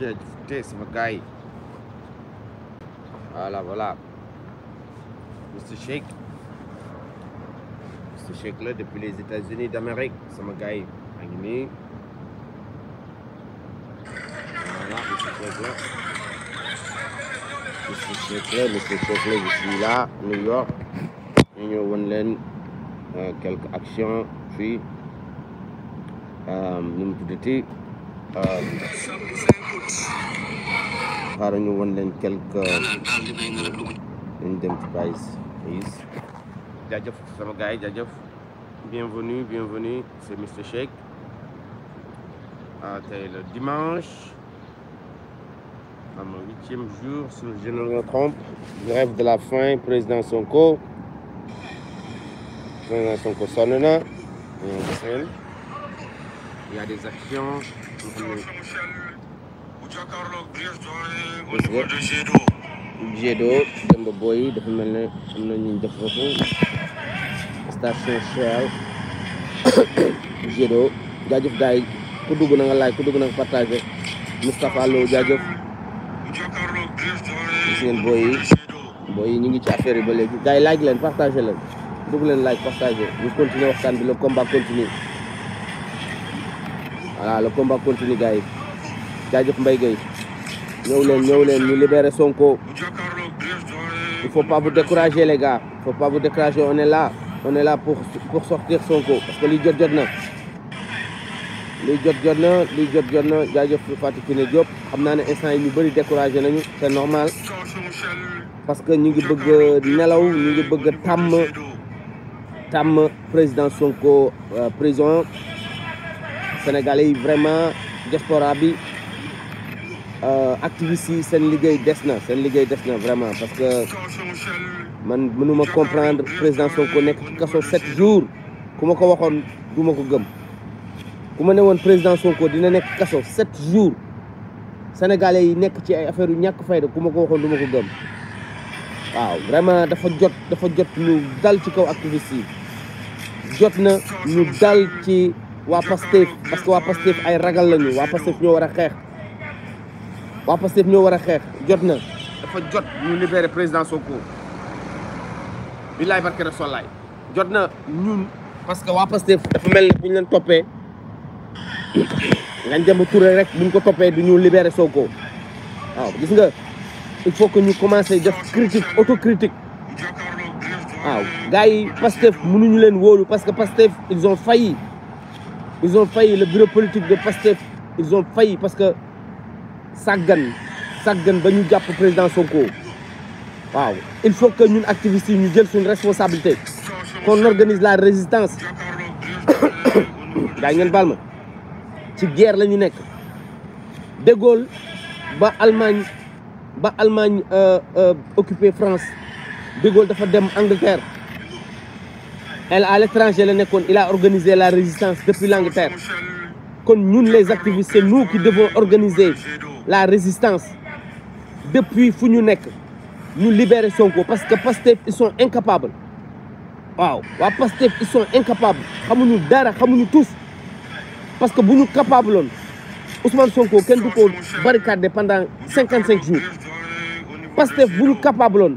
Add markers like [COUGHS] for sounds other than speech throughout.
gars voilà voilà Mr. Sheikh, Mr. Sheikh, là depuis les États-Unis d'Amérique c'est gars voilà Monsieur Sheikh, là, là, je suis là New York Nous avons euh, quelques actions puis euh, nous euh, xaaral ñu won leen quelque dañ dem ci pays pays jaajëf sama gars bienvenue bienvenue c'est Mister Shake ah le dimanche am huitième jour sur je ne me trompe grève de la faim président Sonko président Sonko sonn na il y a des actions gis nga Gédo Demba Boy dafa mel ne am na ñu def foofu station Shell Gédo jaajëf gars yi ku dugg na nga laaj ku dugg na nga partagé Moustapha Lo jaajëf gis ngeen booy yi booy yi ñu ngi ci affaire yi ba léegi gars yi laaj leen partagé leen dugg leen laaj partagé ñu continuer waxtaan bi le combat continue voilà le combat continue gars yi Gueye Sonko il faut pas vous décourager les gars il ne faut pas vous décourager on est là on est là pour pour sortir Sonko parce que les gens, sont li jot jot li jot c'est normal parce que nous ngi bëgg nelaw ñu ngi président Sonko euh, prison sénégalais vraiment diaspora bi euh, activistes vraiment parce que man mënuma comprendre président Sonko nek kasso 7 sept jours kuma ko waxone du ko président Sonko dina 7 jours sénégalais yi nek ci ay affaire yu faire, fayda kuma ko du ko vraiment dafa jot dafa jot dal dal waa Pastef parce que waa Pastef ay ragal lañu waa Pastef ñoo war a xeex waa Pastef ñoo war a xeex jot na. dafa jot ñu libéré président Sonko billaay barke rek jot na ñun parce que waa Pastef dafa mel ne bu ñu leen toppee nga jëm Touré rek bu ñu ko toppee du ñu libéré Sonko waaw gis nga il faut que ñu commencé def critique autocritique waaw gars yi Pastef mënuñu leen wóolu parce que Pastef ils ont failli. ils ont failli le bureau politique de Pasteur, ils ont failli parce que Ça ça gagne nous pour le président Sonko il faut que nous activistes nous ñu une responsabilité qu'on organise la résistance Daniel [COUGHS] ngeen C'est guerre de Gaulle ba Allemagne ba Allemagne euh, euh, occuper France de Gaulle dafa dem Angleterre elle à l'étranger elle il a organisé la résistance depuis l'Angleterre kon Nous les activistes c'est nous qui devons organiser la résistance depuis fu nous libérer Sonko parce que Pastef ils sont incapables Waouh Pastef ils sont incapables nous dara tous parce que vous nous capables. Ousmane Sonko qui du barricadé pendant 55 jours Pastef vous nous capables.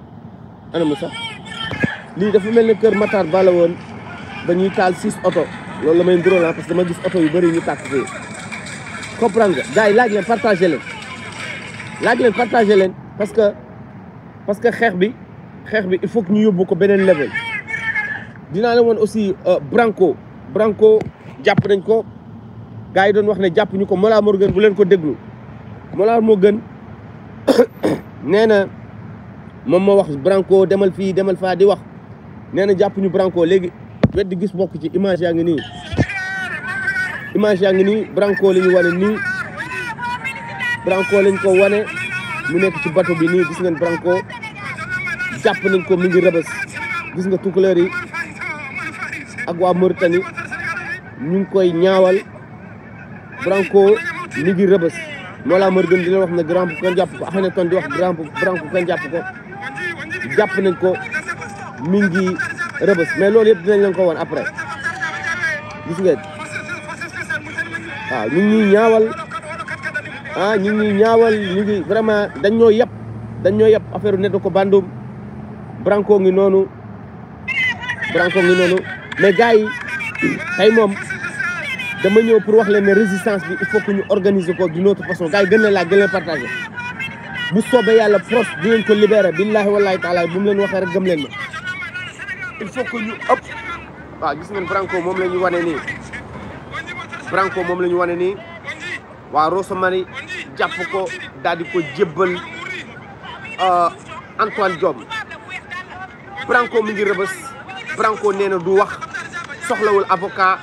ana mu sax lii dafa mel ne Kër Matar bala woon ba ñuy taal six oto loolu la may nduróo parce que dama gis oto yu bëri ñu tàkk fii comprendre nga laaj leen partagé leen laaj leen partagé leen parce que parce que xeex bi xeex bi il faut ñu yóbbu ko beneen level dinaa la woon aussi euh, Branco Branco jàpp nañ ko gars yi doon wax ne jàpp ñu ko Mollah morgan bu leen ko déglu moo Morgun [COUGHS] nee na moom moo wax Branco demal fii demal faa di wax nee na jàpp ñu Branco léegi di gis bokk ci image yaa ngi nii image yaa ngi nii Branco la ñu wane nii lañ ko wane mu nekk ci bato bi nii gis ngeen Branco jàpp nañ ko mi ngi gis nga tukulóor yi ak waa Mauritanie ñu ngi koy ñaawal Branco mi ngi rëbës moo laa mër wax ne grand bu jàpp ko axane ton di wax grand bu Branco kenn jàpp ko jàpp nañ ko mi ngi rëbës mais loolu yëpp dinañ leen ko woon après gis ngeen waaw ñu ngi ñuy ñaawal ah, ñu ngi ñaawal ñu ngi vraiment dañ ñoo yëpp dañ ñoo yëpp affaire u ko bandum branco ngi noonu branco ngi noonu mais gars yi tey moom dama ñëw pour wax leen ne résistance bi il faut que ñu organiser ko d'une autre façon gars yi gën leen laa gën leen partager bu soobee yàlla pros di leen ko libéré billaahi wallaahi taala bu mu leen waxee rek gëm leen ma il faut ñu ëpp waaw gis ngeen Branco moom la ñu wane nii Branco moom la wane nii waa Rosemary jàpp ko daal di ko jébbal euh, Antoine Diome Branco mi ngi rëbës Branco nee du wax soxlawul avocat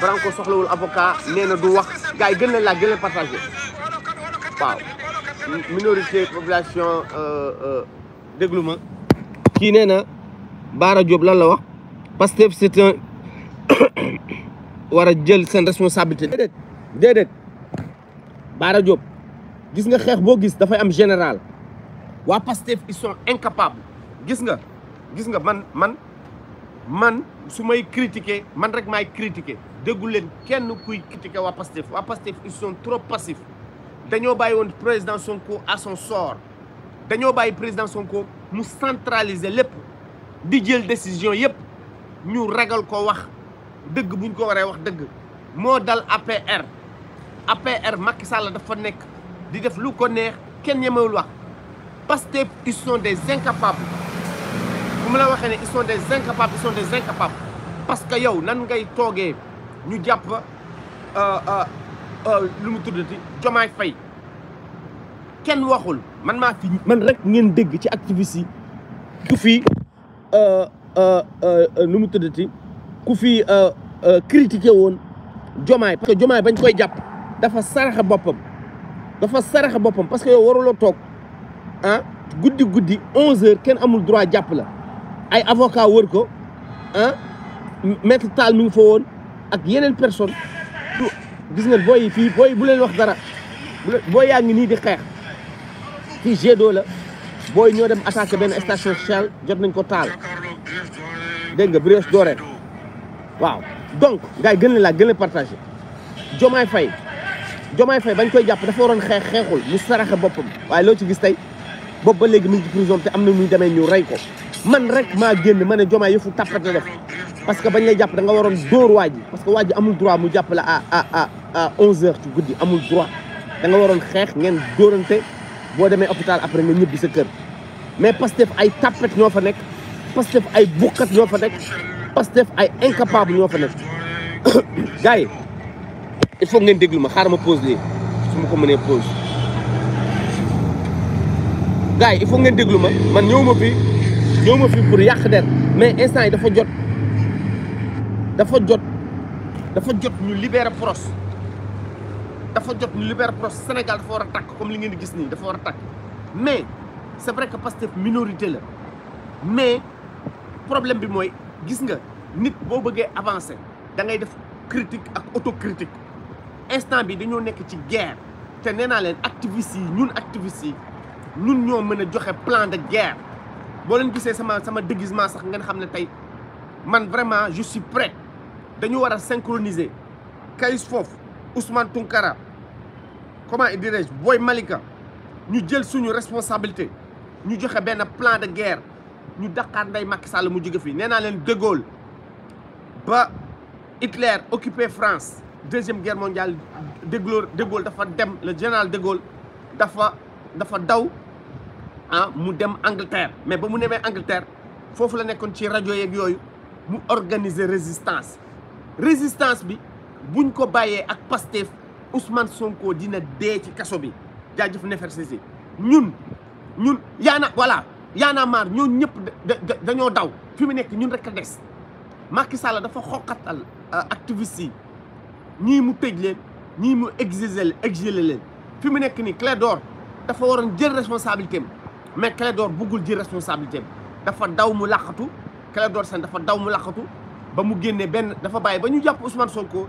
Branco soxlawul avocat nee na du wax gars yi gën leen laaj gën leen partagé waaw minorité population euh, euh, kii qui n'est pas Diop lan la wax Pastef c'est un [COUGHS] wara jël sen responsabilité déedéet déedéet Bara Diop gis nga xex bo gis fay am général wa Pastef ils sont incapables gis nga gis nga man man man su critiquer man rek may critiquer déggu len kenn kuy critiquer wa Pastef wa Pastef ils sont trop passifs dañu bàyyi woon président Sonko à son sort dañu bàyyi président Sonko mu centraliser lépp di jël décision yépp ñu ragal ko wax deug buñ ko waree wax deug mo dal APR APR Macky Sall dafa nek di def lu ko neex kenn ñemewul wax parce que ils sont des incapables bu mu la waxé ils sont des incapables ils sont des incapables parce que yow nan ngay togué ñu euh, euh Euh, lu mu tuddati Jomaay Fay kenn waxul man maa fi man rek ngeen dégg ci activiste yi ku fi lu euh, euh, mu tuddati ku fi critiqué woon Jomaay parce que Jomaay bañ koy jàpp dafa saraxe boppam dafa saraxe boppam parce que yow waruloo toog ah guddi guddi onze heures kenn amul droit jàpp la ay avocat wër ko ah maître Tall mi woon ak yeneen personne gis ngeen booy yi fii booy bu leen wax dara booy yaa ngi nii di xeex fii jet d'eau la booy ñoo dem attaqué benn station Shell jot nañ ko taal dégg nga Brioche Dorée waaw donc gars gën laa gën leen partagé Jomaay Fay Jomaay Fay bañ koy jàpp dafa waroon xeex xeexul mu saraxe boppam waaye loo ci gis tey bopp ba léegi mu ngi ci prison te am na muy demee ñu rey ko man rek maa génn ma ne Jomaay yëfu tàppat la def parce que bañ lay jàpp da nga waroon dóor waa ji parce que waa ji amul droit mu jàpp la à 11h ci guddi amul droit da nga waroon xeex ngeen dóorante boo demee hôpital après nga ñibbi sa kër mais Pastef ay tapet ñoo fa nekk Pastef ay bukkat ñoo fa nekk Pastef ay incapable ñoo fa nekk [COUGHS] gars yi il faut ngeen déglu ma xaaral ma pause lii su ma ko mënee pause gars il faut ngeen déglu ma man ñëw ma fi ñëw ma fi pour yàq der mais instant yi dafa jot dafa jot dafa jot ñu libérer Pross dafa jot ñu Liberproc Sénégal dafa war a tàkk comme li ngeen di gis nii dafa war a mais c'est vrai que Pastef minorité là, mais problème bi mooy gis nga nit boo bëggee avancer da ngay def critique ak autocritique instant bi dañoo nekk ci guerre te nee naa leen activistes yi ñun activistes yi ñun ñoo mën a joxe plan de guerre boo leen gisee sama sama déguisement sax ngeen xam ne man vraiment je suis prêt dañu war a synchroniser kayis foofu Ousmane Tunkara... comment dirais-je Boy Malika ñu jël suñu responsabilité ñu joxe un plan de guerre Nous Dakar nday Macky Sall mu jóge fi nee De Gaulle ba Hitler occupé France deuxième guerre mondiale De Gaulle De Gaulle dafa dem le général De Gaulle dafa dafa daw ah mu dem Angleterre mais ba mu némé Angleterre fofu la nekkoon ci radio yeeg yoyu mu organiser résistance résistance bi buñ ko bàyyee ak Pastef Ousmane Sonko dina dee ci kaso bi jaajëf Nefer Cissé ñun ñun yaana voilà yaana maar ñoo ñëpp dañoo daw fi mu nekk ñun rek a des Macky Sall dafa xoqatal euh, activistes yi ñii mu tëj leen ñii mu exiler exiler leen fi mu nekk ni Clédor dafa waroon jël responsabilité am mais Clédor buggul jël responsabilité am dafa daw mu làqatu Clédor Sène dafa daw mu làqatu ba mu génnee benn dafa bàyyi ba ñu jàpp Ousmane Sonko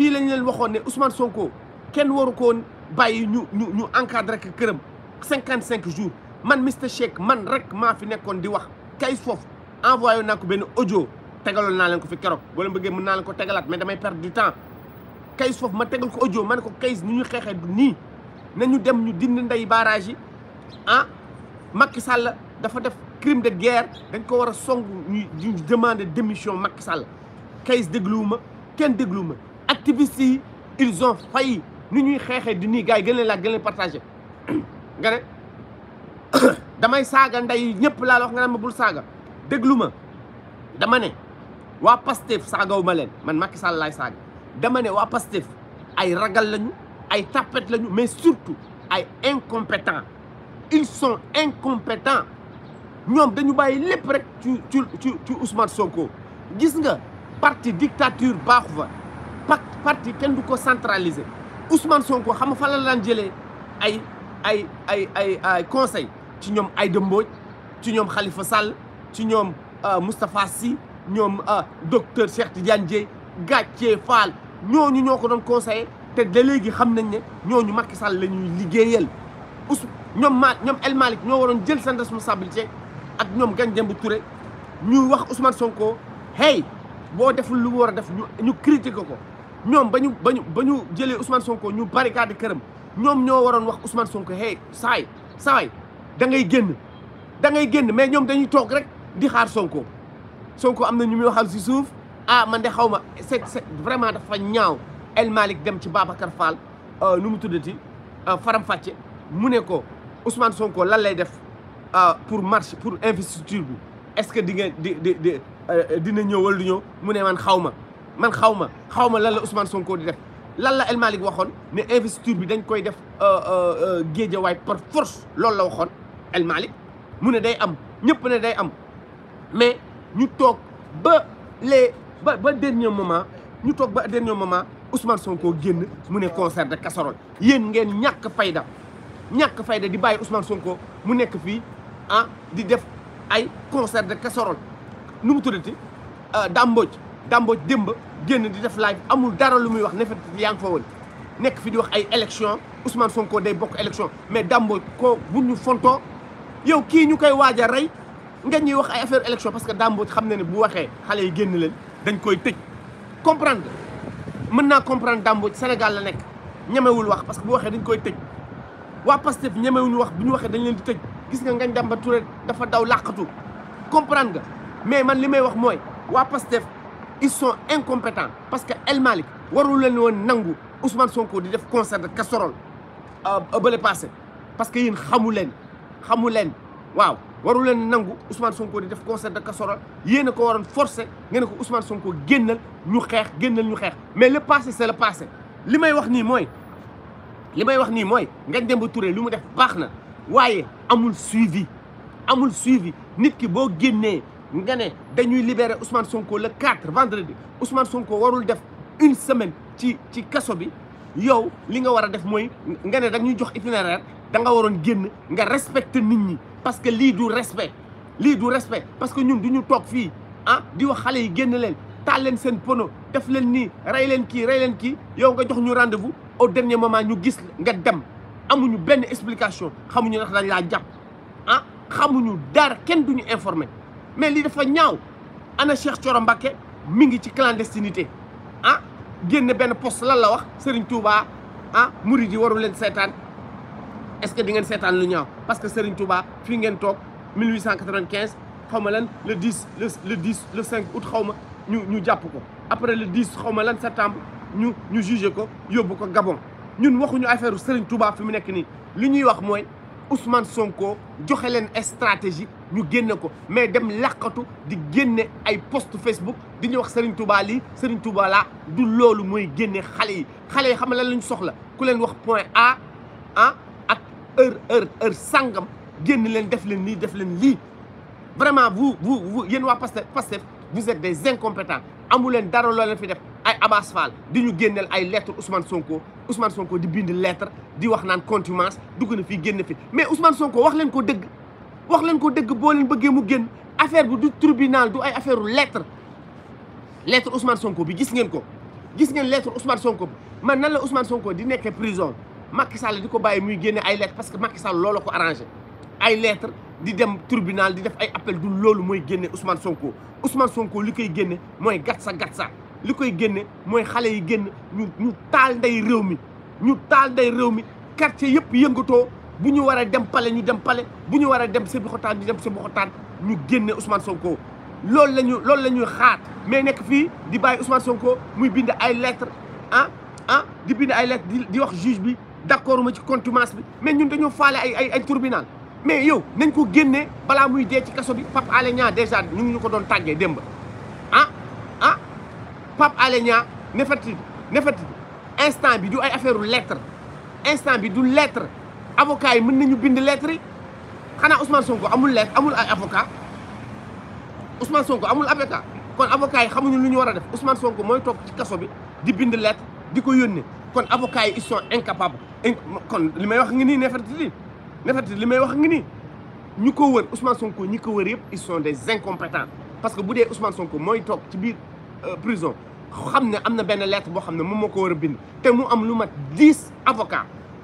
fii lañ leen waxoon ne Ousmane Sonko kenn waru ko bàyyi ñu ñu ñu encadré ko këram cinquante cinq jours man Mister Shake man rek maa fi nekkoon di wax kay foofu envoyé naa ko benn audio tegaloon naa leen ko fi keroog boo leen bëggee mën naa leen ko tegalaat mais damay perdre du temps kayis foofu ma tegal ko ojo ma ne ko kayis ni ñu xeexee du nii nañu dem ñu dindi ndey barage yi ah Macky dafa def crime de guerre dañ ko war a song ñu demande démission Macky Sall kayis dégluwu ma kenn dégluwu ma activistes ils ont failli nous ñuy xeexee di nii gars yi partagé ne damay saaga nday ñëpp la wax nga ne man nous ay ragal ay mais surtout ay incompétents ils sont incompétents Nous dañu fait rek Ousmane Sonko gis nous parti dictature baaxu parti kenn centralisé. ko Ousmane Sonko xam fa la conseil ci Khalifa Sall euh, euh, docteur Cheikh Tidiane Fall Nous ko conseil. te da xam nañ ne Macky Sall lañuy ñom El Malik. responsabilité ak Touré wax Ousmane Sonko hey bo deful lu def ñoom ba ñu ba ñu ba ñu jëlee Ousmane Sonko ñu barricade këram ñoom ñoo waroon wax Ousmane Sonko hey saay saay da ngay génn da ngay génn mais ñoom dañuy toog rek di xaar Sonko Sonko am na ñu muy waxal si suuf ah man de xaw ma c'est c'est vraiment dafa ñaaw El Malick dem ci Babacar Fall euh, nu mu tuddati euh, Faram Facce mu ne ko Ousmane Sonko lan lay def euh, pour marche pour investiture bi est-ce que di nga di di di dina ñëw wala du ñëw mu ne man xaw ma. man xaw ma xaw ma lan la Ousmane Sonko di def lan la El waxoon ne investiture bi dañ koy def euh, euh, euh, géejawaay par force loolu la waxoon El mu ne day am ñëpp ne day am mais ñu toog ba les ba ba dernier moment ñu toog ba dernier moment Ousmane Sonko génn mu ne concert de casserole yéen ngeen ñàkk fayda ñàkk fayda di bàyyi Ousmane Sonko mu nekk fii ah di def ay concert de casserole nu mu tuddati Dame Mbodj Dambo démb génn di def live amul dara lu muy wax ne fait yang fa woon nekk fi di wax ay élection Ousmane Sonko day bok élection mais Dambo ko buñu ñu yow ki ñu koy waaj a nga ñi wax ay affaire élection parce que Dambo xam na ne bu waxee xalé yi génn leen dañ koy tejj comprendre mën comprendre Dambo Sénégal la nek ñemewul wax parce que bu waxee dañ koy tejj wa Pastef ñemewuñu wax buñu ñu dañ leen di tejj gis nga Ngagne Demba Touré dafa daw laqatu comprendre nga mais man limay wax moy wa Pastef ils sont incompétents parce que El malik. warul leen nangu Ousmane Sonko di def concert de casserole euh, euh, bële passé parce que yéen xamu leen xamu leen waaw warul nangu Ousmane Sonko di def concert de casserole yéen a ko waroon forcer ngeen ko Ousmane Sonko génnal ñu xeex génnal ñu xeex mais le passé c'est le passé li may wax nii mooy li may wax nii mooy Ngagne Demba Touré li mu def baax na amul suivi amul suivi nit ki boo génnee nga dañuy libérer Ousmane Sonko le 4 vendredi Ousmane Sonko warul def une semaine ci ci kasso bi yow li nga wara def moy nga ne da jox itinéraire da nga waroon génn nga respecte nit ñi parce que li du respect li du respect parce que ñun du tok fi fii ah di wax xalé yi génn leen taal leen seen pono def leen ni ray leen ki ray leen ki yow nga jox ñu rendez-vous au dernier moment ñu gis nga dem amuñu benn explication xamuñu ndax dañ la japp ah xamuñu dara kenn duñu informer mais lii dafa ñaaw ana Cheikh Thioro à mi ngi ci clandestinité ah génn un poste lan la wax Serigne Touba ah mouride waru len est-ce que di ngeen seetaan lu parce que Serigne Touba fi 1895 le 10 le le 10 le 5 août xawma ñu ñu japp après le 10 xawma lan septembre ñu ñu juger ko ko Gabon ñun waxuñu affaire Serigne Touba fi mu nek ni li ñuy wax Ousmane Sonko joxe len stratégie ñu génne ko mais dem lakatu di génné ay post Facebook di ñu wax Serigne Touba li Serigne Touba la du lolu mooy génné xale yi xale yi xam lan lañ soxla ku leen wax point A ah ak heure heure heure sangam génné leen def leen ni def leen li vraiment vous vous vous yéen wa Pastef Pastef vous êtes des incompétents amu leen dara loo fi def ay Abass Fall di ñu génnel ay lettre Ousmane Sonko Ousmane Sonko di bind lettre di wax naan contumance duguna fi génné fi mais Ousmane Sonko wax leen ko deug wax leen ko dëgg boo leen bëggee mu génn affaire bu du tribunal du ay affaire lettre lettre Ousmane Sonko bi gis ngeen ko gis ngeen lettre Ousmane Sonko bi man nan la usman Sonko di nekkee prison Macky Sall di ko bàyyi muy génne ay lettres parce que Macky Sall loolu ko arrangé ay lettres di dem tribunal di def ay appel du loolu mooy génne Ousmane Sonko Ousmane Sonko li koy génne mooy gatsa gatsa li koy génne mooy xale yi génn ñu ñu taal nday réew mi ñu taal nday réew mi quartier yëpp yëngatoo. Nous dem pale ñu dem pale bu ñu waree dem Sébikotane nous dem ñu Ousmane Sonko loolu Ousmane Sonko... C'est nous mais nekk fii di Ousmane Sonko muy bind ay lettres ah ah di lettres di juge bi ci contumace mais nous, nous faale ay ay tribunal mais yow nañ ko génnee muy ci pas bi Pape ah, ah, lettre instant avocat yi meun nañu bind lettre yi xanaa Ousmane Sonko amul lettre amul ay avocat Ousmane Sonko amul avocat kon avocat yi xamuñu lu ñu war def Ousmane Sonko moy tok ci kasso bi di bind lettre di ko yónnee kon avocat yi ils sont incapables kon limay wax ngi nii Nefertiti Nefertiti li wax ngi nii ñu wër Ousmane Sonko ñiko wër yépp ils sont des incompétents parce que boudé Ousmane Sonko moy tok ci biir euh, prison xam amna am benn lettre bo xam ne moom moo ko bind te mu am lu mat 10 avocats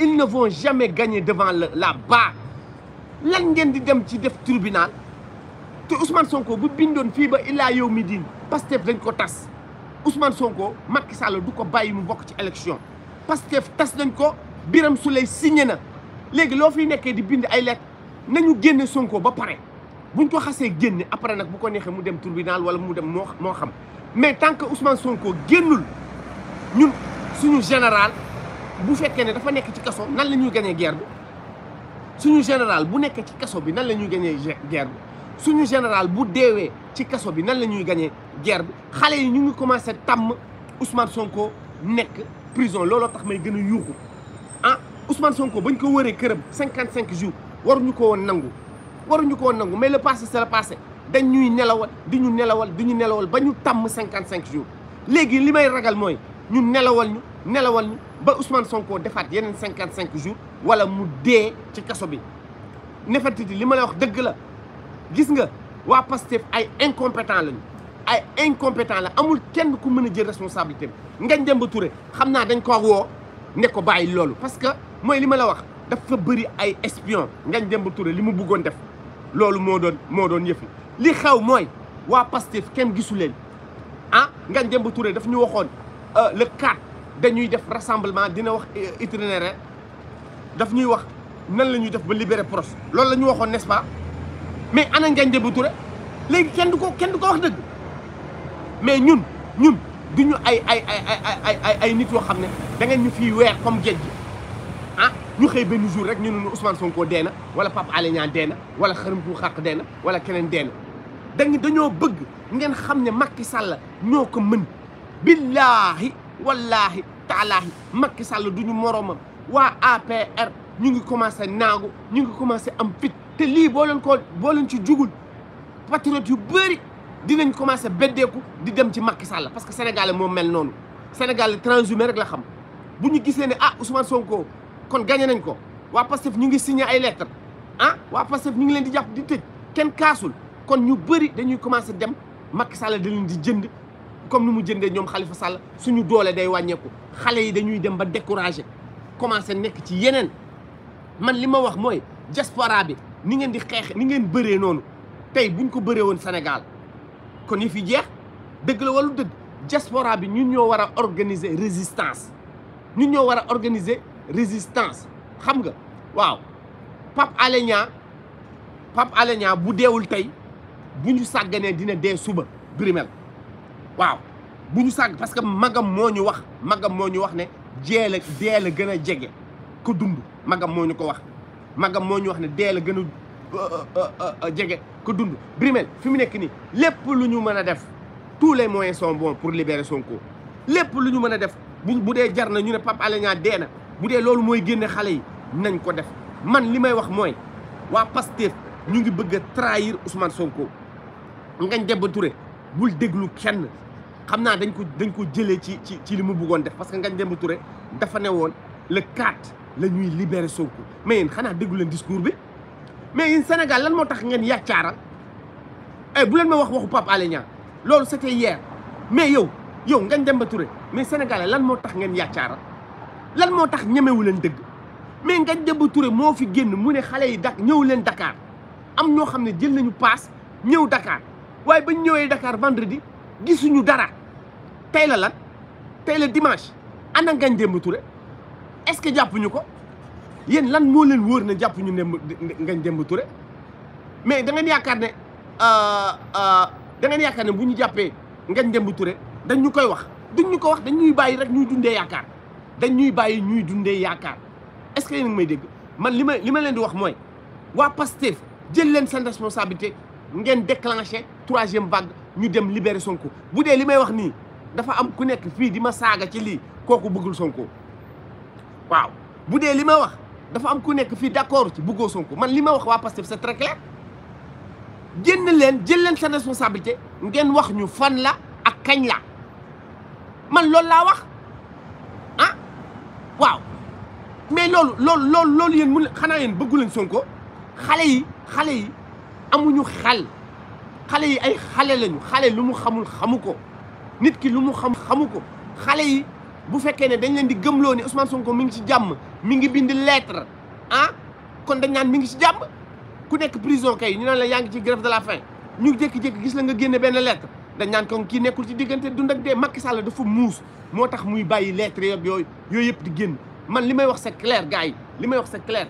ils ne vont jamais gagner devant la barre lan ngeen di dem ci def tribunal te Ousmane Sonko bu bindoon fii ba illaa yow mi diin Pastef dañ ko tas Ousmane Sonko Macky Sall du ko bàyyi mu bokk ci élection que tasse nañ ko Biram Souley signé na léegi loo fiy nekkee di bind ay lettres nañu génne Sonko ba pare buñ ko xasee génne après nag bu ko neexee mu dem tribunal wala mu dem moo moo xam mais tant que Ousmane Sonko nous ñun suñu général bu fekkee ne dafa nekk ci kaso nan la ñuy gañee guerre bi suñu général bu nekkee ci kaso bi nan la ñuy guerre bi suñu général bu deewee ci kaso bi nan la ñuy guerre bi xale yi ñu ngi commencé tàmm Ousmane Sonko nekk prison looloo tax may gën a ah Ousmane Sonko bañ ko wëree këram cinquante cinq jours waruñu ko woon nangu waruñu ko woon nangu mais le passé c'est le passé dañ ñuy nelawal di ñu nelawal di ñu nelawal ba ñu tàmm cinquante jours Légui, li may ragal mooy ñu nelawal ñu nelawal ñu ba Ousmane Sonko defaat yenen 55 jours wala mu dé ci kasso bi Nefertiti li ma wax deug la gis nga wa Pastef ay incompétent lañu ay incompétent la amul kenn ku mën jël responsabilité bi Ngagne Touré xamna dañ ko wo ne ko bàyyi loolu parce que moy li la wax dafa bëri ay espion Ngagne Demba Touré limu bëggon def loolu moo doon moo doon yëfi li xew moy wa Pastef kenn gisu ah Ngagne Demba Touré daf ñu waxoon euh, le 4 dañuy def rassemblement dina wax itinéraire daf ñuy wax nan la ñuy def ba libérer Prodac loolu la ñu waxoon nest mais ana Ngagne Demba Touré léegi kenn du ko kenn du ko wax dëgg mais ñun ñun du ñu ay ay ay ay ay nit yoo xam ne da ngeen ñu fiy weer comme géej gi ah ñu xëy benn jour rek ñu ne Ousmane Sonko dee na wala Pape Alé Niang na wala xarim ku xàq dee na wala keneen dee na dañoo bëgg ngeen xam ne Macky Sall ñoo ko mën billaahi wallaahi taalaahi Macky Sall duñu moromam waa APR ñu ngi commencé naagu ñu ngi commencé am fit te lii boo leen ko boo leen ci jugul patriote yu bëri dinañ commencer beddeeku di dem ci makki Sall parce que sénégalais moom mel noonu sénégalais transhumé rek la xam bu ñu gisee ne ah Ousmane ko kon gagné nañ ko waa Pastef ñu ngi signé ay lettres ah waa Pastef ñu ngi leen di jàpp di tëj kenn kaasul kon ñu bëri dañuy commencé dem Macky Sall da leen di jënd comme nu mu jëndee ñoom Khalifa Sall suñu doole day wàññeeku xale yi dañuy dem ba découragé commencé nekk ci yeneen man li ma wax mooy diaspora bi ni ngeen di xeex ni ngeen bëree noonu tey buñ ko bëree woon Sénégal kon yi fi jeex dëgg la walu dëgg diaspora bi ñu ñoo war a organiser résistance ñu ñoo war a organiser résistance xam nga waaw Pape Alé Niang Pape Alé Niang bu deewul tey bu ñu sàgganee dina dee suba Birima waaw bu ñu sàgg parce que magam moo ñu wax magam moo ñu wax ne jee la dee la gën a jege ko dund magam moo ñu ko wax magam moo ñu wax ne dee la gën a euh, euh, euh, jege ko dund Brimel fi mu nekk nii lépp lu ñu mën a def tous les moyens sont bons pour libérer Sonko lépp lu ñu mën a def bu bu dee jar na ñu ne Pape Alé Niang dee na bu dee loolu mooy génne xale yi nañ ko def man li may wax mooy waa Pastef ñu ngi bëgg a trahir Ousmane Sonko Ngagne Demba Touré wul déglu kenn xam naa dañ ko dañ ko jëlee ci ci ci li mu buggoon def parce que Ngagne Demba Touré dafa ne woon le 4 la ñuy libérer Sonko mais yéen xanaa déggu leen discours bi mais Sénégal lan moo tax ngeen yàccaaral ay eh bu leen wax waxu Pape Alé loolu c'était hier mais yow yow Ngagne Demba Touré mais sénégalais lan moo tax ngeen yàccaaral lan moo tax ñemewu leen dëgg mais Ngagne Demba Touré moo fi génn mu ne xale yi dak ñëw leen dakaar am ñoo xam ne jël nañu paas ñëw dakaar waaye bañ ñëwee Dakar vendredi gisuñu dara. tay la lan tay le dimanche ana ngañ démb Touré est-ce que jàppuñu ko yeen lan mo leen woor na jàppuñu ne ngañ démb Touré mais da ngeen euh euh da ngeen yakar né buñu jappé jàppee ngañ Touré dañ ñu koy wax duñ ñu ko wax dañ ñuy bayyi rek ñuy dundé yakar dañ ñuy bayyi ñuy dundé yakar est-ce que yéen may dégg man lima ma leen di wax moy wa pasteur jël leen seen responsabilité ngeen déclenché troisième vague ñu dem libérer Sonko bu dee li may wax nii. dafa am ku nekk fii di ma saaga ci lii kooku bëggul Sonko waaw bu dee li ma wax dafa am ku nekk fii d'accord ci bëggoo Sonko man li ma wax waa Pastef c'est très clair génn leen jël leen seen responsabilité ngeen wax ñu fan la ak kañ la man loolu laa wax ah waaw mais loolu loolu loolu loolu xanaa yéen bëggu leen Sonko xale yi xale yi amuñu xel xale yi ay xale lañu xale lu mu xamul xamu ko nit ki lu mu xam xamu ko xale yi bu fekkee ne dañ leen di gëmloo ni Ousmane Sonko mi ngi ci jàmm mi ngi bind lettre ah kon dañ naan mi ngi ci jàmm ku nekk prison kay ñu naan la yaa ngi ci grève de la faim ñu jékki-jékki gis la nga génne benn lettre dañ naan kon kii nekkul ci diggante dund ak dee Macky Sall dafa muus moo tax muy bàyyi lettre yeeg yooyu yooyu yëpp di génn man li may wax c'est clair gars li may wax c'est clair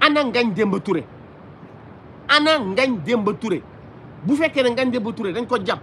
ana Ngagne Demba ture ana Ngagne Demba Touré bu fekkee ne Ngagne Demba Touré dañ ko jàpp.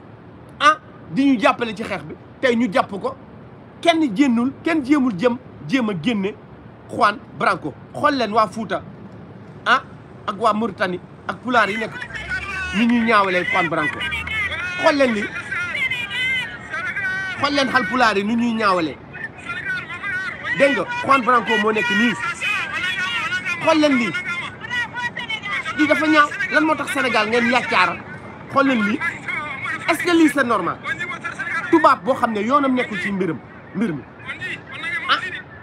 di ñu jàppale ci xeex bi tey ñu jàpp ko kenn génnul kenn jéemul jëm jéem a génne Juan Branco xool leen waa Fuuta a ah, ak waa Mauritanie ak pulaar yi nekk ni ñuy ñaawalee Juan Branco xool leen leen xal pulaar yi ni ñuy ñaawalee dégg nga Juan Branco moo nekk nii xool leen lii lii dafa ñaaw lan moo tax Sénégal ngeen yàccaara xool leen lii est-ce que lii c'est normal tubaab boo xam ne yoonam nekku ci mbiram mbir mi ah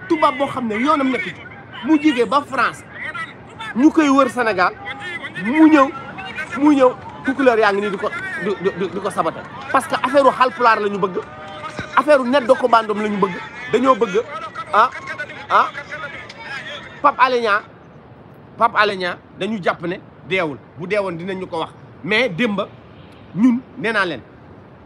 tubaab boo xam ne yoonam nekkul ci mu jigee ba France ñu koy wër senegal mu ñëw mu ñëw tukulóor yaa ngi nii di ko di ko sabata parce que affaire u Haalpulaar la ñu bëgg affaire u net dokomandom la ñu bëgg dañoo bëgg ah ah Pape Alé Niang dañu jàpp ne deewul bu deewoon dinañ ñu ko wax mais démba ñun nee naa leen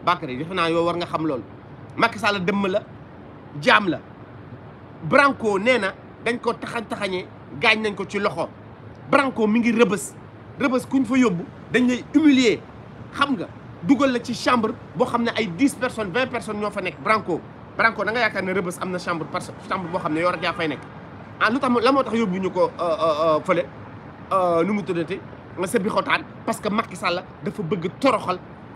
Bakary defe naa yow war nga xam loolu Macky Sall dëmm la jaam la Branco nee na dañ ko taxañ taxañee gaañ nañ ko ci loxo Branco mi ngi rëbës rëbës kuñ fa yóbbu dañ lay humilier xam nga dugal la ci chambre boo xam ne ay dix personnes vingt personnes ñoo fa nekk Branco Branco da nga yaakaar ne rëbës am na chambre par chambre boo xam ne yow rek yaa fay nekk ah lu tax la moo tax yóbbu ñu ko euh, euh, euh, fële nu mu tuddati nga sëbbi xotaan parce que Macky Sall dafa bëgg toroxal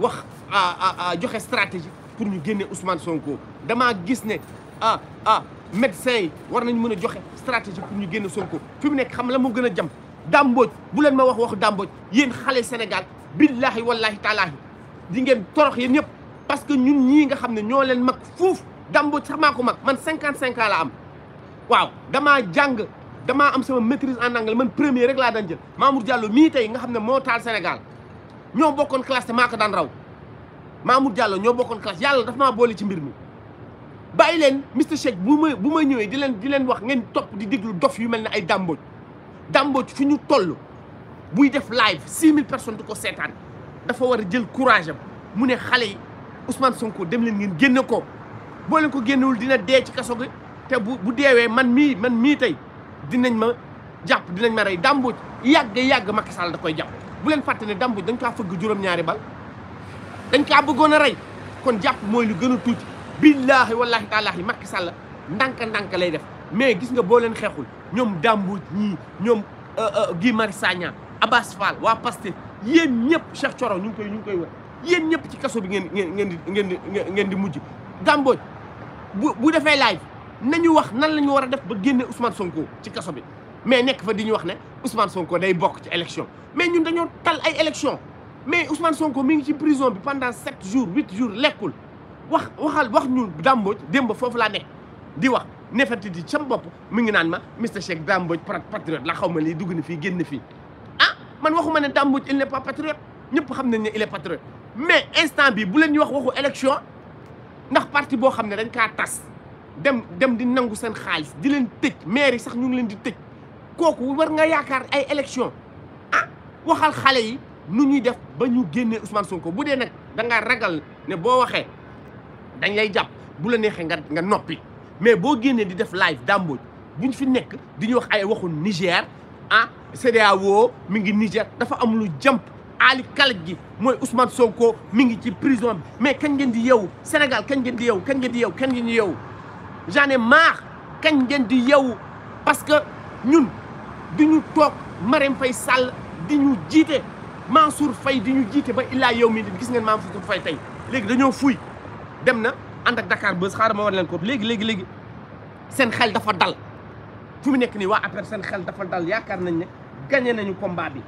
wax a joxe stratégie pour ñu génne Ousmane Sonko damaa gis ne ah ah médecin yi war nañ mën a joxe stratégie pour ñu génne Sonko fi mu nekk xam la moo gën a jam dàmbooj bu leen ma wax wax dàmbooj yéen xale Sénégal billaahi wallaahi taalaahi di ngeen torox yéen ñëpp parce que ñun ñii nga xam ne ñoo leen mag fuuf dàmbooj sax maa ko mag man cinquante cinq ans la am waaw damaa jàng damaa am sama maîtrise en anglais man premier rek laa daan jël Mamour Diallo mii tey nga xam ne moo taal Sénégal ñoo bokkoon classe te maa ko daan raw Mamour Diallo ñoo bokkoon classe yàlla dafa maa boole ci mbir mi. bàyyi leen Mister Shake bu ma bu may ñëwee di leen di leen wax ngeen topp di déglu dof yu mel ni ay dàmbooj dàmbooj fu ñu toll buy def live 6000 personnes di ko seetaan dafa war a jël courage am mu ne xale yi Ousmane Sonko dem leen ngeen génne ko boo ko génnewul dina dee ci kaso gi te bu bu deewee man mii man mii tey dinañ ma jàpp dinañ ma rey dàmbooj yàgg yàgg Macky Sall da koy jàpp. bu leen fàtte ne dambu dañ kaa fëgg juróom-ñaari bal dañ kaa bëggoon a rey kon jàpp mooy lu gën a tuuti billaahi wallaahi taalaahi Macky la ndànk-ndànk lay def mais gis nga boo leen xeexul ñoom Dambou ñii ñoom euh, euh, Guy Marius Sagna Abass Fall waa Pastef yéen ñëpp Cheikh coro ñu ngi koy ñu ngi koy wër yéen ñëpp ci kaso bi ngeen ngeen di ngeen di ngeen di mujj Dambou bu bu defee live nañu wax nan lañu ñu war a def ba génne Ousmane Sonko ci kaso bi. mais nek fa di wax né Ousmane Sonko day bok ci élection mais ñun dañu tal ay élection mais Ousmane Sonko mi ngi ci prison bi pendant 7 jours 8 jours lekul wax waxal wax ñun Damboj démb fofu la nekk di wax neferti di ci mbop mi ngi nan ma Mr Cheikh Damboj patriote la xawma li lii dugg fi fii fi ah man waxuma né Damboj il n'est pas patriote ñëpp xam nañ ne il est patriote mais instant bi bu leen ñu wax waxu élection ndax parti bo xam ne dañ ka tass dem dem di nangu sen xaalis di leen tëj maire sax ñu ngi leen di tëj kooku war nga yaakaar ay élection ah waxal xale yi nu ñuy def ba ñu génnee Ousmane Sonko bu dee nag da ragal ne boo waxee dañ lay jàpp bu la neexee nga nga noppi mais boo génnee di def live dàmbooj ñu fi nekk di ñu wax ay waxu Niger ah CEDEAO mi ngi Niger dafa am lu jàmp Ali Kalaj gi mooy Ousmane Sonko mi ngi ci prison bi mais kañ ngeen di yeewu Sénégal kañ ngeen di yeewu kañ ngeen di yeewu kañ ngeen di yeewu j'en kañ ngeen di yeewu parce que ñun di ñu toog Marème fay Sall di ñu jiite Mansour fay di ñu jiite ba illaa yow mi gis ngeen Mansour Faye tey léegi dañoo fuy dem na ànd ak dakaar Buzz xaaral ma war leen ko léegi léegi léegi seen xel dafa dal nekk nii waa APR seen xel dafa dal yaakaar nañ ne gagné nañu combat bi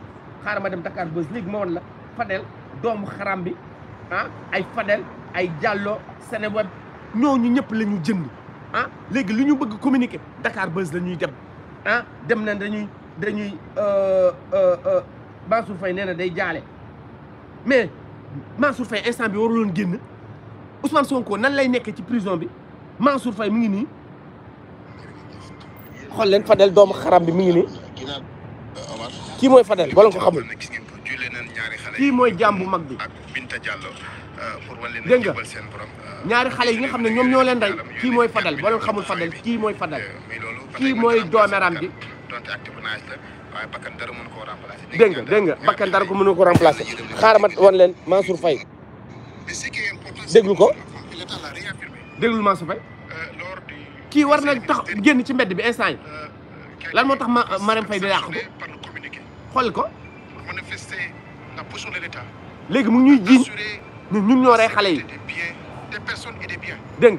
xaaral ma dem Dakar Buzz léegi ma la Fadel doomu xaram bi ah ay Fadel ay Diallo Seneweb ñooñu ñëpp la ñu jënd ah léegi lu ñu bëgg communiquer dakaar Buzz la ñuy dem. Ah, dem na dañuy dañuy euh, euh, euh, Mansour Faye nee na day jaale mais Mansour Faye instant bi waruloon génn Ousmane Sonko nan lay nekkee ci prison bi Mansour Faye mi ngi nii. xool leen Fadel doomu xaram bi mi ngi nii kii mooy Fadel boo leen xamul kii mooy jaam bu mag bi. dégg nga euh, ñaari xale yi nga xam ne ñoom ñoo leen rey kii mooy Fadel boo leen xamul Fadel euh, kii mooy Fadel kii mooy doomeram bi dégg nga dégg nga bakkan dara ko mënu ko remplacer xaaral ma wan leen Mansour Faye déglu ko déglu Mansour Faye euh, kii war na tax génn ci mbedd bi instant yi lan moo tax ma Marème Faye di yàq ko ko léegi ñuy jiiñ ñun ñoo rey yi. des personnes et des biens. dégg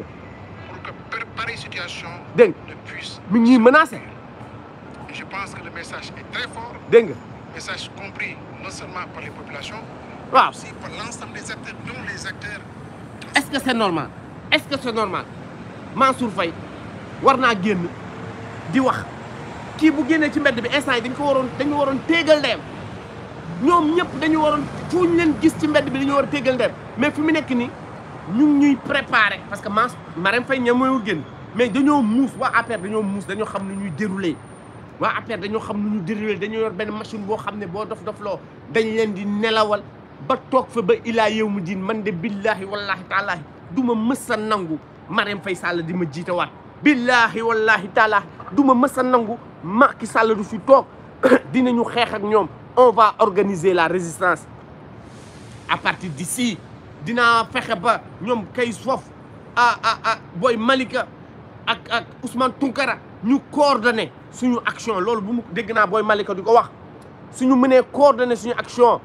pour que pareille situation. dégg nga ne puisse. mi ngi ñuy je pense que le message est très fort. dégg message compris non seulement par les populations. mais aussi par l'ensemble des acteurs dont les acteurs. est-ce que c'est normal est-ce que c'est normal Mansour Fay, Warna naa génn di wax kii bu génnee ci mbedd bi instant yi dañ ko waroon dañu waroon téegal ndeyam. ñoom ñëpp dañuy waroon fu ñu leen gis ci mbedd bi dañu war a téggal ndem mais fi mu nekk nii ñu ngi ñuy préparé parce que ma Marème fay ña mooy génn mais dañoo muus waa APR dañoo muus dañoo xam nu ñuy déroulé waa APR dañoo xam nu ñuy déroulé dañoo yor benn machine boo xam ne boo dof dofloo dañ leen di nelawal ba toog fa ba ilaa yow mu diin man de billaahi wallaahi taalaahi du ma mës a nangu Marème Faye Sall di ma jiitawaat billaahi wallaahi taalaahi du ma mës a nangu Macky Sall du fi toog [COUGHS] dinañu xeex ak ñoom on va organiser la résistance à partir d'ici Nous fexe ba kay sof Malika ak ak Ousmane Tunkara ñu coordonné suñu action loolu bu mu dégg na boy Malika du ko wax suñu coordonné suñu action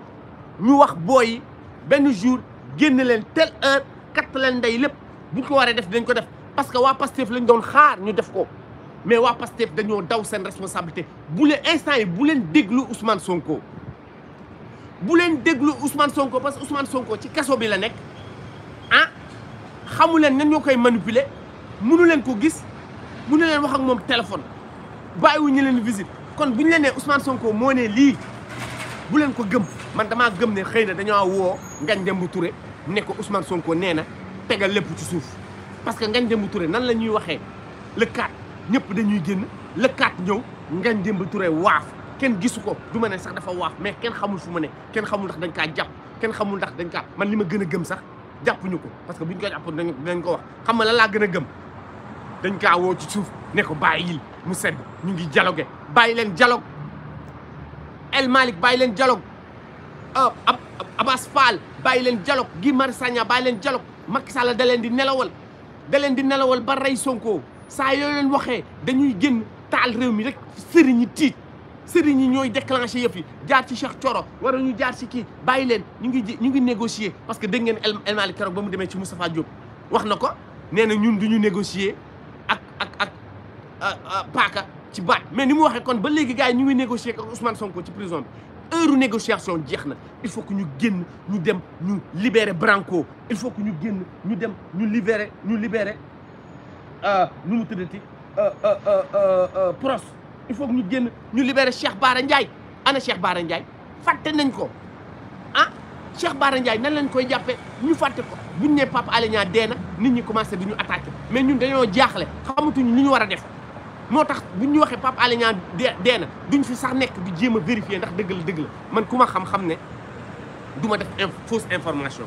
ñu wax jour telle heure kat len lepp bu def parce que Pastef lañ doon mais wa Pastef dañoo daw sen responsabilité bu leen instant yi bu len deglu Ousmane Sonko bu len deglu Ousmane Sonko parce que Ousmane Sonko ci kasso bi la nek ah xamulen leen nan ñoo koy manipuler mënu len ko gis mënu len wax ak moom téléphone bàyyiwuñu len visite kon buñ ñu né Ousmane Sonko mo né li bu len ko gëm man dama gëm ne xeyna na wo woo Ngagne Demba Touré né ko Ousmane Sonko néna tégal lepp ci souf parce que Ngagne Demba Touré nan la ñuy waxee le 4 ñëpp dañuy génn le kat ñëw ngañ Demba Touré waaf ken gisuko duma ne sax dafa waaf mais ken xamul fu mu ne kenn xamul ndax dañ ka japp ken xamul ndax dañ ka man lima gëna gëm sax japp ñuko parce que buñ ko japp dañ ko wax xam nga la la gëna gëm dañ ka wo ci suuf ne ko bàyyil mu sedd ñu ngi dialogue bàyyi len dialogue El Malik bàyyi len dialogue ah Abass Fall bàyyi len dialogue Guy Marius Sagna len dialogue makissala Sall da di nelawal da di nelawal ba ray Sonko ça yoo leen que dañuy génn taal réew mi rek sëriñ nous tiit sëriñ yi ñooy Nous yi jaar ci Cheikh négocier parce que avons ngeen El Malick keroog ba mu demee ci nous Diop négocier ak ak ak euh, euh, mais nous avons kon négocier ak Ousmane Sonko prison il faut que nous génn nous libérer Branco il faut que nous génn nous libérer nous libérer. Euh, nu mu tëddati euh, euh, pros il faut ñu génn ñu libéré Cheikh Bara Ndiaye ana Cheikh Bara Ndiaye fàtte nañ ko ah Cheikh baara njaay nan lañ koy jàppee ñu fàtte ko buñ ne Pape Alé Niang dee na nit ñi commencé du ñu attaqué mais ñun dañoo jaaxle xamatuñu lu ñu war a def moo tax buñ ñu waxee Pape Alé Niang dee na duñ fi sax nekk du jéem a vérifier ndax dëgg la dëgg man ku ma xam-xam ne du ma def fausse information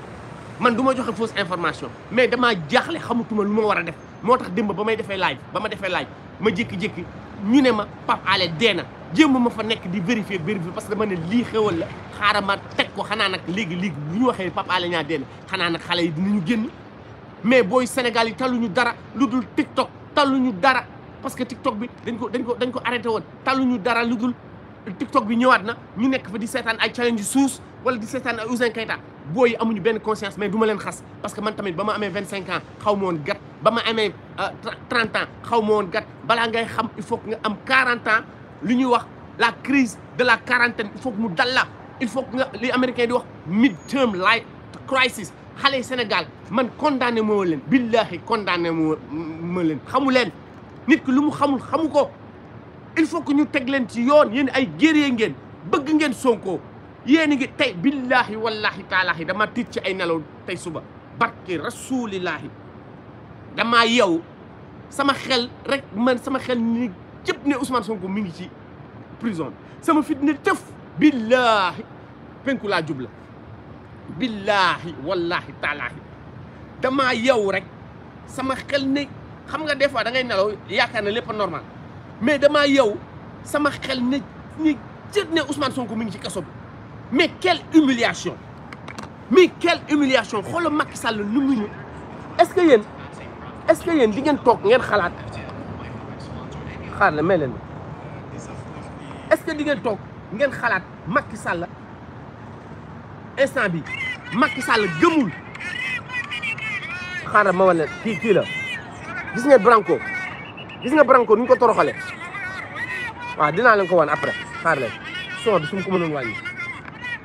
man du ma joxe fausse information mais damaa jaaxle xamatuma lu ma war a def moo tax démb ba may defee live ba ma defee live ma jékki-jékki ñu ne ma Pape Alé dee na jéem ma fa nekk di vérifier vérifier parce que dama ne lii xewal la xaaral ma teg ko xanaa nag léegi léegi bu ñu waxee Pape Alé Niang xanaa nag xale yi dinañu génn mais booy Sénégal yi taluñu dara lu dul TikTok ñu dara parce que TikTok bi dañ ko dañ ko dañ ko arrêté woon taluñu dara lu dul TikTok bi ñëwaat na ñu nekk fa di seetaan ay challenge sous wala di seetaan ay Ouzin booy amu amuñu benn conscience mais du ma leen xas parce que man tamit ba ma amee vingt cinq ans xaw ma gat ba ma amee euh, trente ans xaw ma woon gat balaa ngay xam il faut nga am quarante ans lu ñuy wax la crise de la quarantaine il faut mu dal la il faut que nga li américain di wax mid term life crisis xale yi Sénégal man condamné moo leen billahi condamné moo ma leen xamu leen nit ki lu mu xamul xamu ko il faut que ñu teg leen ci yoon yéen ay guerrier ngeen bëgg ngeen Sonko yéen a ngi tey billaahi wallaahi taalaahi dama tiit ci ay nelaw tey suba barki rasuulillaahi damaa yow sama xel rek man sama xel ni jëpp ne Ousmane Sonko mi ngi ci prison sama fit ne tëf billaahi penku laa jubla billaahi wallaahi taalaahi damaa yow rek sama xel ne xam nga des fois da ngay nelaw yaakaar ne lépp normal mais damaa yow sama xel ne ni jët ne Ousmane Sonko mi ngi ci kaso bi mais quelle humiliation mais quelle humiliation Regarde Macky Sall nous est-ce que vous.. est-ce que vous di un toog est-ce que di un Macky Sall instant Macky Sall ma qui la gis nga Branco gis nga Branco nu ko Je vais vous ko après son bi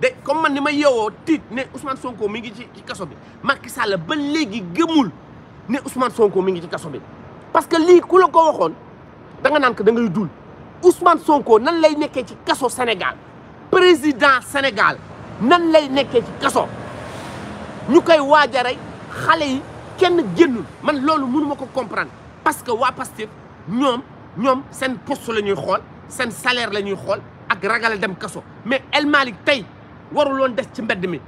de comme man ni ma yeewoo tiit ne usman sonkoo mi ngi ci kaso bi Macky Sall ba léegi gëmul ne Ousmane Sonko mi ngi ci kaso bi parce que lii ku la ko waxoon da nga naan ko da ngay dul Ousmane Sonko nan lay nekkee ci kaso Sénégal président Sénégal nan lay nekkee ci kaso ñu koy waaj a xale yi kenn génnul man loolu mënu ko comprendre parce que waa Pastef ñoom ñoom seen poste la ñuy xool seen salaire la ñuy xool ak ragala dem kaso mais El Malick tey. warul woon des ci mbedd mi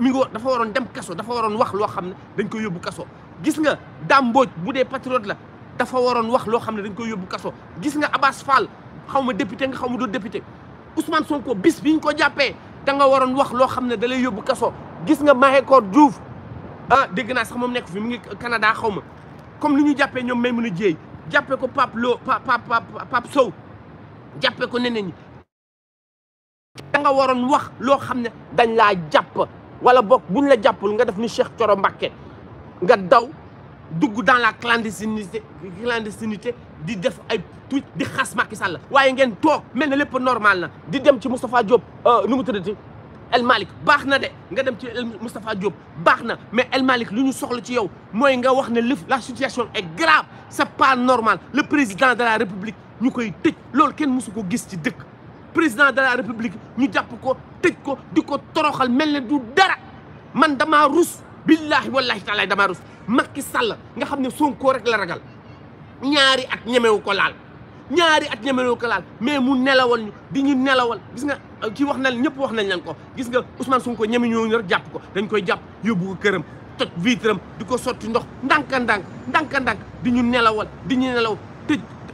mi ngi dafa waroon dem kaso dafa waroon wax loo xam ne dañ koy yóbbu kaso gis nga Dame Mbodj bu dee patriote la dafa waroon wax loo xam ne dañ koy yóbbu kaso gis nga Abass Fall xaw ma député nga xaw ma doon député Ousmane Sonko bis bi ñu ko jàppee da nga waroon wax loo xam ne da lay yóbbu gis nga Mahecor Diouf ah dégg naa sax moom nekk fi mu ngi Canada xaw ma comme li ñu jàppee ñoom Maimouna Dièye jàppee ko Pape Lo Pape Pape Pape Sow jàppee ko neneen ñi nga waroon wax lo xam dañ la japp wala bok buñ la jappul nga def ni Cheikh Thioro Mbacké nga daw dugg dans la clandestinité clandestinité di def ay tweet di khas Macky Sall waaye ngeen tok melne lepp normal na di dem ci Moustapha Diop euh numu tëddati El Malik baxna na de nga dem ci Moustapha Diop baxna mais El Malik luñu ñu soxla ci yow moy nga wax ne lëf la situation est grave c'est pas normal le président de la république ñu koy lool loolu kenn mësu gis ci deuk président de la république ñu jàpp ko tëj ko di ko toroxal mel ne du dara man damaa rus billahi wallahi taala damaa rus Macky Sall nga xam ne ko rek la ragal ñaari at ñemewu ko laal ñaari at ñemewu ko laal mais mu nelawal ñu di ñu nelawal gis nga ci wax na ñëpp wax nañ leen ko gis nga Ousmane Sonko ñeme ñooñu rek jàpp ko dañ koy jàpp yóbbu ko këram toj vitram di ko sotti ndox ndànka ndànk ndànka di ñu nelawal di ñu nelaw tëj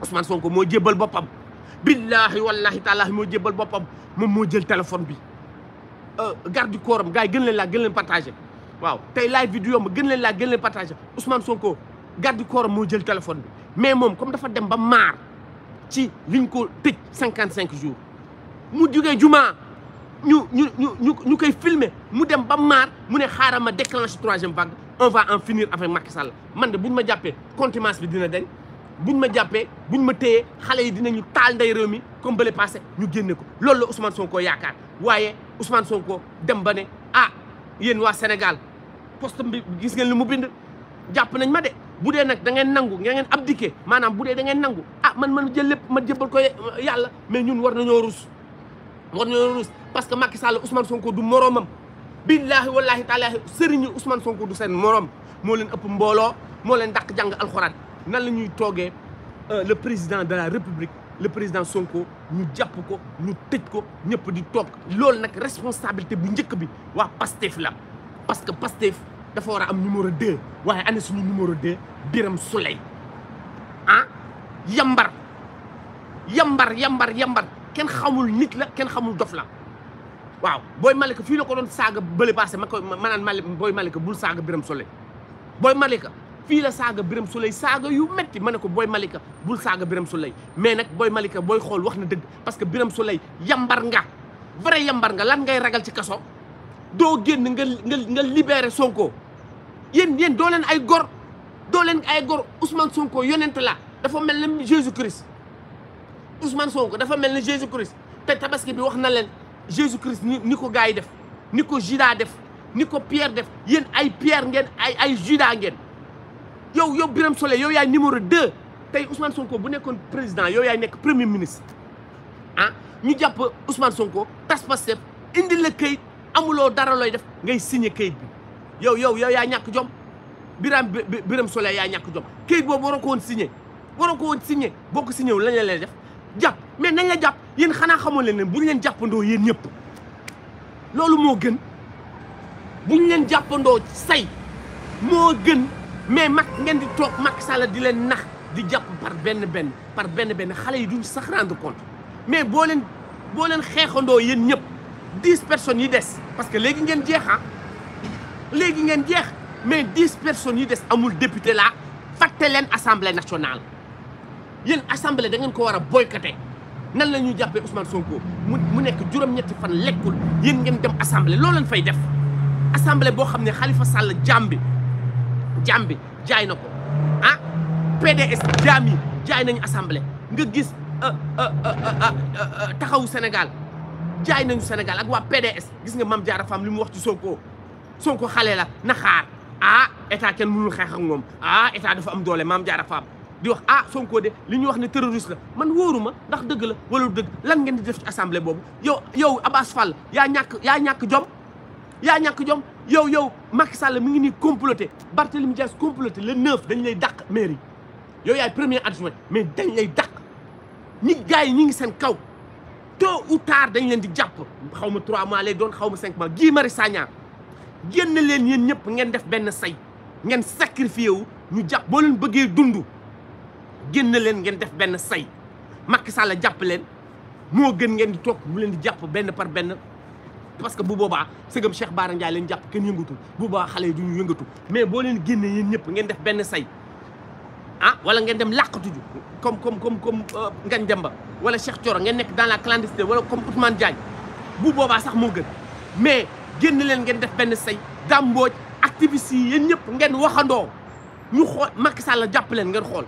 Ousmane Sonko moo jébbal boppam billaahi wallaahi taalaahi moo jébbal boppam moom moo jël téléphone bi euh, garde du corps am gars laa gën leen waaw tey live bi du yomb gën leen laa gën leen partagé Ousmane Sonko garde du moo jël téléphone bi mais moom comme dafa dem ba maar ci liñ ko tëj cinquante cinq jours mu jugee jumaa ñu ñu ñu ñu ñu koy filmer mu dem ba maar mu ne xaaral ma déclenché troisième vague on va en finir avec Macky Sall man de buñ ma jàppee contumace bi dina deñ buñ ma jappé buñ ma téyé xalé yi dinañu tal nday réew mi comme balé passé ñu génné ko loolu Ousmane Sonko yaakar wayé Ousmane Sonko dem bané ah yeen wa Sénégal poste bi gis ngeen limu bind japp nañ ma de budé nak da ngeen nangu da ngeen abdiqué manam budé da ngeen nangu ah man man jël lepp man jëbbal ko yalla mais ñun war nañu rus war nañu rus parce que Macky Sall Ousmane Sonko du moromam billahi wallahi ta'ala serigne Ousmane Sonko du sen morom mo leen ëpp mbolo mo leen dàq jang alcorane nous togué euh, le président de la république le président Sonko nous avons nous ñu nous ko di nous responsabilité de njëkk Pastef parce que Pastef il a numéro 2 waaye un numéro 2 biram Soleil. ah yambar yambar yambar yambar xamul nit la xamul dof la fii la saaga Birame Souleye saaga yu métti ma ne ko Boy Malika bul saaga biram Souleye mais nag Boy Malika booy xool wax na dëgg parce que Birame Souleye yambar nga vrai yambar nga lan ngay ragal ci kaso doo génn nga nga nga libéré Sonko yéen yéen doo leen ay gor doo leen ay gor Ousmane Sonko yonent la dafa mel ne Jésus Christ Ousmane Sonko dafa mel ne Jésus Christ te tabaski bi wax na leen Jésus Christ ni ni ko gars yi def ni ko Juda def ni ko Pierre def yéen ay Pierre ngeen ay ay Juda ngeen. yow yow Birame Souleye yow yaay numéro 2 tey Ousmane Sonko bu nekkoon président yow yaay nekk premier ministre ah ñu jàpp Ousmane Sonko tas Pastef indi la kayit amuloo dara looy def ngay signé kayit bi yow yow yow yaa ñàkk jom Birame Birame Souleye yaa ñàkk jom këyit boobu waroo ko woon signé waroo ko woon signé boo ko signé wu lañ la lay def jàpp mais nañ la jàpp yéen xanaa xamoon leen ne bu ñu leen jàppandoo yéen ñëpp loolu moo gën bu ñu leen jàppandoo say moo gën. mais mag ngeen di toog Macky Sall di leen nax di jàpp par benn benn par benn benn xale yi duñ sax rendre compte mais boo leen boo xeexandoo yéen ñëpp dix personnes yi des parce que léegi ngeen jeex ah. léegi ngeen jeex mais dix personnes yi des amul député laa fàtte leen assemblée nationale yéen assemblée da ngeen ko war a boycotté nan la ñuy jàppee Ousmane Sonko mu mu nekk juróom-ñetti fan lekkul yéen ngeen dem assemblée loo leen fay def assemblée boo xam ne Khalifa Sall jaam bi jaam bi jaay na ko ah PDS jaam yi jaay nañu assemblée nga gis euh, euh, euh, taxawu Sénégal jaay nañu Sénégal ak waa PDS gis nga Mame jaara Fam li mu wax ci Sonko Sonko xale la na xaar ah état kenn mënul xeex ak moom ah état dafa am doole Mame jaara Fam di wax ah Sonko de li ñuy wax ne terroriste la man wóoruma ndax dëgg la wala dëgg lan ngeen di def ci assemblée boobu yow yow Abass yaa ñàkk yaa ñàkk jom yaa ñàkk jom yow yow Macky Sall mi ngi nii comploté Barthélemy Dias comploté le 9 dañ lay dàq mairie yow yaay premier adjoint mais dañ lay dàq ñi gars yi ñi ngi seen kaw tôt ou dañ leen di jàpp xaw ma 3 mois lay doon xaw ma 5 mois Guy Marius Sagna génn leen yéen ñëpp ngeen def benn say ngeen sacrifié wu ñu jàpp boo leen bëggee dund génn leen ngeen def benn say Macky Sall jàpp leen moo gën ngeen di toog mu leen di jàpp benn par benn. parce que bu boobaa sëgam Cheikh Bara Ndiaye leen jàpp kenn yëngatu bu boobaa xale yi duñu yëngatu mais boo leen génnee yéen ñëpp ngeen def benn say ah wala ngeen dem làqatuju comme comme kom comme euh, Ngagne Demba wala Cheikh Thioro ngeen nekk dans la clandestinité wala comme Ousmane Diagne bu boobaa sax moo gën mais génn leen ngeen def benn say dàmbooj activistes yi yéen ñëpp ngeen waxandoo ñu xool Macky Sall jàpp leen ngeen xool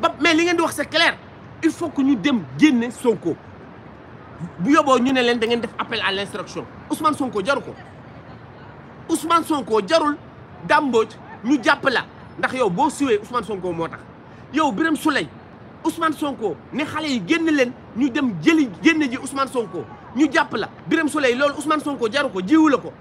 ba mais li ngeen di wax c'est clair il faut que ñu dem génn Sonko bu yóbboo ñu ne leen da ngeen def appel à l' instruction Ousmane Sonko jaru ko Ousmane Sonko jarul Dame ñu jàpp la ndax yow boo siwee Ousmane Sonko moo tax yow Birame Souleye usman sonkoo ne xale yi génn leen ñu dem jëli génn ji Ousmane sonkoo ñu jàpp la Birame Souleye loolu Ousmane Sonko jaru ko jiwu ko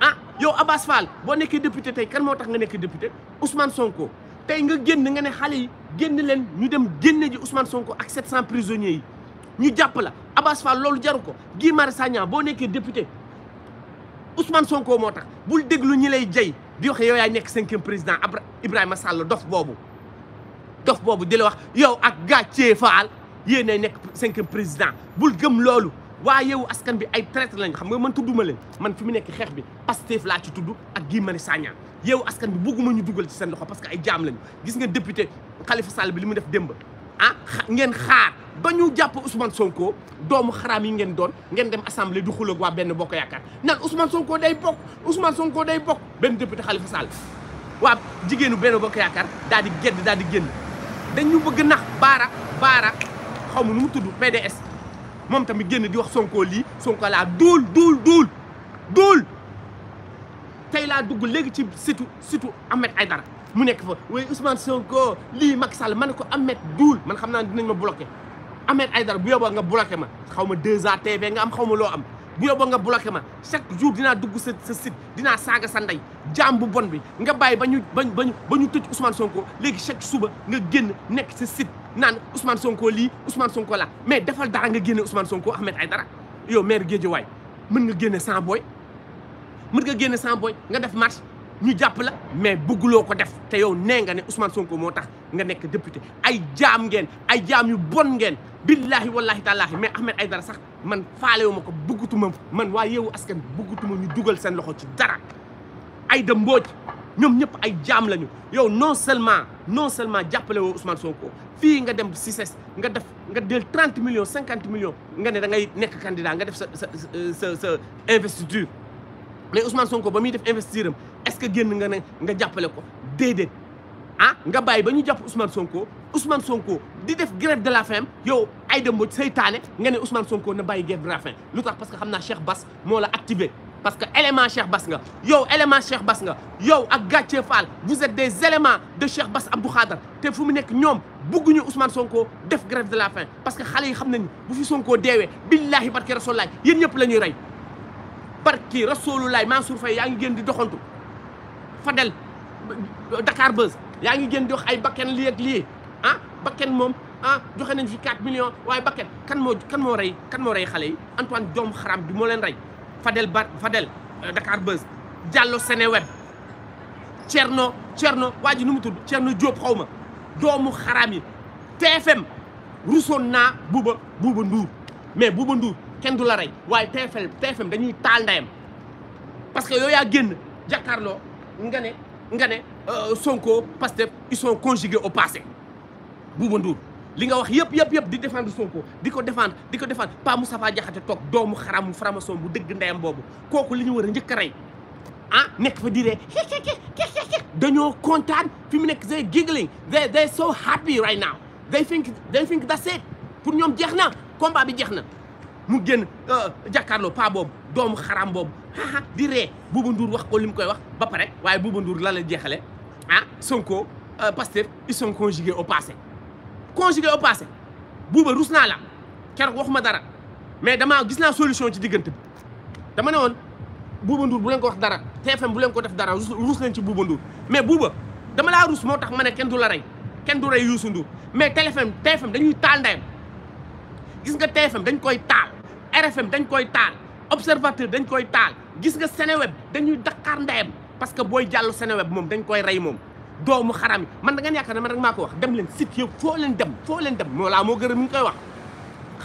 ah yow Abbas Fall boo nekkee député tey kan moo tax nga nekk député Ousmane Sonko tey nga génn nga ne xale yi génn leen ñu dem génn ji Ousmane Sonko ak 700 prisonniers yi. ñu jàpp la Abass loolu jaru ko Guy Marius Sagna boo nekkee député Ousmane Sonko moo tax bul déglu ñi lay jay di wax yow yaay nekk cinquième président ab Ibrahima Sall dof boobu. dof boobu di wax yow ak gàccee faal yéen ay nekk cinquième président bul gëm loolu waa yow askan bi ay traître lañ xam nga man tudduma man fi mu nekk xeex bi Pastef laa ci tudd ak Guy Marius Sagna yow askan bi bëgguma ñu dugal ci seen loxo parce que ay jaam lañu gis nga député Khalifa Sall bi li mu def démb. ah ngeen xaar ba ñu jàpp Ousmane Sonko doomu xaraam yi ngeen doon ngeen dem assemblée du xulóog waa benn bokk yaakaar nan Ousmane Sonko day bokk Ousmane sonkoo day bokk benn député Khalifa Sall waa jigéenu benn bokk yaakaar daal di gedd daal di génn dañu bëgg nax baara baara xaw ma nu mu tudd PDS moom tamit génn di wax Sonko lii Sonko laa duul duul duul duul tey laa dugg léegi ci situ situ Ahmed Aïdara mu nekk fa waaye Ousmane Sonko lii mag Sall ma ne ko Ahmed duul man xam naa dinañ ma bloqué Ahmed Aïdara bu yóbboo nga bloqué ma xaw ma 2A TV nga am xaw ma loo am bu yóbboo nga bloqué ma chaque jour dinaa dugg sa sa site dinaa saaga sa ndey jaam bu bon bi nga bàyyi ba ñu ba ñu ba ñu tëj Ousmane Sonko léegi chaque suba nga génn nekk sa site naan usman Sonko lii Ousmane Sonko la mais defal dara nga génne Ousmane Sonko Ahmed Aïdara yow maire Guédiawaye mën nga génn sans boy mën nga génne sans nga def marche. ñu jàpp la mais bëgguloo ko def te yow nee nga ne Ousmane Sonko moo tax nga nekk député ay jaam ngeen ay jaam yu bon ngeen billahi wallahi taalaahi mais Ahmed Aïdara sax man faalewu ma ko bëggatuma man waa yeewu askan bëggatuma ñu dugal seen loxo ci dara Aïda Mbodj ñoom ñëpp ay jaam lañu yow non seulement non seulement jàppale woo Ousmane Sonko fii nga dem si CICES nga def nga del trente millions cinquante millions nga ne da ngay nekk candidat nga def sa sa sa sa investiture mais Ousmane Sonko ba muy def investir am est-ce que génn nga ne nga jàppale ko déedéet ah nga bàyyi ba ñu jàpp Ousmane Sonko Ousmane Sonko di def grève de la faim yow ay Aïda Mbodj seytaane nga ne Ousmane Sonko na bàyyi grève de la faim lu tax parce que xam naa Cheikh Bass moo la activé parce que élément Cheikh Bass nga yow élément Cheikh Bass nga yow ak Gathie Fall vous êtes des éléments de Cheikh Bass Abdou Khadre te fu mu nekk ñoom ñu Ousmane Sonko def grève de la faim parce que xale yi xam nañu bu fi Sonko deewee billahi barki rasulullaay yéen ñëpp la ñuy rey barki rasulullaay Mansour Faye yaa ngi génn di doxantu Fadel Dakar Buzz yaa ngi gën di ay bakken lii ak lii ah, bakken moom ah, joxe nañ fi 4 million waaye bakken kan moo moo rey kan moo rey xale yi Antoine doom xaram bi moo leen rey Fadel ba Fadel euh, Dakar Buzz Diallo Seneweb Thierno Thierno waa ji nu mu tudd Thierno Diop xaw doomu xaraam yi TFM rusoon naa Bouba Bouba Ndour mais Bouba Ndour kenn du la rey waaye TFM TFM dañuy taal ndayam parce que yow yaa génn jàkkaarloo nga ne euh, Sonko Pastef ils sont conjugués au passé Bouba Ndour li nga wax yëpp yëpp yëpp di défendre Sonko diko défendre diko défendre Pa Moustapha Diakhaté tok doomu xaramu franc-maçon bu deug ndeyam bobu. kooku li ñu war a njëkk a rey ah nekk fa diree Daño kontaan fi mu nek they giggling they they so happy right now they think they think that's it pour ñom jeex combat bi jeex na mu génn euh, jàkkaarloo pa bobu. doomu xaram boobu haha di ree Bouba Ndour wax ko li mu koy wax ba pare waaye Bouba Ndour la la jeexale ah Sonko euh, Pastef ils sont conjugués au passé conjugués au passé Bouba rus naa la keroog ma dara mais damaa gis naa solution ci diggante bi dama ne woon Bouba Ndour bu leen ko wax dara TFM bu leen ko def dara rus nañ ci Bouba Ndour mais Bouba dama laa rus moo tax ma ne kenn du la rey kenn du rey Youssou Ndour mais TFM TFM dañuy taal ndayam gis nga TFM dañ koy taal RFM dañ koy taal observateur dañ koy taal gis nga Seneweb dañuy Dakar ndeyam parce que Boy Diallo Seneweb moom dañ koy rey moom doomu xaram yi man na ngeen yaakaar ne rek maa ko wax dem leen site yëpp foo leen dem foo leen dem moo laa moo gërëm mi ngi koy wax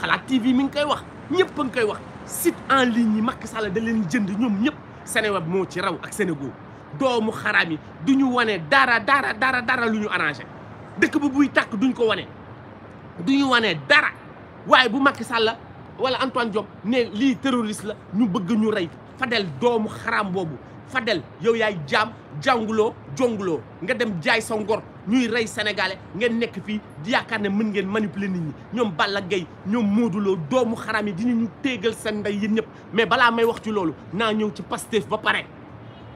xalaat TV mi ngi koy wax ñëpp a ngi koy wax site en ligne yi Macky Sall da leen jënd ñoom ñëpp Seneweb moo ci raw ak Sénégal doomu xaram yi du ñu wane dara dara dara dara lu ñu arrangé dëkk bu buy tàkk duñ ko wane du ñu wane dara waaye bu Macky Sall wala Antoine Diop ne lii terroriste la ñu bëgg ñu rey Fadel doomu xaram boobu Fadel yow yaay jaam jànguloo jonguloo nga dem jaay sa ngor ñuy rey sénégalais ngeen nekk fii di yaakaar ne mën ngeen manipuler nit ñi ñoom Balla Gaye ñoom Modou doomu xaram yi dinañu téegal seen ndey yéen ñëpp mais balaa may wax ci loolu naa ñëw ci Pastef ba pare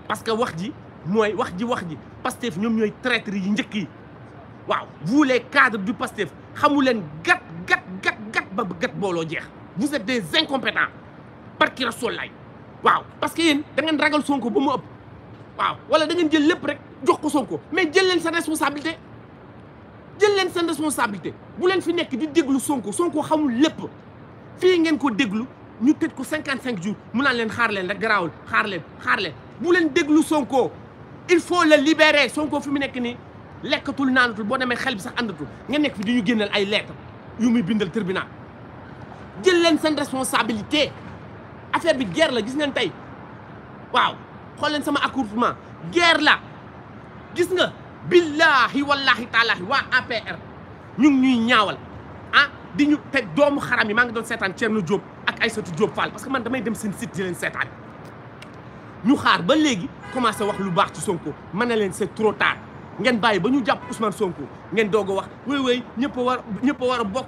parce que wax ji mooy wax ji wax ji Pastef ñoom ñooy traître yi njëkk yi waaw vous les cadres du Pastef xamu leen gat gat gat gat ba gat booloo jeex vous êtes des incompétents qui parce que vous da un ragal Sonko wala da Sonko mais vous avez responsabilité vous avez une responsabilité Vous avez fi responsabilité. vous avez vous avez jours Vous avez une responsabilité. Vous avez il faut le libérer Sonko vous avez une responsabilité. vous avez lettres Vous tribunal jël leen seen responsabilité affaire bi guerre la gis ngeen tey waaw xool leen sama accoutrement guerre la gis nga billahi wallahi taalaahi waa APR ñu ngi ñuy ñaawal ah di ñu te doomu xaram yi maa ngi doon seetaan Thierno Diop ak Aïssatou Diop Fall parce que man damay dem seen site di leen seetaan ñu xaar ba léegi commencé wax lu baax ci Sonko mën na leen c'est trop tard ngeen bàyyi ba ñu jàpp Ousmane Sonko ngeen doog a wax wéy wéy ñëpp a war ñëpp a war a bokk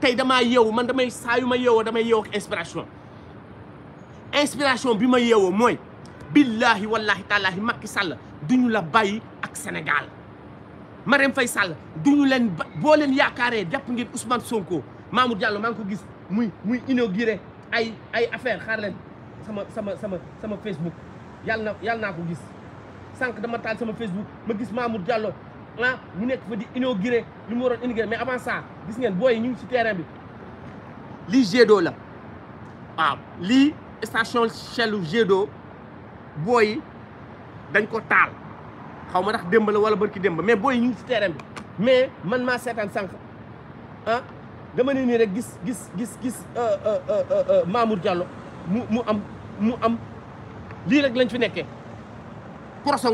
tey damaa yeewu man damay saa yu ma yeewoo damay yeewoo ak inspiration inspiration bi ma yeewoo mooy billahi wallahi taalaahi Macky Sall duñu la bàyyi ak Sénégal Marème Faye Sall duñu leen boo leen yaakaaree jàpp ngeen Ousmane Sonko Mamour Diallo maa ngi ko gis muy muy inauguré ay ay affaire xaar leen sama sama sama sama Facebook yàlla na yàlla naa ko gis sànq dama taal sama Facebook ma gis Mamour jàlloo là mu nekk fa di inauguré lu mu waroon mais avant ça gis ngeen boy ñu ci terrain bi li jedo la waaw li station Shell jedo boy dañ ko taal xawma tax demb la wala barki demb mais boy ñu ci terrain bi mais man ma sétane sank ah dama ni ni rek gis gis gis gis euh, euh, euh, Mamour Diallo mu mu am mu am li rek lañ fi nekké prosa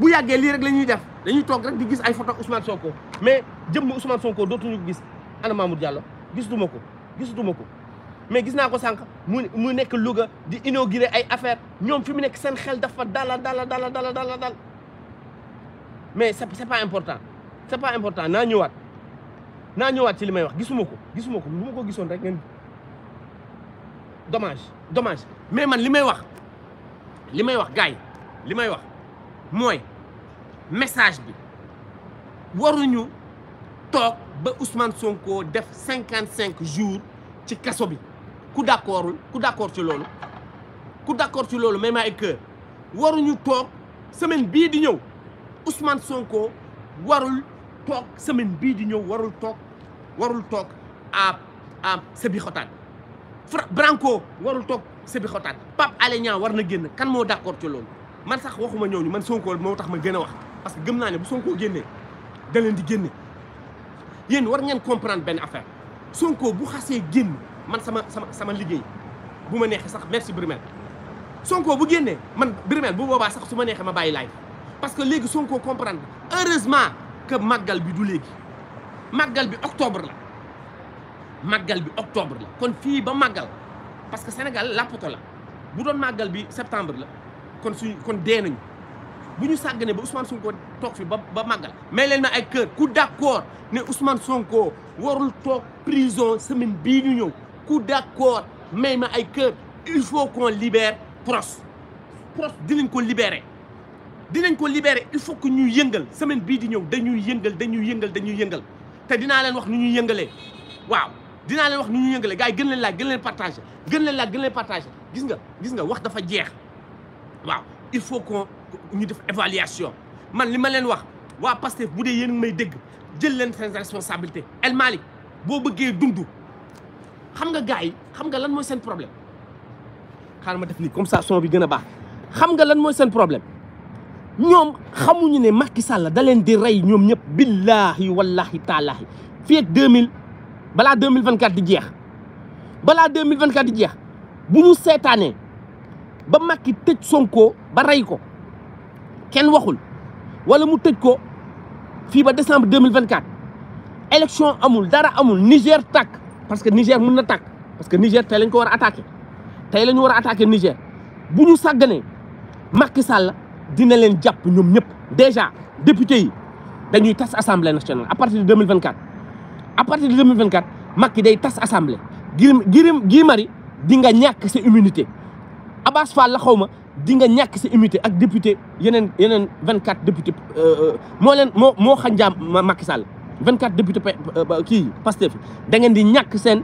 bu yàggee lii rek la ñuy def dañuy toog rek di gis ay photo Ousmane Sonko mais jëmm Ousmane Sonko dootuñu ko gis ana Mamour Diallo moko ko gisatuma ko mais gis n'ako sank mu mu Louga di inaugurer ay affaire ñom fi mu nek sen xel dafa dala dala dala dala dala dal mais c'est c'est pas important c'est pas important na ñëwaat na ñëwaat ci limay wax gisuma ko gisuma ko lu rek ngeen dommage dommage mais man limay wax limay wax gars limay wax moy message bi waruñu tok ba Ousmane Sonko def cinquante cinq jours ci kasso bi ku d'accordul ku d'accord ci lolu ku d'accord ci loolu même ay kër waruñu tok semaine bi di ñew Ousmane Sonko warul tok semaine bi di ñew warul tok warul a à à Franco, Branco warul tok Sébikotane Pape pap Niang war genn kan mo d'accord ci lolu man sax waxuma ñooñu man Sonko moo tax ma gën a wax parce que gëm naa ne bu Sonko génnee da di génne yéen war ngeen comprendre benn affaire Sonko bu xasee génn man sama sama sama liggéey bu ma neexee sax merci Birumel Sonko bu génnee man Birumel bu boobaa sax su ma neexee ma bàyyi laay parce que léegi Sonko comprendre heureusement que màggal bi du léegi màggal bi octobre la màggal bi octobre la kon fii ba màggal parce que Sénégal làppato la bu doon màggal bi septembre la. kon suñu kon dee nañu bu ñu sàgganee ba Ousmane Sonko toog fi ba ba màggal may leen na ay kër ku d'accord ne Ousmane Sonko warul toog prison semaine bii ñu ñëw ku d'accord may ma ay kër il faut qu'on libère Pros Pros dinañ ko libérer dinañ ko libérer il faut que ñuy yëngal semaine bii di ñëw dañuy yëngal dañuy yëngal dañuy yëngal te dinaa leen wax nu ñuy yëngalee waaw dinaa leen wax nu ñuy yëngalee gars yi gën leen laaj gën leen partager gën leen laaj gën leen gis nga gis nga wax dafa jeex il faut qu'on fasse une évaluation man ce ma je wax c'est que may dégg vos responsabilités. responsabilité El Malick boo vous xam nga gars xam nga lan problème def ni comme ça son bi gëna a baax xam nga lan moy problème Ñom ne Macky Sall da di ray ñom ñep billahi wallahi taala. Fi 2000 bala 2024 di jeex Bala 2024 di ba maki tëj Sonko ba ray ko ken waxul wala mu tëj ko fi ba décembre 2024 élection amul dara amul Niger tàkk parce que Niger mun na parce que Niger tey lañ ko wara a attaqué lañu wara attaquer Niger buñu ça sàgganee Macky Sall dina len japp ñom ñep déjà député yi dañuy tas assemblée nationale à partir de 2024 à partir de 2024 Macky day tas assemblée girim gi mari di nga ñak sa immunité Abass Fall la xaw ma di nga ñàkk si immunité ak député yeneen yeneen vingt quatre député euh, euh, moo leen moo moo xanjaam Macky Sall vingt quatre député euh, kii Pastef da ngeen di ñàkk seen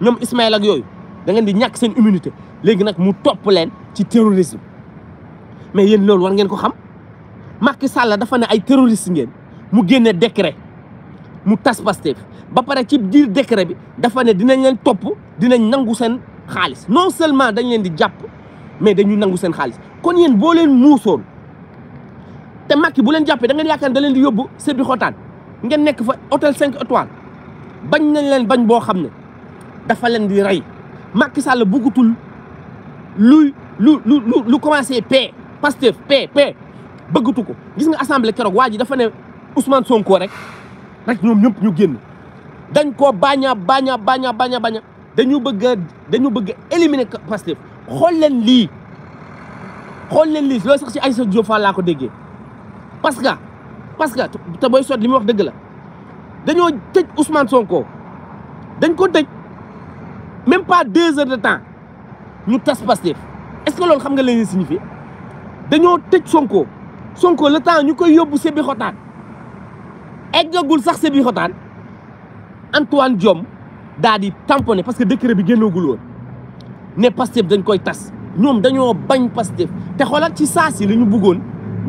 ñoom Ismaël ak yooyu dangeen di ñàkk seen immunité léegi nag mu topp leen ci terrorisme mais yéen loolu war ngeen ko xam Macky Sall dafa ne ay terroriste ngeen mu génne décret mu tas Pastef ba pare ci biir décret bi dafa ne dinañ leen topp dinañ nangu seen xaalis non seulement dañ di jàpp mais dañuy nangu seen xaalis kon yéen boo leen muusoon te Macky bu leen jàppee da ngeen yaakaar da leen di yóbbu séddu xotaan ngeen nekk fa hôtel 5 étoiles bañ nañ leen bañ boo xam ne dafa leen di rey Macky Sall bëggatul luy lu lu lu lu commencé paix Pastef paix paix ko gis nga assemblée keroog waa ji dafa ne Ousmane sonkoo rek rek ñoom ñëpp ñu génn dañ koo baña baña baña baña baña dañu bëgg dañu bëgg éliminer Pastef xool leen lii xool leen lii loolu sax ci Aïssa Diop Fall laa ko déggee parce que parce que te booy sot li mu wax dëgg la dañoo tëj Ousmane Sonko dañ ko tëj même pas deux heures de temps ñu tas Pastef est loolu xam nga la ñuy signifier dañoo tëj Sonko Sonko le temps ñu koy yóbbu Sébi Xotaan eggagul sax Sébi Xotaan Antoine Diome daal di tamponné parce que décret bi génnoogul woon. ne Pastef dañ koy tas ñoom dañoo bañ Pastef te xoolal ci saa si la ñu bëggoon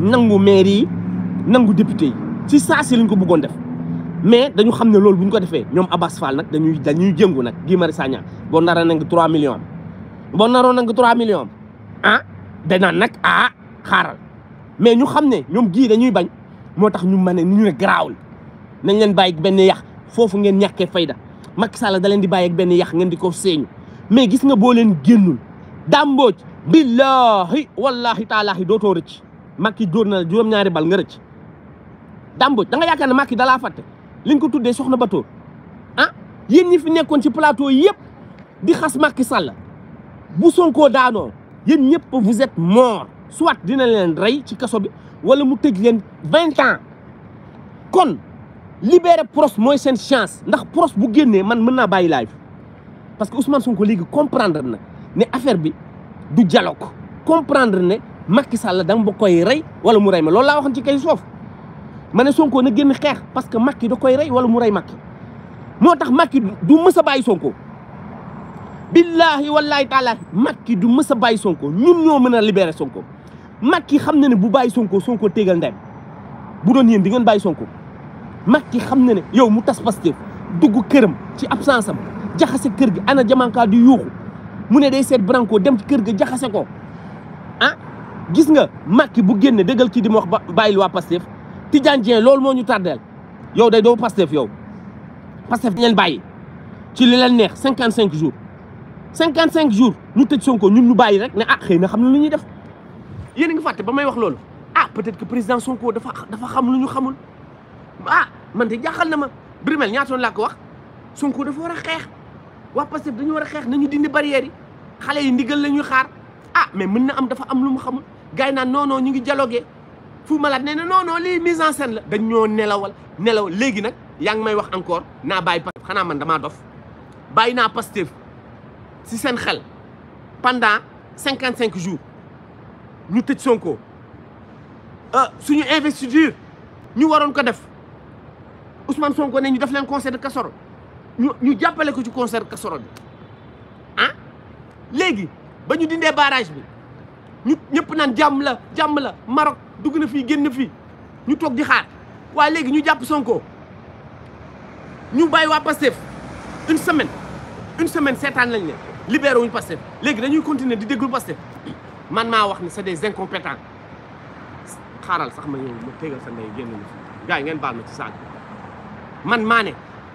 nangu maire yi nangu député ci saa si la ko bëggoon def mais dañu xam ne loolu bu ñu ko defee ñoom Abass Fall nag dañuy dañuy jëngu nag Guy Marius Sagna boo nara nangu 3 millions boo naroon nangu 3 millions ah danaan nag ah xaaral mais ñu xam ne ñoom gii dañuy bañ moo tax ñu mën a ñu ne garaawul nañ leen bàyyi benn yax foofu ngeen ñàkkee fayda Macky Sall da leen di bàyyi benn yax ngeen di ko seeñu mais gis nga boo leen génnul dàmbooj billaahi wallaahi taalaahi dootoo rëcc Macky dóor na juróom-ñaari bal nga rëcc dàmbooj da nga yaakaar ne Macky dalaa fàtte liñ ko tuddee soxna Bator ah yéen ñi fi nekkoon ci plateau yëpp di xas makki Sall bu Sonko daanoo yéen ñëpp vous êtes mort soit dina leen rey ci kaso bi wala mu tëj leen vingt ans kon libérer Prost mooy seen chance ndax Prost bu génnee man mën naa bàyyi live parce que Ousmane Sonko léegi comprendre na ne affaire bi du ko comprendre ne Macky Sall dama ba koy rey wala mu rey ma loolu laa waxoon ci kay soof ma ne Sonko na génn xeex parce que Macky da koy rey wala mu rey Macky moo tax Macky du mës a bàyyi Sonko billaahi wallaahi taalaahi Macky du mës a bàyyi Sonko ñun ñoo mën a libérer Sonko Macky xam na ne bu bàyyi Sonko Sonko tégal ndem bu doon yéen di ngeen bàyyi Sonko Macky xam na ne yow mu tas Pastef dugg këram ci absence am jaxase kër gi ana jamanka di yuuxu mu ne day seet branco dem ci kër ga jaxase ko ah gis nga Macky bu génne dëggal kii di ma wax ba bàyyil waa Pastef Tidjane Dieng loolu moo ñu tardeel yow day doo Pastef yow Pastef dañ leen bàyyi ci li leen neex cinquante cinq jours cinquante cinq jours ñu tëj Sonko ñun ñu bàyyi rek ne ah xëy na xam na lu ñuy def yéen a fàtte ba may wax loolu ah peut-être que président Sonko dafa dafa xam lu ñu xamul ah man te jàqal na ma Brimel ñaatoon laa ko wax Sonko dafa war a xeex waa Pastef dañu war a xeex nañu dindi barrières xale yi ndigal la ñuy xaar ah mais mën na am dafa am lu mu xamul gars yi naan ñu ngi dialogué fu Malade nee na non non lii mise en scène la dañ ñoo nelawal nelaw léegi nag yaa ngi may wax encore naa bàyyi Pastef xanaa man damaa dof bàyyi naa Pastef si seen xel pendant cinquante cinq jours ñu tëj Sonko euh, suñu investiture ñu waroon ko def Ousmane Sonko ne ñu def leen conseil de casserole ñu ñu jàppale ko ci concert casserole bi ah léegi ba ñu dindee barrage bi ñu ñëpp naan jàmm la jàmm la Maroc dugg na fii génn fii ñu toog di xaar waaye léegi ñu jàpp Sonko ñu bàyyi waa Pastef une semaine une semaine seetaan lañ leen libéré wuñu Pastef léegi dañuy continuer di déglu Pastef man maa wax ne c'est des incompétents xaaral sax ma ñëw ma tégal sa ndey génn na fi gars ngeen baal ma ci saag man maa ne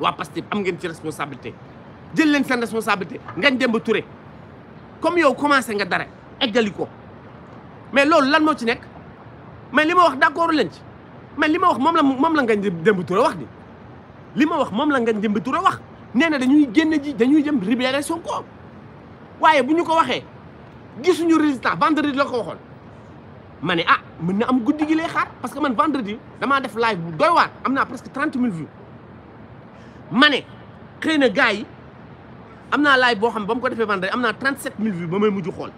waa Pastef am ngeen ci responsabilité jël leen seen responsabilité ngañ Demba Touré comme yow commencé nga dara eggali ko mais loolu lan moo ci nekk mais li ma wax d'accord leen ci mais li ma wax moom la moom la ngañ Demba Touré wax di li ma wax moom la ngañ Demba Touré wax nee na dañuy génn ji dañuy jëm libérer Sonko waaye bu ñu ko waxee gisuñu résultat vendredi la ko waxoon ma ne ah mën na am guddi gi lay xaar parce que man vendredi damaa def live bu doy waar am naa presque trente mille mané xeyna gaay amna gars bo xam bam ko defé man am naa 37000 vues bamay muju xol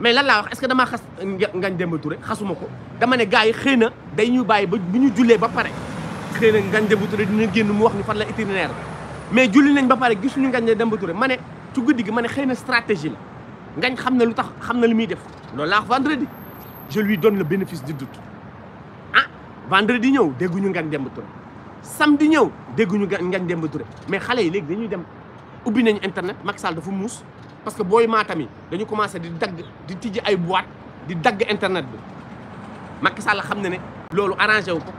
mais lan la wax est-ce que damaa xas Ngagne Demba Touré xasuma ko dama né gaay xeyna day ñu baye ba bu ñu jullee ba paré xeyna na Ngagne Demba dina genn mu wax ni fan la itinéraire mais julli nañ ba paré gis ñu Demba Touré ma ne ci guddi gi mané xeyna stratégie la Ngagne xamna lutax xamna limi def loolu la wax vendredi je lui donne le bénéfice du doute ah vendredi ñëw dégguñu Ngagne Demba Touré samedi ñëw dégguñu dem ba Touré mais xale yi léegi dañuy dem ubbi nañu internet Macky Sall dafa muus parce que booy Matam yi dañu commencé di dagg di tijji ay boîte di dagg internet bi Macky Sall xam na ne loolu arrangé wu ko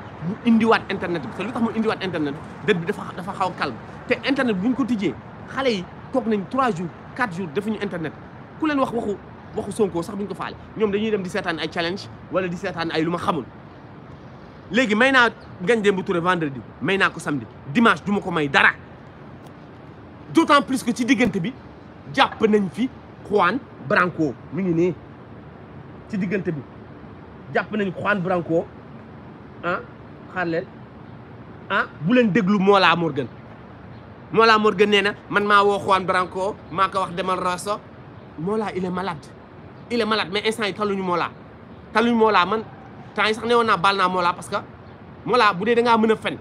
indiwaat internet bi te lu indiwaat internet bi dafa dafa xaw calme te internet bu ñu ko tijjee xale yi toog nañ 3 jours 4 jours defuñu internet ku leen wax waxu waxu Sonko sax duñ ko faale ñoom dañuy dem di seetaan ay challenge wala di seetaan ay lu ma xamul léegi mayna gagne Ngagne Touré vendredi mayna ko samedi dimanche du ko may dara d'autant plus que ci diggante bi japp nañ fi Juan Branco mi ngi nii ci diggante bi japp nañ Juan Branco hein, xaar hein, ah bu len déglu Mola Morgan Mola Morgan néna man m'a wo Juan Branco mako wax demal raso. Mola il est malade il est malade mais instant yi taluñu Mola taluñu Mola man. temps sax newoon naa baal naa parce que Mollah bu dee da nga mëna a fen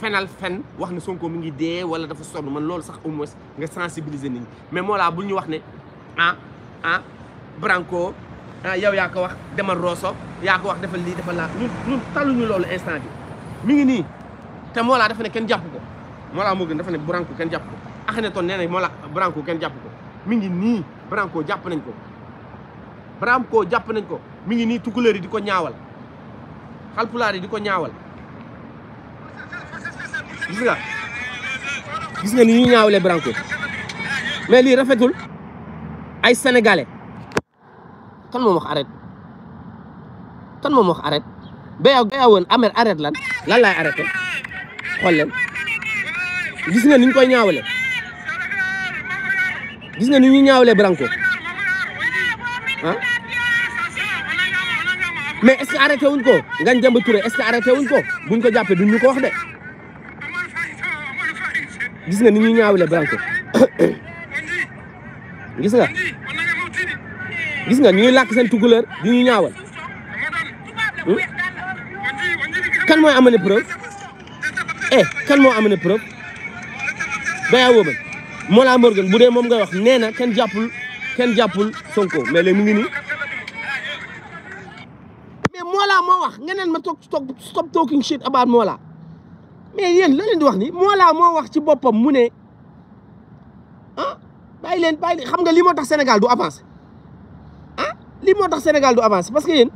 fenal fen wax ni Sonko mi ngi dé wala dafa sonn man lool sax au moins nga sensibiliser nit ñi mais Mollah buñ ñu wax né ah ah Branco ah yow ya ko wax demal roso ya ko wax defal li defal la ñun ñun ñu lool instant bi mi ngi nii te Mollah dafa né kenn japp ko Mollah mo gën dafa né Branco kenn japp ko Akhenaton nee na Mollah Branco kenn japp ko mi ngi ni Branco japp nañ ko Branco japp nañ ko mi ngi nii tukulóor di ko ñaawal xalpulaar yi di ko ñaawal gis nga gis nga ni ñuy ñaawalee Branco mais lii rafetul ay senegale kan moom wax arrête kan moom wax arrête béya béya woon amer arrête lan lan laay arrêté gis nga ni ñu koy ñaawale gis nga ni ñuy ñaawale ah mais est-ce wuñ ko Ngagne Demba Touré est-ce que arrêté wuñ ko buñ ko jàppee duñ ñu ko wax de gis nga ni ñuy ñaawule Branco [COUGHS] gis nga gis nga ñuy làkk seen tukulóor di ñu ñaawal hmm? kan mooy amane preuve eh kan moo amane woo baya wóobal Mollah Morgun bu dee moom nga wax nee na kenn jàppul kenn jàppul Sonko mais léegi mu ngi nii wax nga naan ma tok stop talking shit about mola mais yeen la len di wax ni mola mo wax ci bopam mune ne ah bàyyi leen bàyyi xam nga li motax senegal du avancer ah li motax senegal du avancer parce que yeen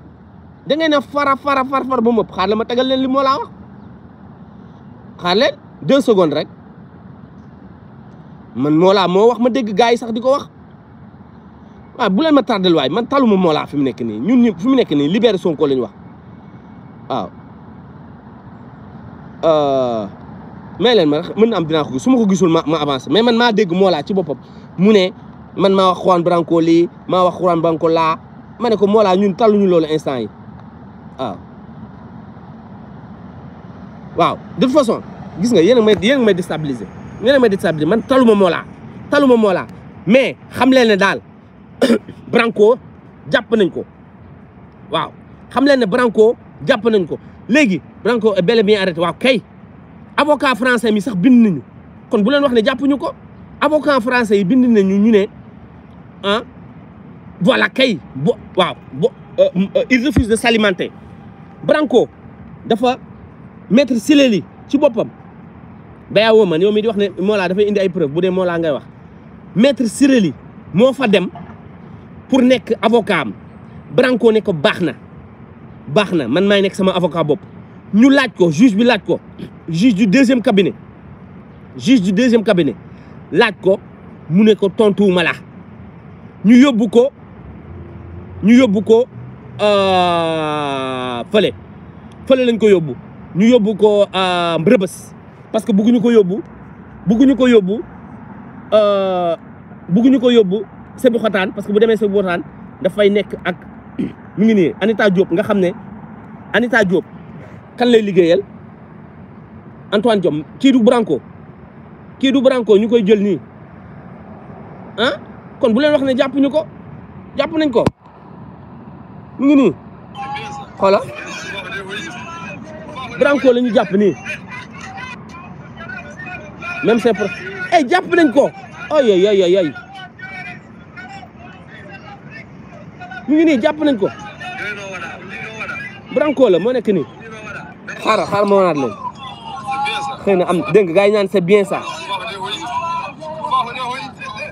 da ngay na fara fara far far bu mop xaar la ma tagal len li mola wax xaar leen deux secondes rek man mola mo wax ma deg gaay sax diko wax wa bu len ma tardel way man taluma mola fi nek ni ñun ñi fi mu nekk nii libéré Sonko lañ wax waaw euh, may leen ma mën na am dinaa ko gis su ma ko gisul ma ma avancé mais man maa dégg Mollah ci boppam mu ne man maa wax Juan Branco lii maa wax Juan Branco laa ma ne ko Mollah ñun talluñu loolu instant yi waaw waaw de toute façon gis nga yéen a may yéen a may déstabiliser yéen a may déstabiliser man mais xam leen ne daal [COUGHS] Branco jàpp nañ ko waaw xam leen ne Branco japp nañ ko léegi Branco est bel et bien arrêté waaw kay avocat français mi sax bind nañu kon bu len wax ne ñu ko avocat français yi bind nañu ñu né ah voilà kay bo waaw bo euh, il refuse de s'alimenter Branco dafa maître Sileli ci bopam bayaa woo man yow mi di wax ne Mollah dafay indi ay preuve bu dee Mollah ngay wax maître sireli mo fa dem pour nek avocat am Branco ne ko baxna baax man may nek sama avocat bop ñu laaj ko juge bi laaj ko juge du deuxième cabinet juge du deuxième cabinet laaj ko mu ne ko tontu mala ñu yobbu ko ñu yobbu ko euh fele fele lañ ko yobbu ñu yobbu ko euh Rebeuss parce que bëgguñu ko yóbbu bëgguñu ko yobbu yóbbu euh, bëgguñu ko yobbu yóbbu Sébikotane parce que bu demee da fay nek ak mi ngi nii Anita Diop nga xam ne Anita Diop kan lay liggéeyal Antoine Diome kii du Branco kii du Branco ñu koy jël nii ah kon bu leen wax ne jàpp ñu ko jàpp nañ ko mu ngi nii xoola Branco la ñu jàpp nii même c'est pour ay eh, jàpp nañ ko ay ay ay ay ñu ngi nii jàpp nañ ko Branco moo nekk nii xaaral xaaral moo naat leen xëy na am dégg nga gars yi naan c'est bien ça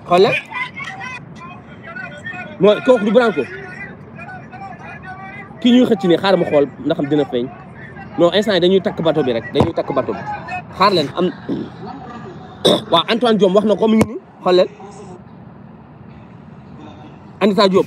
xool mooy kooku du Branco kii ñuy xëcc nii xaaral ma xool ndax dina feeñ non instant yi dañuy takk bato bi rek dañuy takk bato bi xaar leen am waaw Antoine Diome wax na ko mu ngi nii xool leen Anita Diop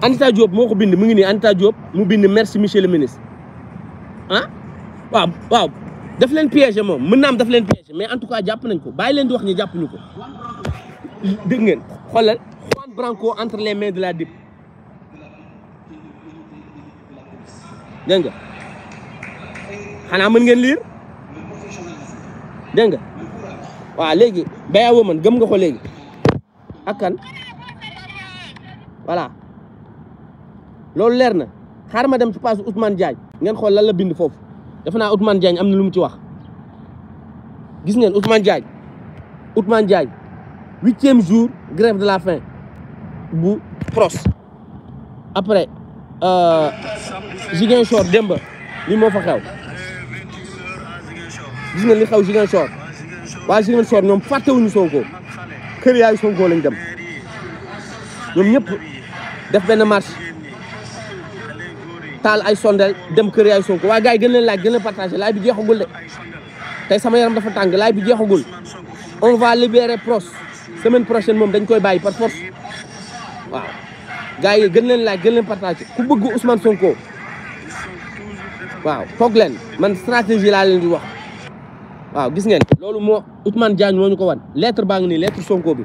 Anita Diop moo ko bind mu ngi nii Anita Diop mu bind merci monsieur le ministre ah waaw daf leen piéger moom mën naam daf leen piéger mais en tout cas jàpp nañ ko bàyyi leen di wax ñi jàpp ñu ko dégg ngeen xoolal Juan Branco de la DIP dégg xanaa mën ngeen lire dégg nga waaw léegi béya man gëm nga ko léegi ak kan loolu leer na xaar dem ci page Ousmane Diagne ngeen xool lan la bind foofu defe naa Ousmane Diagne am na lu mu ci wax gis ngeen Ousmane Diagne Ousmane Diagne huitième jour grève de la faim bu pros après euh, Ziguinchor démb li moo fa xew gis ngeen li xew Ziguinchor waa Ziguinchor ñoom fàttewuñu Sonko kër yaayu Sonko lañ dem ñoom ñëpp def benn marche tal ay sondel dem keur ay Sonko wa gay gën la laaj gën la partager lay bi jeexugul de tay sama yaram dafa tang lay bi jeexugul on va libérer Pros semaine prochaine mom dañ koy bàyyi par force wa gay yi gën la laaj gën la partager ku bëgg Ousmane Sonko waaw fogg len man stratégie la len di wax waaw gis ngeen lolu mo Ousmane Diagne moo ñu ko wan lettre bang ni lettre Sonko bi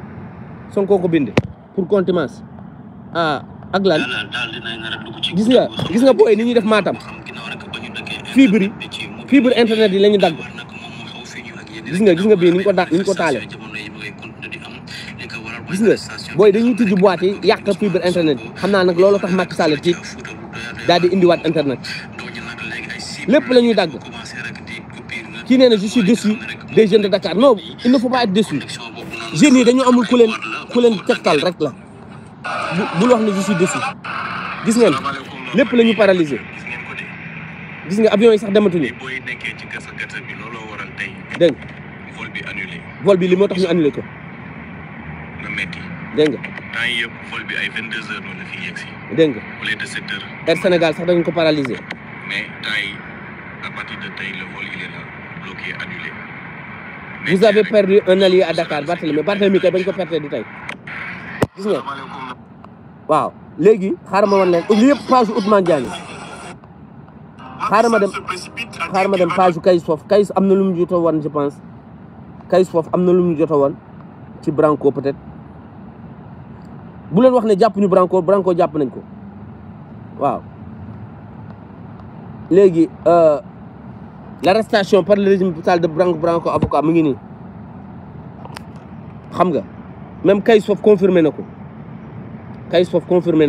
Sonko ko bindé pour contumace ah ak lan gis nga gis nga booy ni ñuy def maatam fibre fibre internet yi la ñu dagg gis nga gis nga bii ni ñu ko da ni ñu ko taale gis nga booy dañuy tijji boîte yi yàq fibre internet xam naa nag loolu tax Macky Sall ci daal di indiwaat internet lépp la ñuy dagg kii nee na je suis déçu des jeunes de Dakar non il ne faut pas être yi dañu amul ku leen ku rek la bu wax ne je suis dessus gis ngeen lepp lañu paralyser gis nga avion yi sax dematu ñu vol bi annulé vol bi li motax ñu annulé ko na metti deng nga tan yépp vol bi ay 22h no la fi yexi deng nga au de 7h air sénégal sax dañ ko paralyser mais tan yi à partir de tay le vol il est là bloqué annulé Vous avez perdu un allié à Dakar, mais Barthélemy. Barthélemy, quand vous avez perdu du temps gis ngeen waaw léegi xaaral ma wan leen lii yëpp page Ousmane Diagne xaaral ma dem xaaral ma dem page Kayz Fof Kayz am na lu mu jot a wan je pense Kayz Fof am na lu mu jot a wan ci Branco peut-être leen wax ne jàpp ñu Branco Branco jàpp nañ ko waaw léegi euh, l'arrestation par le régime brutal de Branco Branco avocat mu ngi nii xam nga. même Kayz a confirmé nako ko sof confirmé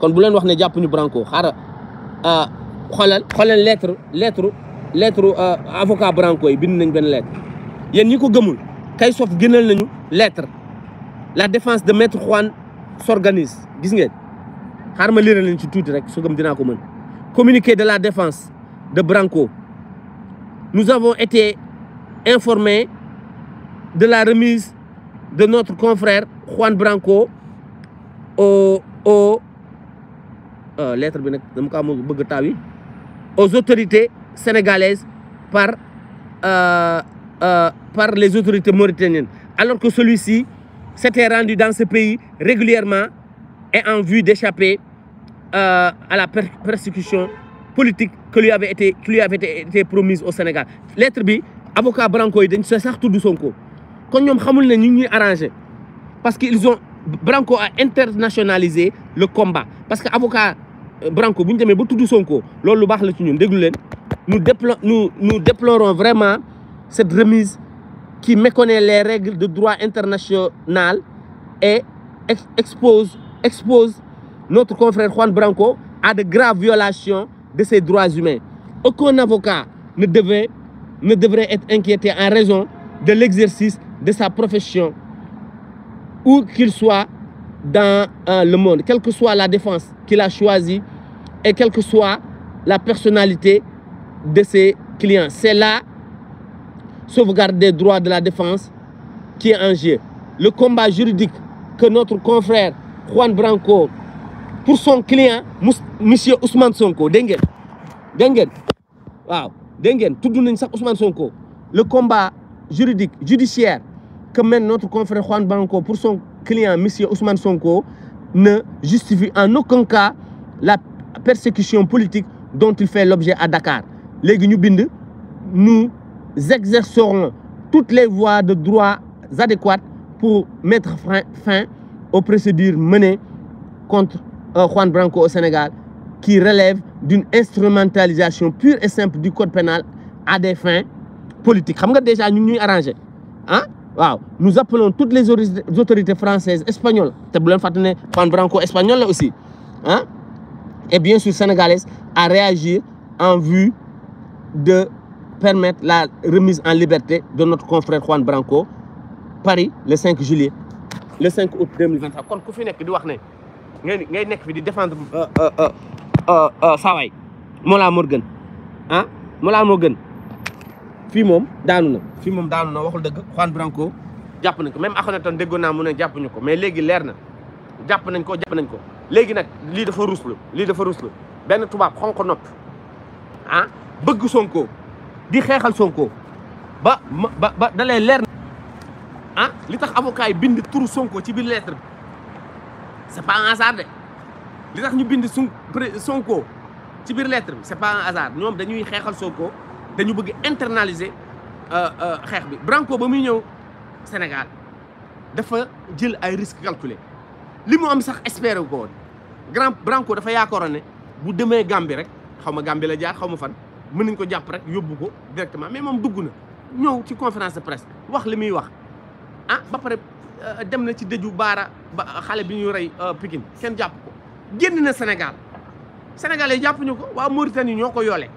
kon bu que wax ne Branco ah, lettre lettre lettre ah, avocat Branco yi bind nañ ben lettre yen ñi gëmul lettre la défense de maître Juan s'organise gis ngeen ci communiqué de la défense de Branco nous avons été informés de la remise de notre confrère Juan Branco au euh, aux autorités sénégalaises par euh, euh, par les autorités mauritaniennes alors que celui-ci s'était rendu dans ce pays régulièrement et en vue d'échapper à la persécution politique que lui avait été, lui avait été, promise au Sénégal. Lettre B, avocat Branco, il dit, c'est ça Sonko. Qu'on ils parce que ont Branco a internationalisé le combat parce que l'avocat euh, Branco si ba Sonko nous déplorons vraiment cette remise qui méconnaît les règles de droit international et expose expose notre confrère Juan Branco à de graves violations de ses droits humains. Aucun avocat ne devait ne devrait être inquiété en raison de l'exercice de sa profession, où qu'il soit dans euh, le monde, quelle que soit la défense qu'il a choisie et quelle que soit la personnalité de ses clients. C'est là, sauvegarde des droits de la défense qui est en jeu. Le combat juridique que notre confrère Juan Branco pour son client M. Ousmane Sonko Dengue. Ousmane Sonko le combat juridique, judiciaire que mène notre confrère Juan Branco pour son client, M. Ousmane Sonko, ne justifie en aucun cas la persécution politique dont il fait l'objet à Dakar. Les nous exercerons toutes les voies de droit adéquates pour mettre fin, aux procédures menées contre euh, Juan Branco au Sénégal qui relèvent d'une instrumentalisation pure et simple du code pénal à des fins politique déjà nous arrangé ah, nous appelons toutes les autorités françaises espagnoles Branco espagnol aussi ah, et bien sûr sénégalaises à réagir en vue de permettre la remise en liberté de notre confrère Juan Branco Paris le 5 juillet le 5 août 2023 fii moom daanu na fii moom daanu na waxul dëgg Juan jàpp nañ ko même Akhenaton déggoon naa mu ne jàppuñu ko mais léegi leer na jàpp nañ ko jàpp nañ ko léegi nag lii dafa ruslu lii dafa ruslu benn tubaab xonq nopp ah bëgg Sonko di xeexal Sonko ba ba ba da lay leer ah li tax avocat yi bind turu Sonko ci biir lettre bi c'est pas un hasard li tax ñu bind sun ci biir lettre bi c'est pas un hasard ñoom dañuy xeexal Sonko dañu bëgg internaliser euh, euh, xeex bi Branco ba muy ñëw Sénégal dafa jël ay risque calculé. li mu am sax espéré ko grand Branco dafa yaakaaroon ne bu demee Gambie rek xaw ma Gambie la jaar xaw ma fan mën nañ ko jàpp rek yóbbu ko directement mais moom dugg na ñëw ci conférence de presse wax li muy wax ah ba pare euh, dem na ci dëju baara ba xale bi ñuy rey Pikine kenn jàpp ko génn na Sénégal Sénégal yi jàppuñu wa waa Mauritanie ñoo ko yoole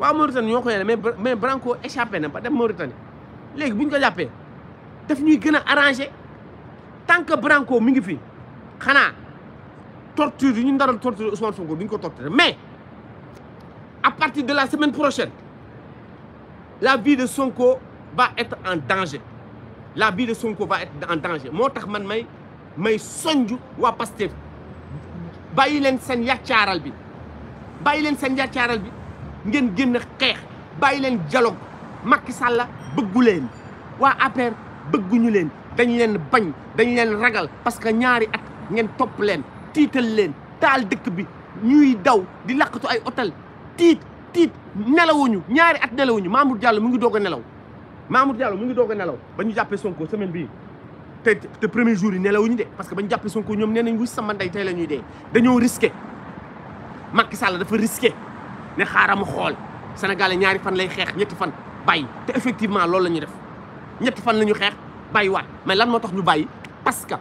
wa Mauritanie ñoo ko mais mais Branco échappé na ba dem Mauritanie légui buñ ko jappé daf ñuy gëna arranger tant que Branco mi ngi fi xana torture ñu ndaral torture Ousmane Sonko buñ ko torturer mais à partir de la semaine prochaine la vie de Sonko va être en danger la vie de Sonko va être en danger motax man may may sonju wa Pastef bayi len sen yàccaaral bi bayi len sen yàccaaral bi. ngeen génn xeex bàyyi leen dialogue Macky Sall bëggu leen waa APR bëgguñu leen dañ leen bañ dañ leen ragal parce que ñaari at ngeen topp leen tiital leen taal dëkk bi ñuy daw di laqatu ay hôtel tiit tiit nelawuñu ñaari at nelawuñu Mamour Diallo mu ngi doog a nelaw Mamour Diallo mu ngi doog a nelaw ba ñu jàppee Sonko semaine bi te te premier jour yi nelawuñu de parce que ba ñu jàppee Sonko ñoom nee nañ wuy sama ndey tey la ñuy de dañoo risqué Macky Sall dafa risqué ne xaaral mu xool sénégalais ñaari fan lay xeex ñetti fan bàyyi te effectivement loolu la ñuy def ñetti fan la ñu xeex bàyyiwaat mais lan moo tax ñu bay parce que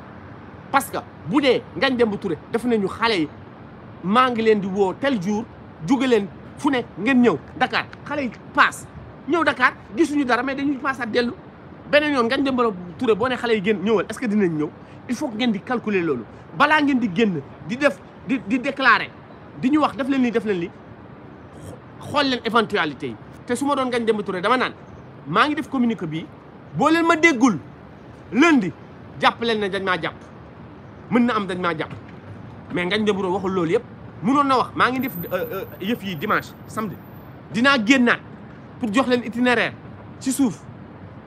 parce que bu dee dem Demba Touré def ñu xale yi maa ngi leen di woo tel jour jóge leen fu nekk ngeen ñëw Dakar xale yi paas ñëw Dakar gisuñu dara mais dañuy paas at dellu beneen yoon dem Demba Touré boo ne xale yi génn ñëwal est-ce que dinañ ñëw il faut ngeen di calculer loolu balaa ngeen di génn di def di di déclarer di ñu wax def leen lii def leen lii xool leen éventualité yi te su ma doon gañ Demba Touré dama naan maa ngi def communiqué bi boo leen ma déggul lundi jàpp leen ne dañ maa jàpp mën na am dañ maa jàpp mais Ngagne Demba Touré waxul loolu yëpp mënoon na wax maa ngi def yëf yi dimanche samedi dinaa génnaat pour jox leen itinéraire ci suuf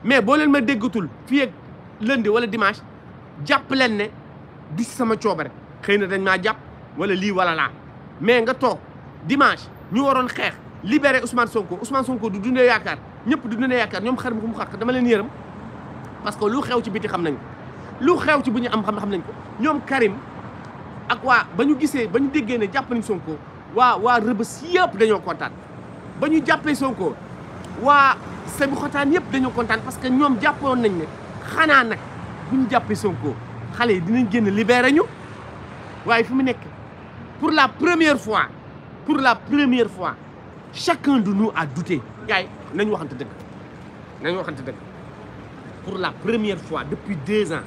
mais boo leen ma déggatul fii ak lundi wala dimanche jàpp leen ne du si sama coobare xëy na dañ maa jàpp wala lii wala laa mais nga toog dimanche ñu waroon xeex. libere Ousmane Sonko Ousmane sonkoo du dundee yaakaar ñëpp du dundee yaakaar ñoom xar mu mu xàq dama leen yërëm parce que lu xew ci biti xam nañ lu xew ci bu ñu am xam xam nañ ko ñoom Karim ak waa ba ñu gisee ba ñu déggee ne jàpp nañ Sonko waa waa Rëbës yëpp dañoo kontaan ba ñu jàppee Sonko waa Sèbi xotaan yëpp dañoo kontaan parce que ñoom jàppoon nañ ne xanaa nag bu ñu jàppee Sonko xale yi dinañ génn libéré ñu waaye fu mu nekk pour la première fois pour la première fois. chacun de nous a douté pour la première fois depuis deux ans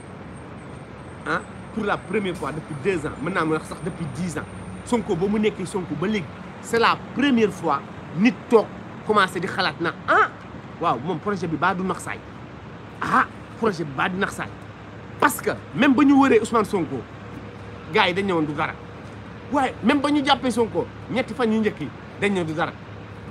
ah, pour la première fois depuis deux ans maintenant depuis dix ans Sonko c'est la première fois nous avons commencé à faire ah waaw projet bi pas du ah projet parce que même si vous avons Ousmane Sonko gars dañ du même si Sonko ñetti fan yu njëkk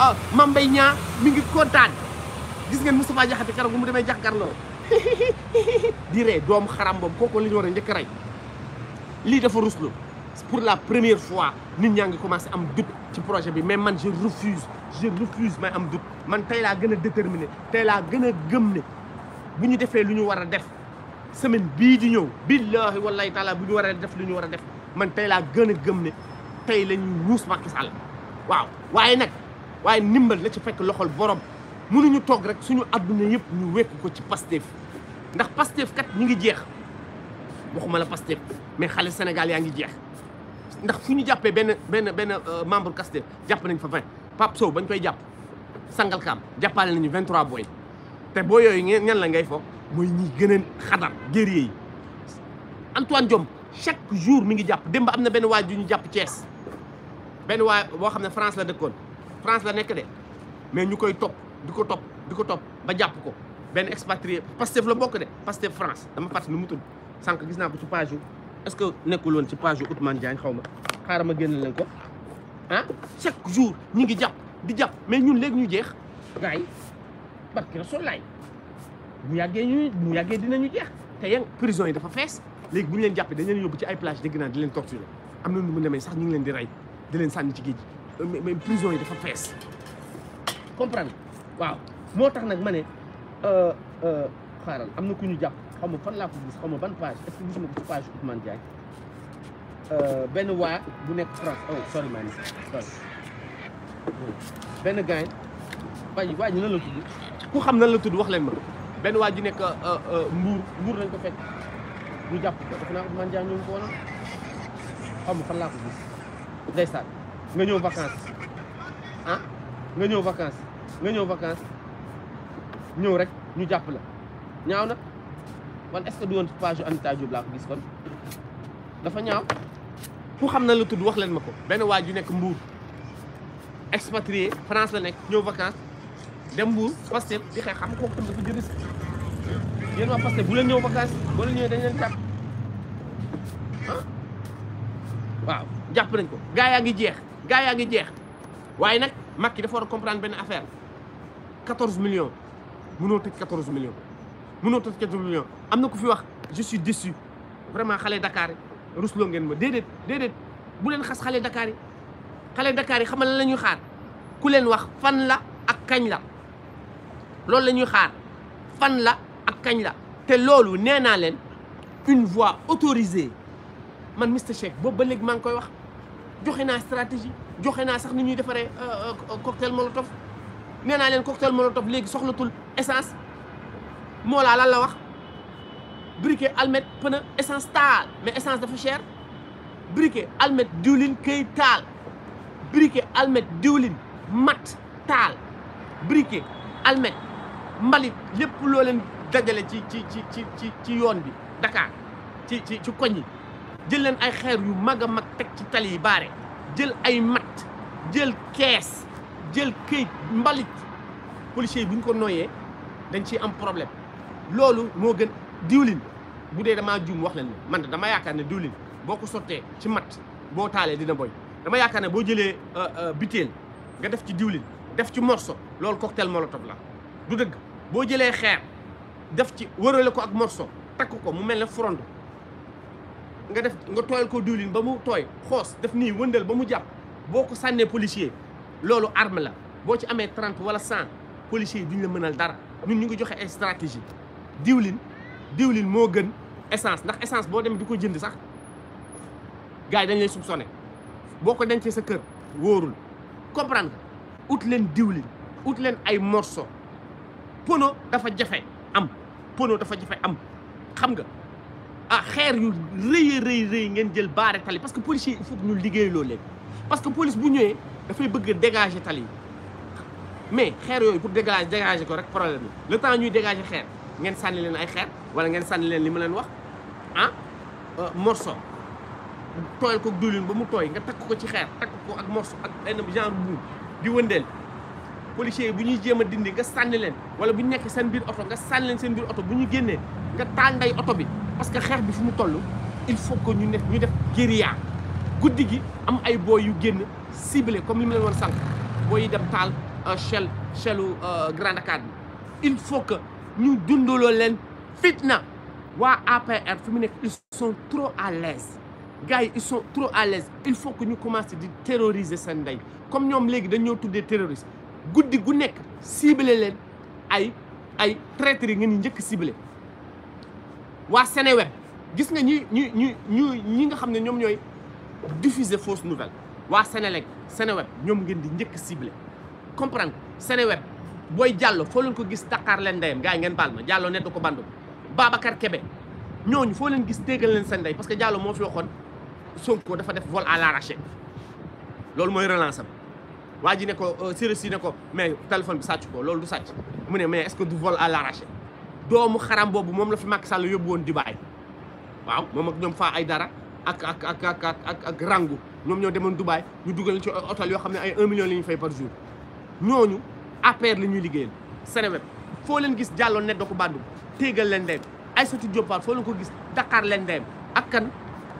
Mame oh, Mbaye Niang mi ngi kontaan gis ngeen Moustapha Diakhaté keroog bu mu demee jàkkaarloo [LAUGHS] di ree doomu xaram boobu kooku la ñu war a njëkk rey dafa ruslu pour la première fois nit ñaa ngi commencé am doute ci projet bi mais man je refuse je refuse may am doute man tey laa gën a déterminé tey laa gën a gëm ne bu ñu defee lu def semaine bii di ñëw billahi wallahi taala bu ñu war a def lu ñu war a def man tey laa gën gëm ne tey la ñuy wuus waaw waaye nag waye nous la ci fekk loxol borom mënuñu tok rek suñu aduna yépp ñu ko ci Pastef ndax Pastef kat ñi ngi jeex waxuma la Pastef mais xalé Sénégal ya ngi jeex ndax fu ñu ben ben membre nañ fa 20 pap Sow bañ koy sangal Sangalkam jàppale 23 Et té boy ñen la ngay fo moy ñi guerrier Antoine chaque jour mi ngi ñu France la France la nekk de mais ñu koy topp di ko top di ko top ba jàpp ko benn expatrié Pastef la bokk de Pastef France dama fàttali nu mu tudd sànq gis naa ko ci page yu est-ce que nekkul woon ci page yu Ousmane Diagne xaw ma xaaral ma génn leen ko ah chaque jour ñi ngi jàpp di jàpp mais ñun léegi ñu jeex gars yi barki Rasulaay bu yàggee ñu bu yàggee dinañu jeex te yan prison yi dafa fees léegi bu ñu leen jàppee dañ leen yóbbu ci ay plage dégg naa di leen torturer am na nu mu demee sax ñu ngi di rey di leen sànni ci géej gi même prison yi dafa fees comprendre waaw moo tax nag ma ne euh, euh, xaaral am na ku ñu jàpp xaw ma fan laa ko gis xaw ban page est-ce que gis nga euh, benn waa bu nekk France oh sorry maa ngi benn gars yi waa ji nan xam nan la tudd wax leen ma benn waa ji nekk Mbour Mbour lañ ko fekk ñu jàpp ko daf naa Ousmane Diagne ñoo ngi ko fan laa ko gis ndeysaan nga ñëw vacances ah nga ñëw vacances nga ñëw vacances ñëw rek ñu jàpp la ñaaw na wan est-ce que du woon page Anita Diop laa ko gis kon dafa ñaaw ku xam na la tudd wax leen ma ko benn waay ju nekk Mbour expatrié France la nekk ñëw vacances dem Mbour Pastef di xeex xam kooku dafa jëris yéen waa Pastef bu leen ñëw vacances boo leen dañ leen jàpp ah? waaw jàpp nañ ko gaa yaa ngi jeex gaa yaa ngi jeex waaye nag Macky dafa war comprendre ben affaire 14 millions mënoo tek 14 millions mënoo tek 14 millions amna na fi wax je suis déçu vraiment xalé Dakar rusloo ngeen ma déedéet déedéet bu len xass xalé Dakar xalé xale Dakar xamal la ñuy xaar ku len wax fan la ak kañ la lolou la xaar fan la ak kañ la té lolou néna len une voix autorisée man mr cheikh bo ba léegi mang koy wax. joxena stratégie joxena sax ni ñuy défaré cocktail molotov néna len cocktail molotov légui soxlatul essence moo la la wax briquet almet pena essence tal mais essence dafa cher briquet almet diwlin kay tal briquet almet diwlin mat tal briquet almet mbalit lépp lo len dajale ci ci ci ci ci yoon bi Dakar ci ci ci koñ jël leen ay xeer yu mag a mag teg ci tali yi baare jël ay mat jël kees jël këyit mbalit policier yi bu ñu ko noyee dañ ciy am problème loolu moo gën diwlin bu dee damaa juum wax leen man dama yaakaar ne diwlin boo ko sottee ci mat boo taalee dina boy dama yaakaar ne boo jëlee euh, euh, butéel nga def ci diwlin def ci morso loolu cocktail molotov la du dëgg boo jëlee xeer def ci wërale ko ak morso takk ko mu mel ne frond nga def nga tooyal ko diwlin ba mu tooy xoos def nii wëndal ba mu jàpp boo ko sànnee policier loolu arme la boo ci amee trente wala cent policier duñ la mënal dara ñun ñu ngi joxe ay stratégie diwlin diwlin moo gën essence ndax essence boo dem du ko jënd sax gars yi dañ lay soupçonné boo ko dencee sa kër wóorul comprendre nga ut leen diwlin ut leen ay morceau pono dafa jafe am pono dafa jafe am xam nga ah xeer yu rëy a rëy ngeen jël baare tali parce que policier il faut ñu liggéey loolu léegi parce que police bu ñëwee dafay bëgg a dégager tali mais xeer yooyu pour dégager dégager ko rek problème la temps ñuy dégager xeer ngeen sànni leen ay xeer wala ngeen sànni leen li ma leen wax ah euh, morceau tooyal ko diwlin ba mu tooy nga takk ko ci xeer takk ko ak morceau ak benn genre buum di wëndeel policiers yi bu ñuy jéem a dindi nga sànni leen wala bu ñu nekk seen biir oto nga sànni leen seen biir oto bu ñu génnee nga taal oto bi parce que xex bi fu mu il faut que ñu ne ñu def guérilla guddi gi am ay boy yu genn ciblé comme li leen won sank boy yi dem taal Shell Shellu euh, Grand Dakar il faut que ñu dundolo leen fitna Wa APR fi mu ils sont trop à l'aise gars ils sont trop à l'aise il faut que ñu commencer di terroriser sen nday comme ñom légui dañu tuddé terroriste guddi gu nekk ciblé leen ay ay traître yi ngeen ñëk ciblé waa Seneweb gis nga ñi ñi ñi ñu ñi nga xam ne ñoom ñooy diffuser fausse nouvelle waa Senelec Seneweb ñoom ngeen di njëkk ciblé comprendre Seneweb booy Diallo foo leen ko gis taqaar leen ndeyam gars yi ngeen baal ma Diallo nedd ko bandu Babacar Kebe ñooñu foo leen gis téegal leen seen ndey parce que Diallo moo fi waxoon Sonko dafa def vol à l'arraché loolu mooy relance am waa ji ne ko euh, Serigne si ne ko mais téléphone bi sàcc ko loolu du sàcc mu ne mais est-ce que du vol doomu xaram boobu moom la fi Macky Sall yóbbu woon Dubaï waaw moom ak ñoom faa ay dara ak ak ak ak ak ak rangu ñoom ñoo demoon Dubaï ñu dugal ci hôtel yoo xam ne ay 1 million la ñuy fay par jour ñooñu APR la ñuy liggéeyal Seneweb foo leen gis jàlloon net da ko bàndu téegal leen dem Aïssatou Diop Fall foo leen ko gis Dakar leen dem ak kan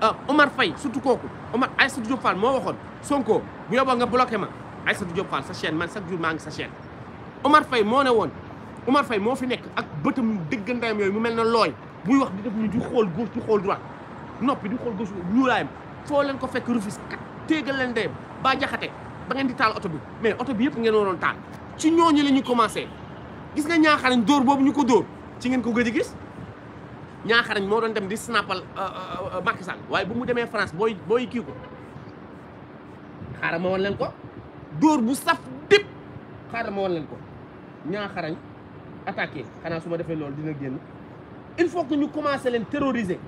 euh, Omar Faye surtout kooku Omar Aïssatou Diop Fall moo waxoon Sonko bu yoboo nga bloqué ma Aïssatou Diop Fall sa chaîne man chaque jour sa chaîne Omar Faye moo ne woon Omar Faye moo fi nekk ak bëtam dëggandaayam yooyu mu mel na looy muy wax di def ñu di xool gauche di xool droite noppi di xool gauche ñuulaayam foo leen ko fekk refus kat téegal leen dem ba jaxate ba ngeen di taal oto bi mais oto bi yëpp ngeen waroon taal ci ñooñu la ñu commencé gis nga ñaaxarañ dóor boobu ñu ko dóor ci ngeen ko gëj a gis ñaaxarañ moo doon dem di snapal euh, euh, euh, Macky Sall waaye bu mu demee France booy booy kii ko xaaral ma woon leen ko dóor bu saf dëpp xaaral ma ko ñaaxarañ attaquer à les terroriser... dina il faut que nous Nous à terroriser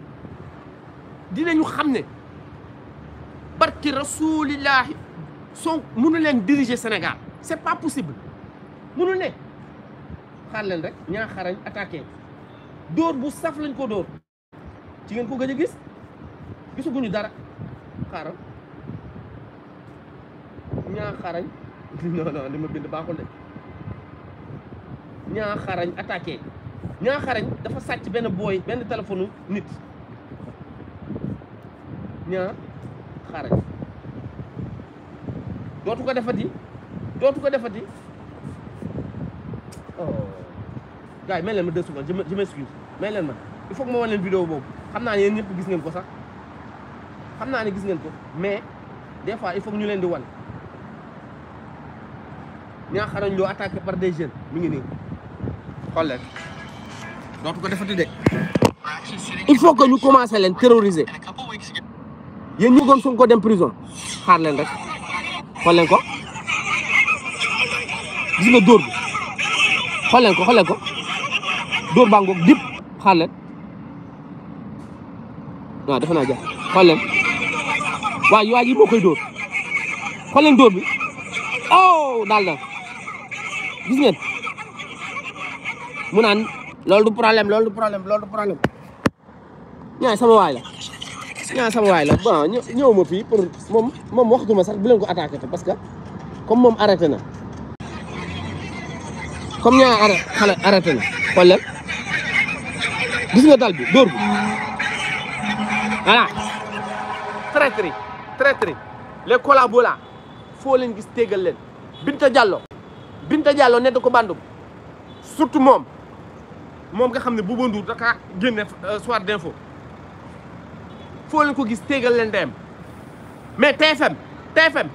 Parce que ne nous rasulillahi nous mënu leen diriger Sénégal c'est pas possible Nous ne nous rek xarañ attaquer Nous bu gis Nous dara [LAUGHS] non non ñaa xarañ attaqué ñaa xarañ dafa sàcc benn booy benn téléphone nit ñaa dootu ko defati dootu ko defati oh gars yi may leen ma deux secondes je m'excuse may leen ma il faut que ma wan leen vidéo boobu xam naa ne yéen ñëpp gis ngeen ko sax xam naa ne gis ngeen ko mais des fois il faut ñu leen di wan ñaa xarañ loo attaqué par des jeunes mu ngi nii xool ko defati de il faut que ñu commencé leen terroriser yéen ñu gëm suñ ko dem prison xaar leen rek xool ko gis nga dóor bi xool ko xool ko dóor baa ngoog dip xaar leen waaw defe naa jàpp waa ji moo koy dóor xool dóor bi oh daal na gis ngeen mu nan lolou du problème lolou du problème lolou du problème ñaa sama way la ñaa sama way la bon ñewuma fi fii pour mom moom waxtuma sax bu len ko attaquer parce que comme mom arrêté na comme arrêté xala arrêté na xolal gis nga dal bi dor bi voilà traître traître les collabos là foo leen gis tégal len Binta Diallo Binta Diallo nekk ko bandum surtout mom moom nga xam ne Bouba Ndour dakaa génne euh, soir d'info foo leen ko gis téegal leen dem mais TFM TFM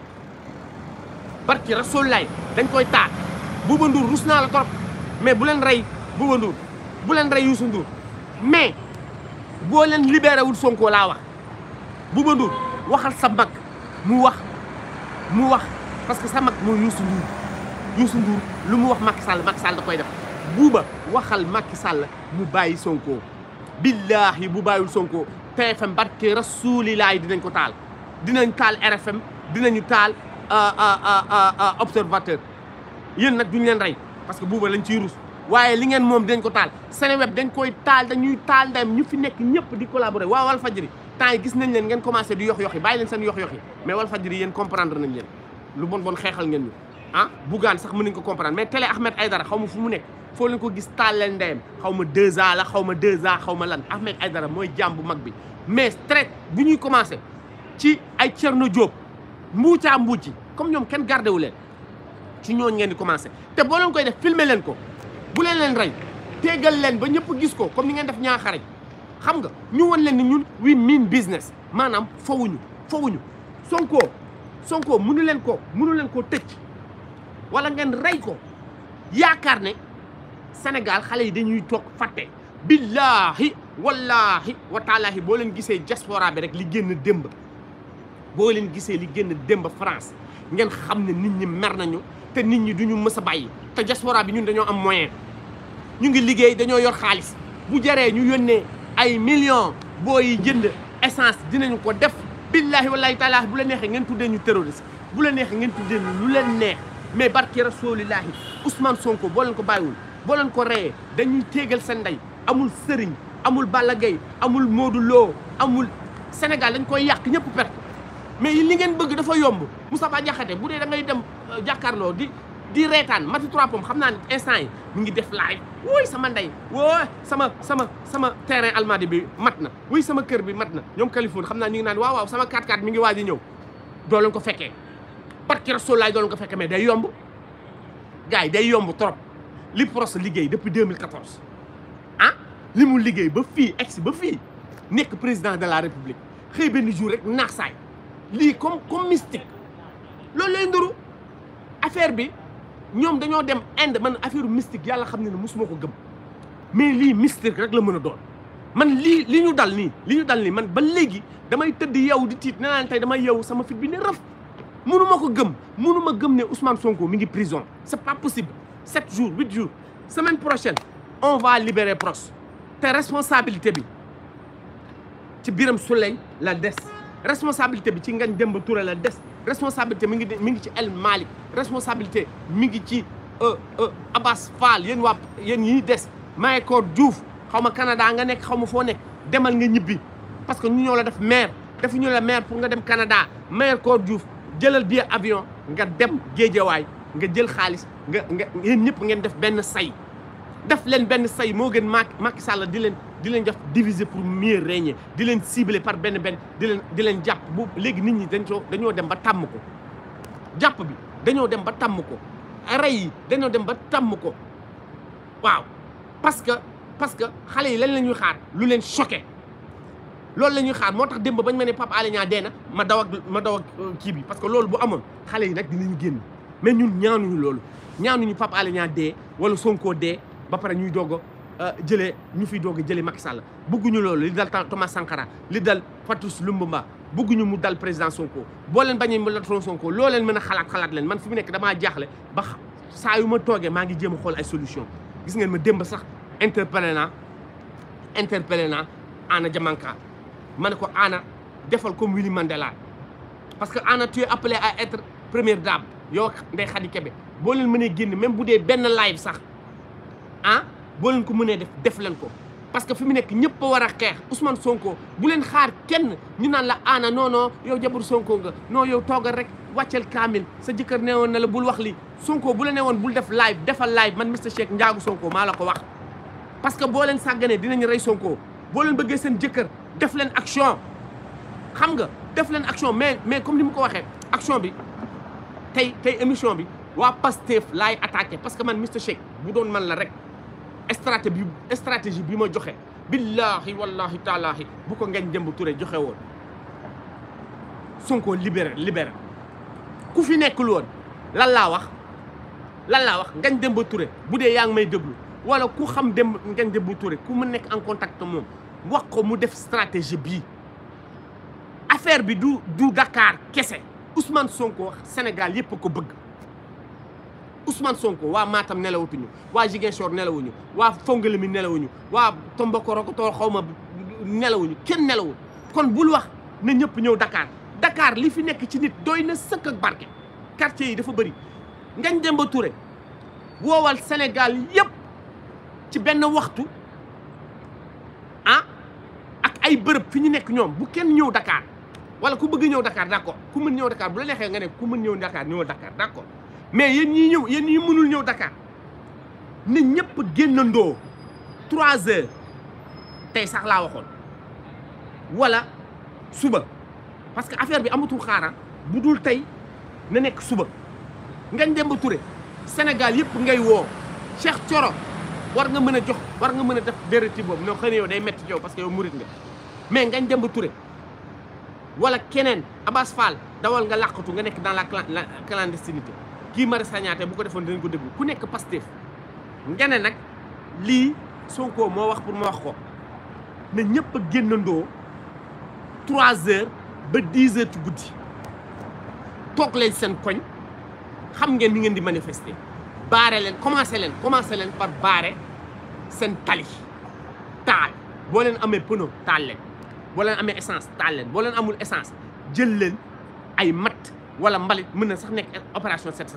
barki rasul lay dañ koy taal Bouba Ndour rus naa la trop mais bu leen rey Bouba bu leen rey Youssou Ndour mais boo leen libéré wul Sonko laa wax Bouba waxal sa mag mu wax mu wax parce que sa mag mooy Youssou Ndour Youssou Ndour lu mu wax Macky Sall Macky Sall da koy def Buba waxal Macky Sall mu bayyi Sonko billahi bu bayul Sonko TFM barke rasulilaay dinañ ko taal dinañ taal RFM dinañu taal euh, euh, euh, observateur yeen nak duñ len ray parce que buba lañ ci rus waye li ngeen mom dinañ ko taal Seneweb dañ koy taal dañuy taal dem ñu fi nek ñepp di collaborer wa wal temps tay gis nañ len ngeen commencé di yox yox yi bàyyi len sen yox yox yi mais Walfadjri yeen comprendre nañ len lu bon bon xeexal ngeen ñu ah bougan sax mën nañ ko comprendre mais télé Ahmed aydara xawmu fu mu nek foo leen ko gis taal leen ndeyam xawma ma 2 la xaw ma 2A xaw ma lan Ahmed Aïdara mooy jaam bu mag bi mais traite bu ñuy commencé ci ay cer Thierno Diop mbuucaa mbuuci comme ñoom kenn gardé wu leen ci ñooñ ngeen di commencé te boo koy def filmer leen ko bu leen leen rey tegal leen ba ñëpp gis ko comme ni ngeen def ñaaxare xam nga ñu won leen ni ñun we mean business maanaam fowuñu fowuñu Sonko Sonko munu leen ko mënu leen koo tëj walla ngeen rey ko yaakaar ne. senegal xale yi dañuy toog fàtte billaahi wallaahi wataalaahi boo leen gisee diaspora rek li génn démb boo leen gisee li génn démb France ngeen xam ne nit ñi mer nañu te nit ñi duñu mës a bàyyi te diaspora bi ñun dañoo am moyen ñu ngi liggéey dañoo yor xaalis bu jaree ñu yónnee ay millions boo yi jënd essence dinañu ko def billaahi wallaahi taalaahi bu la neexee ngeen tuddee ñu terroriste bu la neexee ngeen tuddee ñu lu leen neex mais barki rasulillahi Ousmane Sonko boo leen ko bàyyiwul boo leen ko reyee dañuy téegal seen ndey amul sëriñ amul Balla Gaye amul Modou loo amul Sénégal dañ koy yàq ñëpp perte mais li ngeen bëgg dafa yomb Moustapha Diakhaté bu dee da ngay dem euh, jàkkaarloo di di reetaan Mati Trois Pommes xam naa ne instant yi mu ngi def laay wooy sama ndey wooy sama sama sama terrain Almadies bi mat na wuy sama kër bi mat na ñoom Californie xam naa ñu ngi naan waaw waaw sama 4 x mi ngi waaj a ñëw doo leen ko fekkee parce que Rasoul laay doo ko fekkee mais day yomb gars yi day yomb trop li Pros liguey depuis 2014 ah li mu liggéey ba fi ex ba fi nek président de la république xey ben jour rek nax say li comme comme mystique loolu lay nduru affaire bi ñom dañu dem end man affaire mystique yalla xamni ne musumako mosuma gëm mais li mystique rek la mën a doon man lii li ñu dal ni li ñu dal ni man ba léegi damay teud yow di tit nee tay damay yow sama fit bi ni raf mënu ma ko gëm mënu ma gëm ne Ousmane Sonko mi ngi prison c'est pas possible 7 jours 8 jours semaine prochaine on va libérer Prox. Tes responsabilité bi ci biram Souleye la dess. responsabilité bi ci Ngagne dem Touré la dess. responsabilité mingi mingi ci El Malick responsabilité ci e euh, e euh, Abbas Fall yéen waa yéen ñi des Mahécor Diouf xaw Canada nga nek xaw fo nek. demal nga ñibbi parce que ñu ñoo la def maire defu ñu la maire pour nga dem Canada Mahécor Diouf jëlal bi avion nga dem Géejawaay nga jël xaalis nga nga yéen ñëpp ngeen def benn say def leen benn say moo gën Macky Sall di leen di leen jox diviser pour mieux régner di leen cibler par benn benn di leen di leen jàpp bu léegi nit ñi dañ coo dañoo dem ba tàmm ko jàpp bi dañoo dem ba tàmm ko rey yi dañoo dem ba tàmm ko waaw parce que parce que xale yi lan la ñuy xaar lu leen choqué loolu la ñuy xaar moo tax démb bañ ma ne Pape Alé Niang dee na ma daw ak ma daw ak euh, kii bi parce que loolu bu amoon xale yi nag dinañ génn mais ñun ñaanuñu nous ñaanuñu Pape Alé Niang dee wala Sonko dee ba pare ñuy dogo. a euh, jëlee ñu fiy doog a jëlee Macky Sall bëgguñu nous li dal Thomas Sankara li dal Patrice Lumumba bëgguñu mu dal président Sonko boo leen bañee mu latron Sonko loo leen mën a xalaat xalaat leen man fu que d'ama damaa jaaxle ba saa yu ma toogee maa ngi jéem a xool ay solution gis ngeen ma démb sax interpellé naa interpellé Anna Diamanka ma ko Anna defal comme Willy Mandela parce que Anna tu es appelé à être première dame. yow nde Khady Kebe boo leen mënee génn même bu dee benn live sax ah boo leen ko mënee def def leen ko parce que fi mu nekk ñëpp a war a xeex Ousmane Sonko bu leen xaar kenn ñu naan la aana ah, non non yow jabar sonkoo nga non yow toogal rek wàccel kaamil sa jëkkër ne woon na la bul wax li Sonko bu la ne woon bul def live defal live man Mister Shake njaagu sonkoo maa la ko wax parce que boo leen sàgganee dinañ rey sonkoo boo leen bëggee seen jëkkër def leen action xam nga def leen action mais mais comme ni mu ko waxee action tey tey émission bi wa Pastef lay attaquer parce que man mr Shake bu doon man la rek stratégie bi stratégie bi ma joxe billahi wallahi taala bu ko ngeen jëmb Touré joxe won Sonko libéré libéral, kou fi nekkul won lan la wax lan la wax ngañ Demba Touré boudé dee may déglu wala kou xam dem ngañ Demba Touré kou mu nek en contact mom wax ko mu def stratégie bi affaire bi du du Dakar kessé Ousmane Sonko senegal yëpp ko bëgg Ousmane Sonko waa Matam nelawatuñu waa Ziguinchor nelawuñu waa Fongolimbi nelawuñu waa Tombakorokotoo xaw ma nelawuñu kenn nelawul kon bul wax na ñëpp ñëw Dakar dakaar li fi nekk ci nit doy na sëkk ak barke quartier yi dafa bari ngañ Demba Touré woowal Sénégal yëpp ci benn waxtu ah, ak ay bërëb fi ñu nekk ñoom bu kenn ñëw dakaar wala ku bëgg ñëw Dakar d'accord ku mën ñëw Dakar bu la neexee nga ne ku mën ñëw Dakar ñëwal Dakar d'accord mais yéen ñi ñëw yéen ñi mënul ñëw Dakar ne ñëpp génnandoo trois heures tey sax laa waxoon wala suba parce que affaire bi amatul xaara bu dul tey na nekk suba Ngagne Demba ture Sénégal yëpp ngay woo Cheikh coro war nga mën a jox war nga mën a def dérëti boobu non xëy na yow day metti ci yow parce que yow murit nga mais Ngagne Demba Touré wala keneen Abass Fall dawal nga làqatu nga nekk dans la clandestinité kii Mari Sañaate bu ko defoon dinañ ko déglu ku nekk Pastef nga ne nag lii Sonko moo wax pour ma wax ko ne ñëpp a génnandoo trois heures ba dix heures ci guddi toog leen seen koñ xam ngeen ni ngeen di manifester baare leen commencé leen commencé leen par baare seen tali taal boo leen amee pneu taal leen boo amé essence talen leen boo amul essence jël leen ay mat wala mbalit meuna sax nek opération set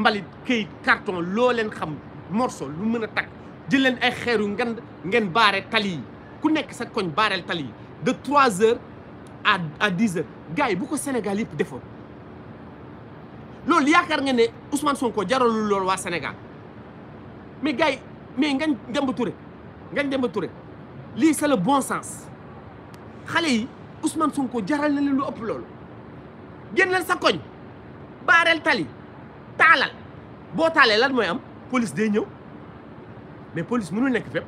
mbalit keuy carton lo leen xam morceau lu meuna tak takk jël leen ay xéru ngand ngeen baré tali ku nek sa koñ barél tali de 3h à à 10h gars bu ko Sénégal yëpp défo loolu yaakaar nga né Ousmane Sonko jaralul loolu wa Sénégal mais gars mais Ngagne Demba Touré Ngagne Demba Touré li c'est le bon sens xalé yi Ousmane Sonko jaral na leen lu ëpp loolu génnal sa koñ baareel tali taalal boo taalee lan mooy am police day ñëw mais police mënul nekk fépp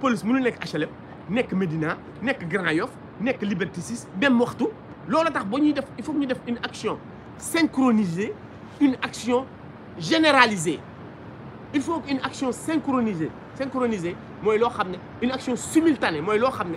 police mënul nekk HLM nekk Medina, nekk Grand Yoff nekk Liberté 6 même waxtu loolu tax bo ñuy def il faut ñu def une action synchronisée une action généralisée il faut une action synchronisée synchronisée mooy loo xam ne une action simultanée mooy loo xam ne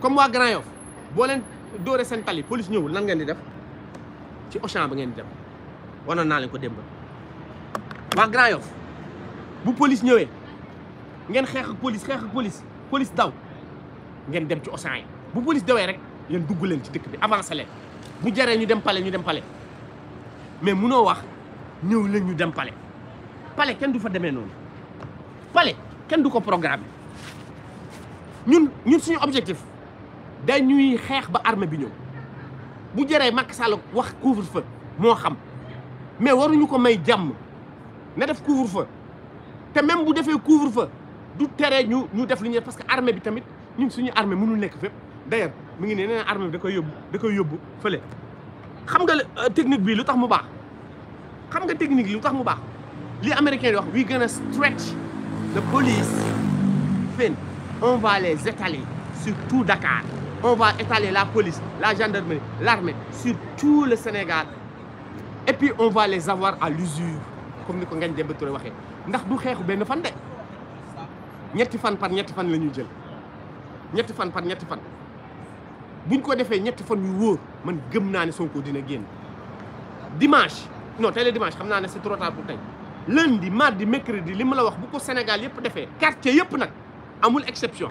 comme waa Grand Yoff boo leen dóore seen tali police ñëwul nan ngeen di ci Auchan bi ngeen dem wanoon naa leen ko démb waa Grand Yoff bu police ñëwee ngeen xeex ak police xeex ak police police daw ngeen dem ci Auchan yi bu police dawee rek yéen dugg leen ci dëkk bi avancé leen bu jaree ñu dem pale ñu dem pale mais munoo wax ñëw leen ñu dem pale pale kenn du fa demee noonu pale kenn du ko programme ñun ñun suñu objectif dañuy xeex ba armée bi ñëw bu jëree Macky Sall wax couvre-feu moo xam mais waruñu ko may jàmm na def couvre-feu te même bu defee couvre-feu du tere ñu ñu def lu ñuy parce que armée bi tamit ñun suñu armée mënul nekk fépp d'ailleurs mu ngi ne nee armée bi da koy yóbbu da koy yóbbu fële. xam nga euh, technique bii lu tax mu baax xam nga technique yi lu tax mu baax li américain di wax gën a stretch the police thin on va les étaler sur tout Dakar. on va étaler la police, la gendarmerie, l'armée sur tout le Sénégal. Et puis on va les avoir à l'usure, comme nous avons dit. Parce nous avons dit fan par fan la Nous avons par fan buñ ko fan yu nous man gëm dimanche non dimanche c'est trop tard pour lundi mardi mercredi la wax bu ko Sénégal quartier exception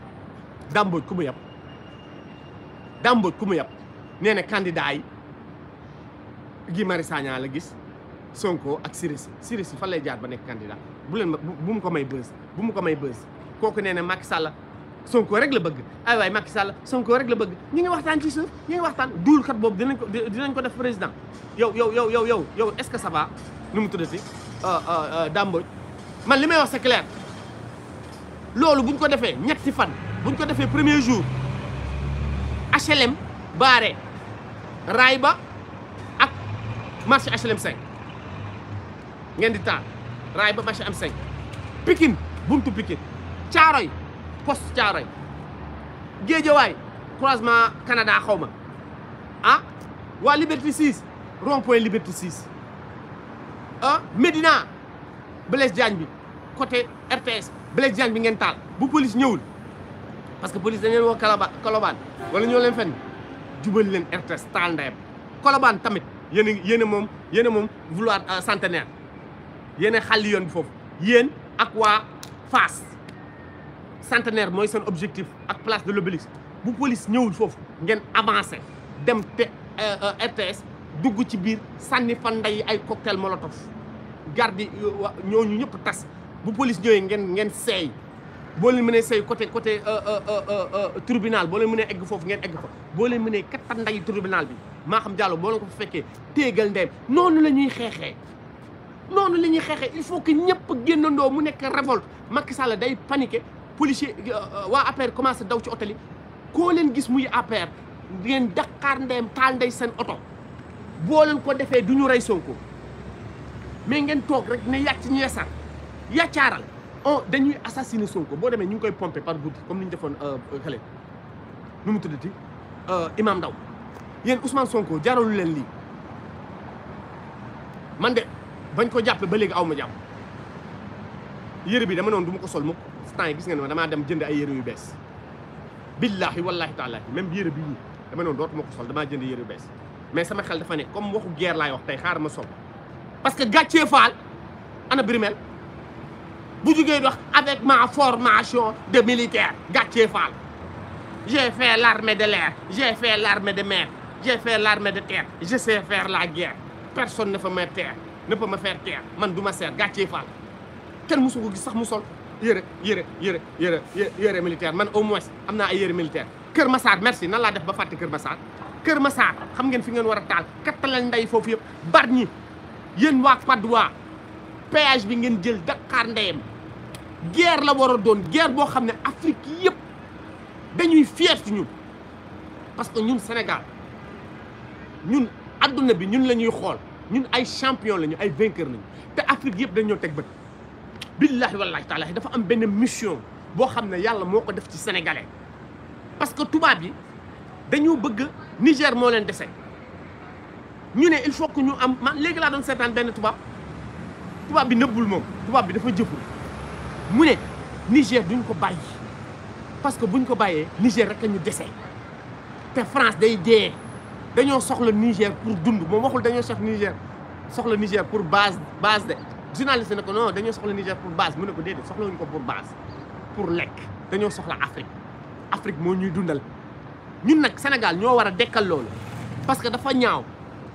dàmbooj kumu yap, yab kumu yap, mu yab nee na candidat yi la gis Sonko ak Sirisi Sirisi fa lay jaar ba nek candidat bu len bu mu ko may bës bu mu ko may bës koku nee mak Macky Sall Sonko rek la bëgg ay way Macky Sall Sonko rek la bëgg ñi ngi waxtaan ci suuf ñi ngi waxtaan dul kat boobu dinañ ko dinañ ko def président yow yow yow yow yow yow est-ce que ça va euh euh, euh man limay wax c'est clair buñ ko ñetti fan. buñ ko defee premier jour HLM Barré, Raiba... ak marché HLM 5 ngeen di taal raay marché m 5 Pikine buntu Pikine Charoy, poste Caaroy Géejawaay croisement Canada à ma ah waa Liberté 6 rond point Liberté 6 ah Médina Blaise Diagne bi côté RTS Blaise Diagne bi ngeen taal police ñëwul. parce que police dañ leen woo koloban wala ñoo leen fenn jubal leen rt standard koloban tamit yene yene mom yene mom vouloir euh, centenaire yene xali xàlli yoon bi foofu yéen ak wa face centenaire moy son objectif ak place de l'Obélisque bu police ñewul foofu ngeen avancer dem te euh, euh, RTS dugg ci bir sanni fa nday ay cocktail molotov gardi ñu ñep tass bu police ñëwee ngeen ngeen sey boo leen mënee say côté côté euh, euh, euh, tribunal boo leen mënee egg foofu ngeen egg fa boo leen mënee kattan nday tribunal bi maa xam jàllo boo leen ko fa fekkee téegal ndeyam noonu la ñuy xeexee noonu la ñuy xeexee il faut que ñëpp génnandoo mu nekk révolte Macky Sall day paniqué policier waa APR commencé daw ci oto koo leen gis muy APR ngeen daqaar ndeyam taal ndey seen oto boo leen ko defee du ñu rey ko mais ngeen toog rek ne yàcc ñu yesar o oh, dañuy assassiné Sonko boo demee ñu ngi koy pompé par guddi comme ni ñu defoon euh, xale nu mu tuddati euh, Imam Ndaw yéen Ousmane Sonko jaaralu leen lii man de bañ ko jàppee ba léegi aw ma jàpp yére bi dama noonu du ma ko sol mukk temps yi gis ngeen ma damaa dem jënd ay yére yu bees billaahi wallaahi taalaahi même yére bi dama noonu dootuma ko sol damaa jënd yére yu bees mais sama xel dafa ne comme waxu guerre laay wax tey xaar ma sol parce que gàccee faal ana brimel bu jugee avec ma formation de militaire gatchefal. j'ai fait l'armée de l'air j'ai fait l'armée de mer j'ai fait l'armée de terre je sais faire la guerre personne ne peut me taire ne peut me faire taire man du ma seer gàccee faal kenn musu ko gis sax mu sol yére yére militaire man au moins amna naa militaire Kër Massar merci nan la def ba fatte Kër Massar Kër Massar xam ngeen fi ngeen war a taal kattalal nday foofu yëpp bar ñi yéen waa péage bi ngeen jël Dakar ndeyam guerre la war a doon guerre bo xamné Afrique yëpp dañuy fier ci ñun parce que ñun Sénégal ñun aduna bi ñun lañuy ñuy xool ñun ay champion lañu ay vainqueur lañu te Afrique yëpp dañ ñoo tek bëtt billahi wallahi taala dafa am benn mission bo xamné yàlla moko def ci sénégalais parce que touba bi dañu bëgg Niger mo leen déssé ñu ne il faut que ñu am man léegi laa doon seetaan benn touba tubaab bi neubul mom touba bi dafa jëful. mu Niger duñ ko bàyyi parce que buñ ko bàyyee Niger rek la ñu dese te France day dee dañoo soxla Niger pour dund moom waxul dañoo soxla Niger soxla Niger pour base base de journaliste ne ko non dañoo soxla Niger pour base mu ne ko déedéet soxla wuñ ko pour base pour lekk dañoo soxla Afrique Afrique moo ñuy dundal ñun nag Sénégal ñoo war a dekkal loolu parce que dafa ñaaw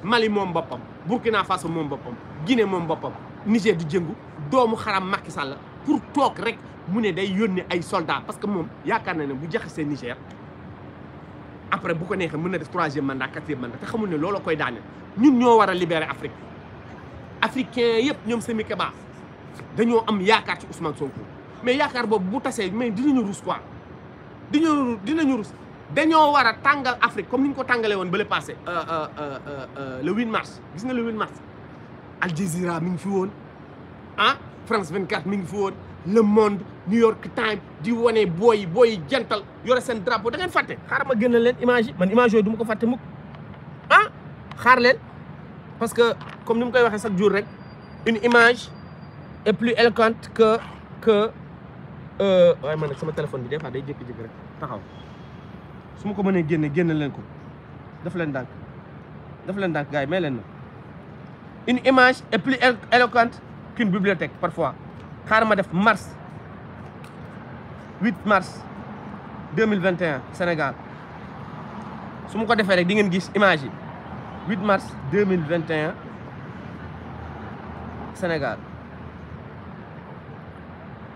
Mali moom boppam Burkina Faso moom boppam Guinée moom boppam Niger du jëngu doomu xaram Macky Sall pour toog rek mu ne day yónni ay soldats parce que moom yaakaar na ne bu jaxasee Niger après bu ko neexee mën na def troisième mandat quatrième mandat te xamu ne looloo koy daaneel ñun ñoo war a libérer Afrique africain yëpp ñoom Semi Keba dañoo am yaakaar ci Ousmane Sonko mais yaakaar boobu bu tasee mais dinañu rus quoi dinañu ñu rus dañoo war a tàngal Afrique comme ni ñu ko tàngalee woon ba euh, euh, euh, le passé. le 8 mars gis nga le 8 mars Al Jazeera mi ngi fi France 24 Le Monde New York Times di boy, boy, gentle, Gentle, yoré sen drapeau da ngeen faté xaaral image man image je ko faté mukk ah parce que comme ni koy waxé chaque jour rek une image est plus éloquente que que euh, man sama téléphone bi des fois day Vous rek taxaw ko une image est plus éloquente aucune bibliothèque parfois car ma def mars 8 mars 2021 Sénégal su ko defé rek di ngeen gis image 8 mars 2021 Sénégal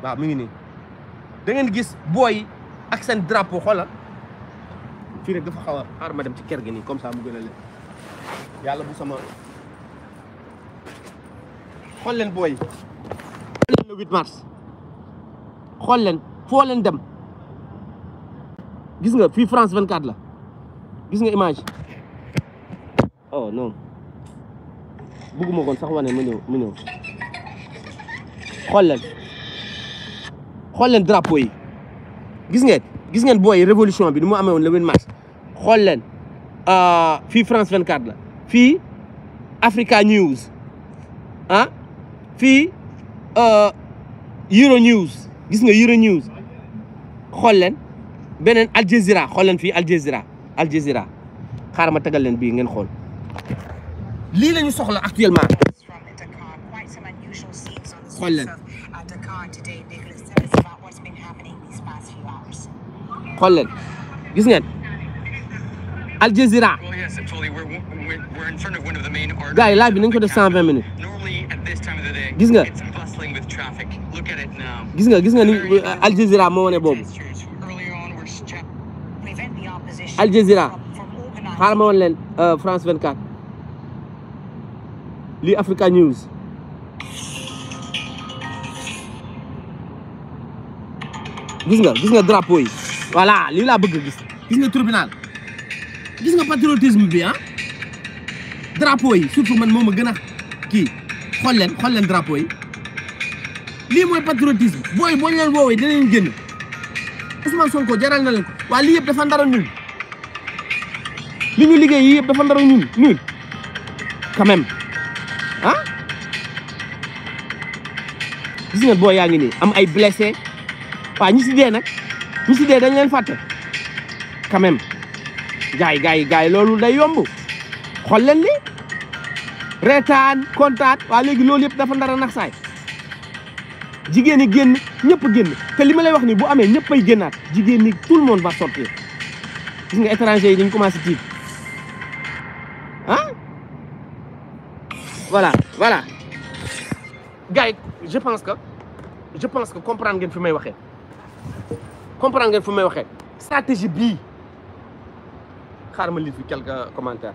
Ba mi ngi ni da ngeen gis boy ak sen drapeau xolal fi rek dafa xawa a gini, ma dem ci kër gi ni comme ça mu gën a bu sama. xool leen booy le 8 xool leen foo dem gis nga fii France 24 la gis nga image oh non bugguma koon sax wane mu ñëw mu ñëw xool leen xool leen drapeau gis ngeen gis ngeen booy révolution bi ni mu amee woon le mars xool leen ah, fii France 24 la fii Africa News ah? fii Euronews gis nga Euronews xool leen beneen Al Jazeera xool leen fii Al Jazeera Al Jazeera xaaral ma tegal leen bii ngeen xool lii la ñu soxla actuellement xool leen xool leen gis ngeen Al Jazeera gars yi laaj bi nañ ko def cent vingt minutes gis nga gis nga gis nga ni Al Jazeera moo wane boobu Al Jazeera xaaral ma woon leen euh, France 24 lii Africa News gis nga gis nga drapeau yi voilà lii laa bëgg a gis gis nga tribunal gis nga patriotisme bi ah drapeau yi surtout man moom a gën a kii xool leen xool leen drapeau yi lii mooy patriotisme booy boo leen woowee dinañ génn Ousmane Sonko jaral na leen ko waa lii yëpp dafa ndara ñun li ñu liggéey yii yëpp dafa ndara ñun ñun ah gis nga yaa ngi nii am ay blessé waa ñi si dee nag ñi si dee dañ leen fàtte quand même gaay gaay gaay loolu day yomb xool leen reetaan kontaan waa léegi loolu yëpp dafa ndara nax saay jigéen ñi génn ñëpp génn te li ma lay wax ni bu amee ñëpp ay génnaat jigéen ñi tout le monde va sortir gis nga étranger yi dañ commencé tiit ah voilà voilà gars je pense que je pense que comprendre fi may waxee comprendre ngeen fi may waxee stratégie bii xaar ma lire fi quelques commentaires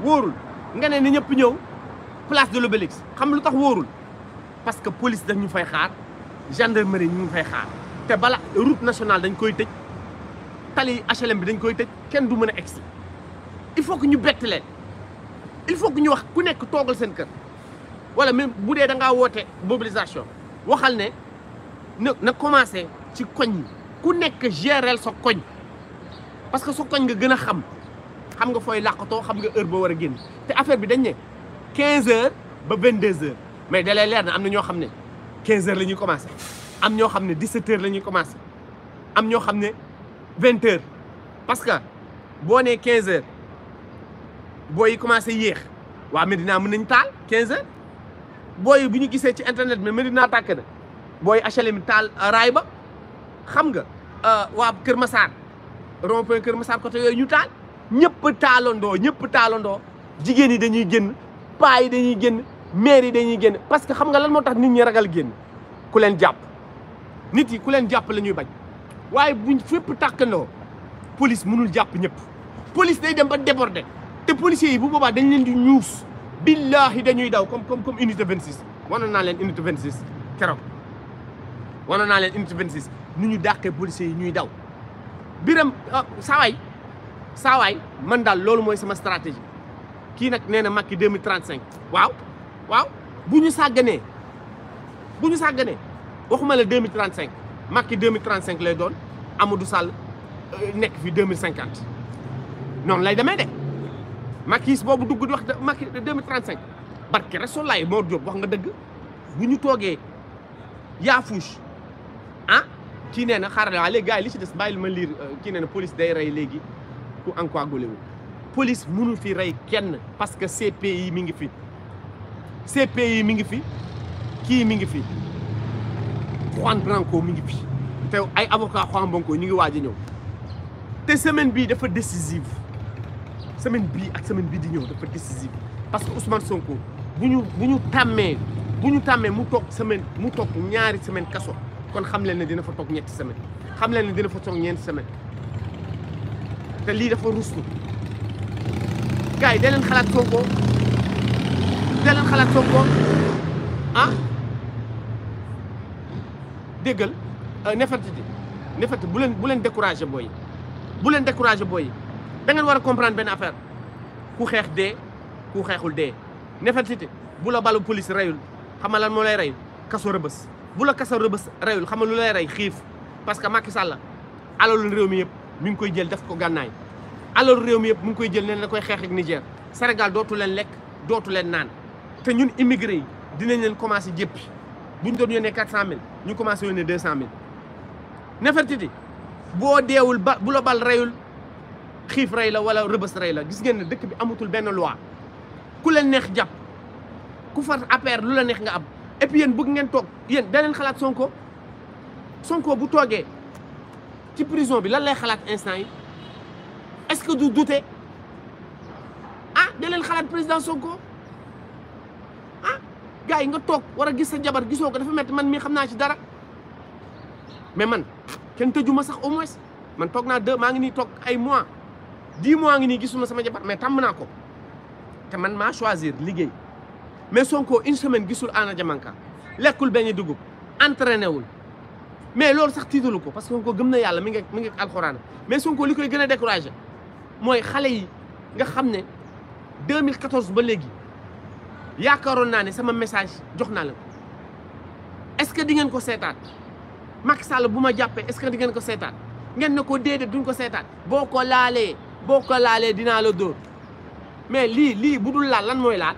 wóorul nga ne ni ñëpp ñëw place de l'Obélisque xam lu tax wóorul parce que police dañ ñu fay xaar gendarmerie ñu ngi fay xaar te bala route nationale dañu koy tëj tali HLM bi dañ koy tëj kenn du mën a egsi il faut que ñu bett il faut que ñu wax ku nekk toogal seen kër wala même bu dee da ngaa woote mobilisation waxal ne na na commencé ci koñ ku nekk gerel sa koñ parce que sa koñ nga gën a xam. xam nga fooy làqatoo xam nga heure boo war a génn te affaire bi dañ ne 15 heures ba vingt 22 heures mais dalee leer na am na ñoo xam ne quinze heures la ñuy commencé am ñoo xam ne 17 heures la ñuy commencé am ñoo xam ne 20 heures parce que boo nee 15 heures booy commencé yéex waa Medina mën nañu taal 15 heures booy bu ñu gisee ci internet bi Medina takk na booy HLM taal raay ba xam nga euh, waa Kër Massar rond-point Kër Massar côté yooyu ñu taal. ñëpp taalandoo ñëpp taalandoo jigéen yi dañuy génn paa dañuy génn maire yi dañuy génn parce que xam nga lan moo tax nit ñi ragal génn ku leen jàpp nit yi ku leen jàpp la ñuy bañ waaye buñ fépp tàkkandoo police mënul jàpp ñëpp police day dem ba déborder te policiers yi bu boobaa dañ leen di ñuus billahi dañuy daw comme comme comme unité 26 wanoon naa leen unité 26 keroog wanoon naa leen unité 26 nu ñu dàqee policiers yi ñuy daw biram ah, saway saawaay man daal loolu mooy sama stratégie kii nag nee na Macky 2035 waaw waaw bu ñu sàgganee bu ñu sàgganee waxuma la 2035 Macky 2035 lay doon Amadou sàll euh, nekk fi 2050 noonu lay demee de Macky boobu dugg di wax Macky 2035 barke Rasulaay Mor Diop wax nga dëgg bu ñu toogee yaafuus ah kii nee na xaaral waaye léegi gars yi si ci des bàyyil ma liir euh, kii nee na police day rey léegi ku encoagulé wu police mënul fi rey kenn parce que CPI mi ngi fi CPI mi ngi fi kii mi ngi fi Juan Branco mi ngi fi te ay avocat Juan Branco ñu ngi waaj a ñëw te semaine bii dafa décisive semaine bii ak semaine bii di ñëw dafa décisive parce que Ousmane Sonko bu ñu bu ñu tàmmee bu ñu tàmmee mu toog semaine mu toog ñaari semaine kaso kon xam leen ne dina fa toog ñetti semaine xam leen ne dina fa toog ñeenti semaine te lii dafa ruslu gars yi da xalaat Sonko da leen xalaat Sonko ah déggal euh, neferti di neferti bu leen bu leen découragé booyi bu leen découragé booyi da war a comprendre benn affaire ku xeex dee ku xeexul dee nefertiti bula bala balu police reyul xam nga lan moo rey kaso rëbës bu la kaso rëbës reyul xam nga lu lay xiif parce que Macky Sall alalul réew mi yëpp mi ngi koy jël def ko gànnaay alalu réew mi yëpp mi ngi koy jël ne la koy xeex ak Niger Sénégal dootu leen lekk dootu leen naan te ñun immigré yi dinañ leen commencé jéppi bu ñu doon yónnee quatre cent mille ñu commencé yónnee deux cent mille Nefertiti boo deewul ba bu la bal reyul xiif rey la wala rëbës rey la gis ngeen ne dëkk bi amatul benn loi ku leen neex jàpp ku far affaire lu la neex nga am épp puis yéen bëgg ngeen toog yéen da leen xalaat Sonko Sonko bu toogee. ci prison bi lan lay xalat instant yi est-ce que du douter ah de len xalat président Sonko ah gars nga tok wara gis sa jabar gisoo ko dafa metti man mi xamna ci dara mais man kenn tëjuma sax au moins man tok na deux ma ngi ni tok ay mois dix mois ngi ni gisuma sama jabar mais tam na ko te man ma choisir liguey mais Sonko une semaine gisul ana jamanka lekul beñi dugub entraîné wul. mais loolu sax tiitalu ko parce que Sonko gëm na yàlla mi ngi mi ngi alxuraan mais Sonko li koy gën a mooy xale yi nga xam ne 2014 ba léegi yaakaaroon naa ne sama message jox naa la ko est-ce que di ngeen ko seetaat Macky Sall bu ma jàppee est-ce que di ngeen ko seetaat ngeen ne ko déedéet duñ ko seetaat boo ko laalee boo ko laalee dinaa la dóor mais lii lii bu dul laal lan mooy laal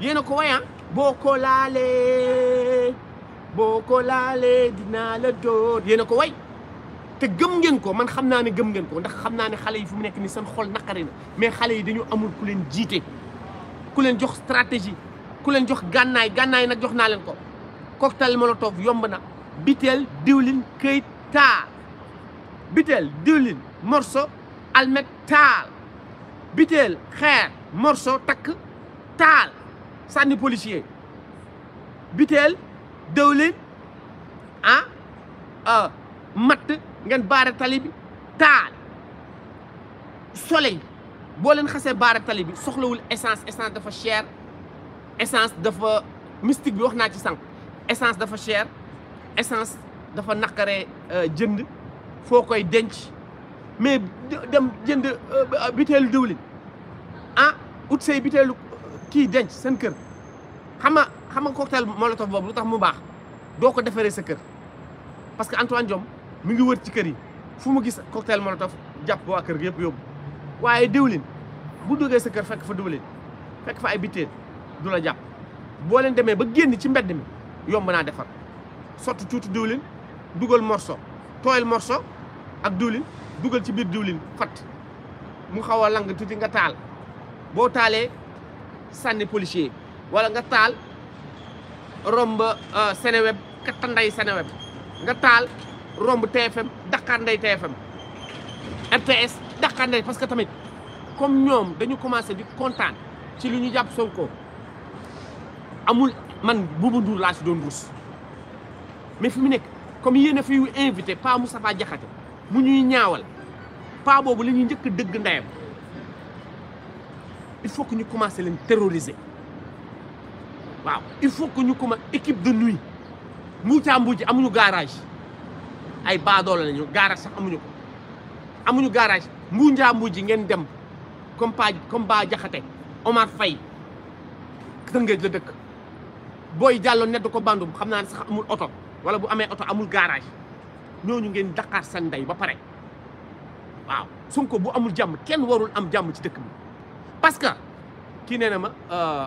yéen ko wayan ah? boo ko laalee Bokola lalé dina la dóor yéen ko way te gëm ngeen ko man xamna naa ne gëm ngeen ko ndax xamna ne xale yi fu mu nekk ni seen xol nakari na mais xale yi dañu amul ku leen jité ku leen jox stratégie ku leen jox gànnaay gànnaay nak jox na leen ko cocktail molotov yomb na bitel diwlin keuy taal bitel diwlin morso almet tal bitel xeer morso tak tal sani policier bitel dëwlin ah euh, matt ngeen baare tali bi taal soleil boo leen xasee baare tali bi soxlawul essence essence dafa cher essence dafa mystique bi wax naa ci sànq essence dafa chair essence dafa naqare euh, jënd foo koy denc mais dem jënd euh, biteelu diwlin ah ut say biteelu kii denc seen kër xam xam nga cocktail molotov bobu lutax mu bax doo ko defaree sa kër parce que Antoine diom mi ngi wër ci kër yi fu mu gis cocktail molotov japp wa kër gi yob yóbbu waaye diwlin bu duggé sa kër fekk fa diwlin fekk fa ay bité dula japp bo boo leen demee ba génn ci mbéd mi yomb na défar sotti tuuti diwlin duggal morso toyel morso ak diwlin duggal ci bir diwlin fat mu xawa lang tuti nga taal bo taalee sanni policier wala nga taal romb euh, Seneweb katta nday Seneweb nga tal romb TFM dakanday nday TFM RTS dakanday nday parce que tamit comme ñom dañu commencer di kontaan ci li ñu jàpp Sonko amul man Bouba dur la ci don rus mais fi mu nekk comme yene a fi invité Pa Moustapha jaxate mu ñuy ñaawal pa bobu la ñuy njëkk dëgg ndayam il faut que ñu commencer leen terroriser waaw il faut que ñu comme équipe de nuit mbuucaa mbuuci amuñu garage ay baadoole lañu garage sax amuñu ko amuñu garage mbuucaa mbuuci ngeen dem comme Pa comme Ba Jaxate Omar Faye Tëngéej la dëkk booy jàllo nedd ko bandum xam naa ne sax amul oto wala bu amee oto amul garage ñooñu ngeen daqaar seen ndey ba pare waaw Sonko bu amul jàmm kenn warul am jàmm ci dëkk bi parce que kii nee na ma euh,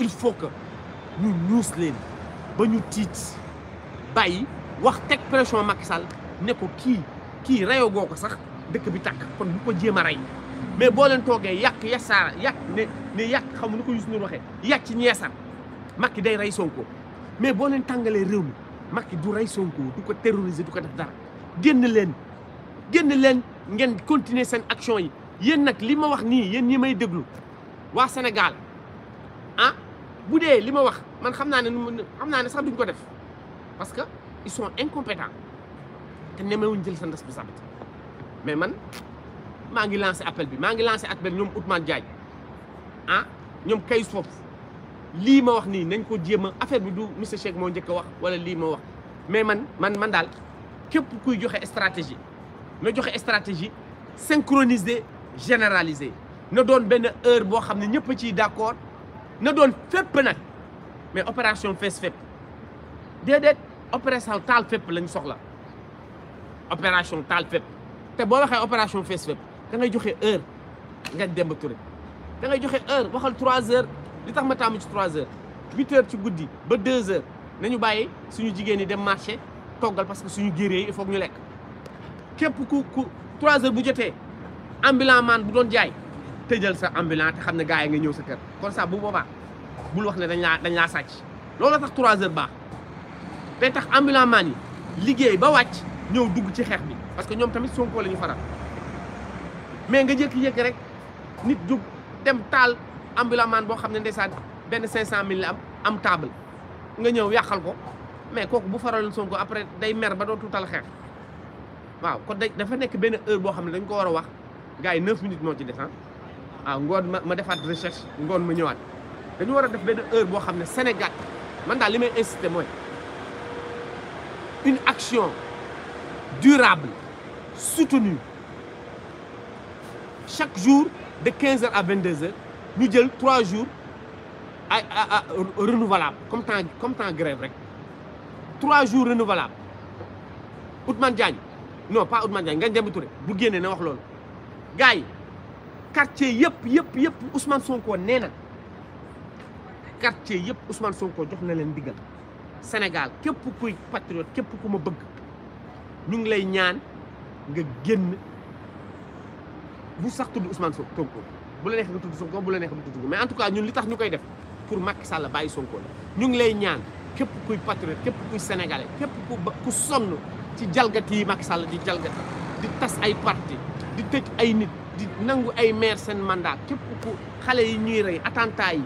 il faut que ñu ñuus leen ba ñu tiit bàyyi wax teg pression Macky Sall ne ko kii kii reyoo goo ko sax dëkk bi takk kon bu ko jéem a rey mais boo leen toogee yàq yasaara yàq ne ne yàq xamu nu ko Youssou Ndour waxee yàq ci ñeesar Macky day rey Sonko mais boo leen tàngalee réew mi Macky du rey Sonko du ko terroriser du ko def dara génn leen génn leen ngeen continuer seen action yi yéen nag li ma wax nii yéen ñi may déglu waa Sénégal ah, boudé lima wax man xamna né ne né sax duñ ko def parce que ils sont incompétents té némé wuñ jël seen responsabilité mais man ma ngi lancer appel bi ma ngi lancé appel ñom Ousmane Diagne ah ñom kay foofu lima wax ni nañ ko djema affaire bi du monsieur Cheikh mo njëkk wax wala lima wax mais man man man dal képp kuy joxé stratégie na joxé stratégie synchroniser généraliser ne donne ben heure bo xamné ne ñëpp a d'accord na doon fépp nag mais opération fees fépp déedéet opération tal fépp lañ soxla opération taal fépp te boo waxee opération fees fépp da ngay joxe heure nga Demba Touré da ngay joxe heure waxal 3 heures li tax ma tam ci 3 heures 8 heures ci goudi ba 2 heures nañu bàyyi suñu jigéen ñi dem marché togal parce que suñu guerrier il faut ñu lek képp ku ku 3 heures bu jotté ambulant man bu doon jaay. tëjal sa ambulant te xam ne gars yi nga ñëw sa kër kon saa bu boobaa bul wax ne dañ laa dañ laa sàcc loolu tax 3 heures baax day tax ambulant maan yi liggéey ba wàcc ñëw dugg ci xeex bi parce que ñoom tamit Sonko la ñu faral mais nga jékki-jékki rek nit jóg dem taal ambulant maan boo xam ne ndeysaan benn 500000 la am am table nga ñëw yàqal ko mais kooku bu faral Sonko après day mer ba doo tuutal xeex waaw kon dafa nekk benn heure boo xam ne dañ ko war a wax gars yi 9 minutes moo ci des ah ngoon ma ma defaat recherche ngoon ma ñëwaat dañu war a def benn heure boo xam Sénégal man daal li may incité une action durable soutenue chaque jour de 15 h à 22 h ñu jël 3 jours ay renouvelable comme temps comme temps grève rek 3 jours renouvelable Ousmane Diagne non pas Ousmane Diagne Ngagne Demba Touré bu génnee na wax loolu gars quartier yep yep yep Ousmane Sonko nena na quartier yep Ousmane Sonko jox na len digal Sénégal kep kuy patriote kep ku ma bëgg ñu ngi lay ñaan nga genn bu sax tuddu Ousmane Sonko bu la neex nga tuddu Sonko bu la neex nga tuddu mais en tout cas ñun li tax ñukay def pour Macky Sall baye Sonko ñu ngi lay ñaan kep kuy patriote kep kuy sénégalais kep ku ku sonn ci jalgati Macky Sall di jalgati di tas ay parti di tëj ay nit. di nangu ay maire seen mandaa képp ku xale yi ñuy rey attentat yi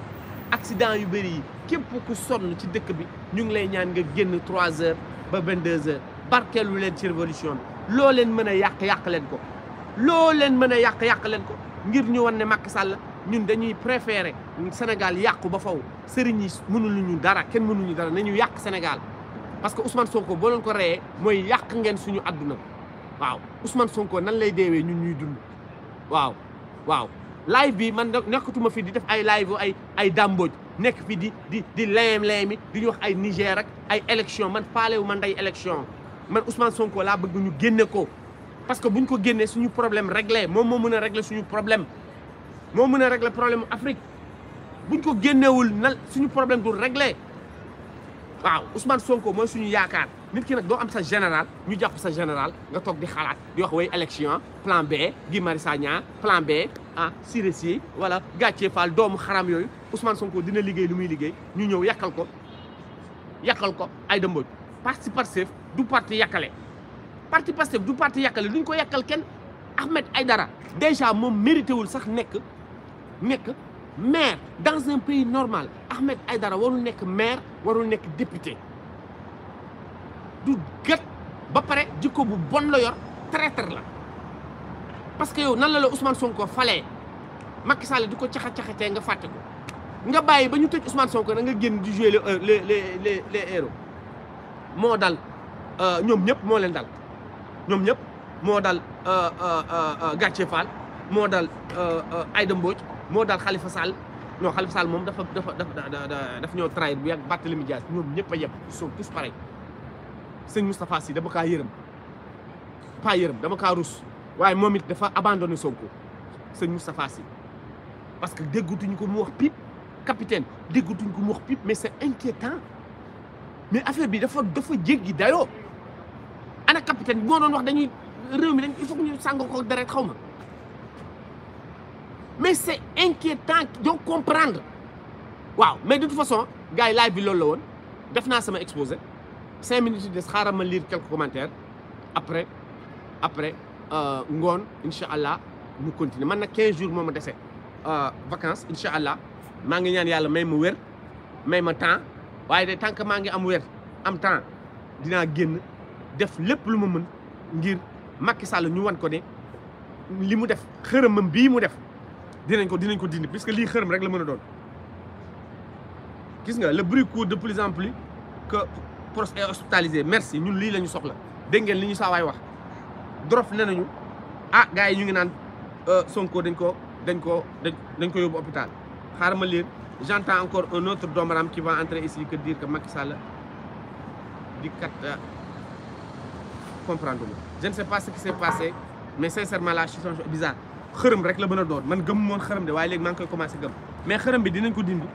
accident yu bëri yi képp ku sonn ci dëkk bi ñu ngi lay ñaan nga génn trois heures ba vingt deux heures barkeelu leen ci révolution bi loo leen mën a yàq yàq leen ko loo leen mën a yàq yàq leen ko ngir ñu wan ne Macky Sall ñun dañuy préféré Sénégal yàqu ba faw sëriñ yi mënuñu dara kenn mënuñu dara nañu yàq Sénégal parce que Ousmane Sonko boo ko reyee mooy yàq ngeen suñu àdduna waaw Ousmane Sonko nan lay deewee ñun ñuy dund waaw waaw live bi man nekkatuma fi di def ay live ay ay dàmbooj nekk fi di di di leem-leemi di ñu wax ay Niger ak ay élection man faalewu man day élection man Ousmane Sonko laa bëgg ñu génne ko parce que bu ñu ko génnee suñu problème réglé moom moo mën a réglé suñu problème moo mën a réglé problème Afrique bu ñu ko génnewul na suñu problème du réglé waaw Ousmane Sonko mooy suñu yaakaar nit ki nak do am sa général ñu japp sa général nga plan B Guy plan B ah Fall xaram Ousmane Sonko dina liggéey lu muy liggéey ñu parti passif, du parti yakalé parti du parti ko Ahmed Aïdara déjà mérité wul sax maire dans un pays normal Ahmed Aïdara warul maire warul député du gët ba pare jikko bu bon la yor traître la parce que yow nan la la Ousmane Sonko falee Macky Sall di ko caxa-caxatee nga fàtte ko nga bàyyi ba ñu tëj Ousmane Sonko da nga génn di jouer les euh, les les les héros moo dal euh, ñoom ñëpp moo leen dal ñoom ñëpp moo dal euh, Gathie Fall moo dal Aïda Mbodj moo dal Khalifa Sall non Khalifa Sall moom dafa dafa dafa daf ñoo trahir bu yàgg Barthélémy Dias ñoom ñëpp a yem ils sont sëñ Moustapha si dama ka yërëm pas yërëm dama ka rouss waye momit dafa abandonné Sonko sëñ Moustapha Sy parce que déggatuñ ko mu wax pip capitaine déggatuñ ko mu wax pip mais c'est inquiétant mais affaire bi dafa dafa jéggi dayo ana capitaine mo doon wax dañuy réew mi dañ il faut que ñu sàngo ko direct xawma mais c'est inquiétant donc comprendre waaw mais de toute façon gars yi live bi loolu la woon sama exposé 5 minutes de scara lire quelques commentaires après après euh, on inshallah nous continuer Maintenant, jours euh, vacances inshallah ma ngi ñaan may temps de que ngi am am temps génn def mën ngir ñu wan ko def xërëmam mu def puisque la le bruit court de plus en plus proche et hospitalisé merci ñun lii la ñu soxla dégg ngeen li ñu saawaay wax drof ne nañu ah gars yi ñu ngi naan euh, Sonko dañ ko dañ ko dañ ko yóbbu hôpital xaaral ma lire j'entends encore un autre domaram qui va entrer ici que dire que Macky Sall di kat euh, comprendre ma je ne sais pas ce qui s'est passé mais sincèrement la situation bizarre xërëm rek la mën a doon man gëm moon xërëm de waaye léegi maa ngi koy commencé gëm mais xërëm bi dinañ ko dindi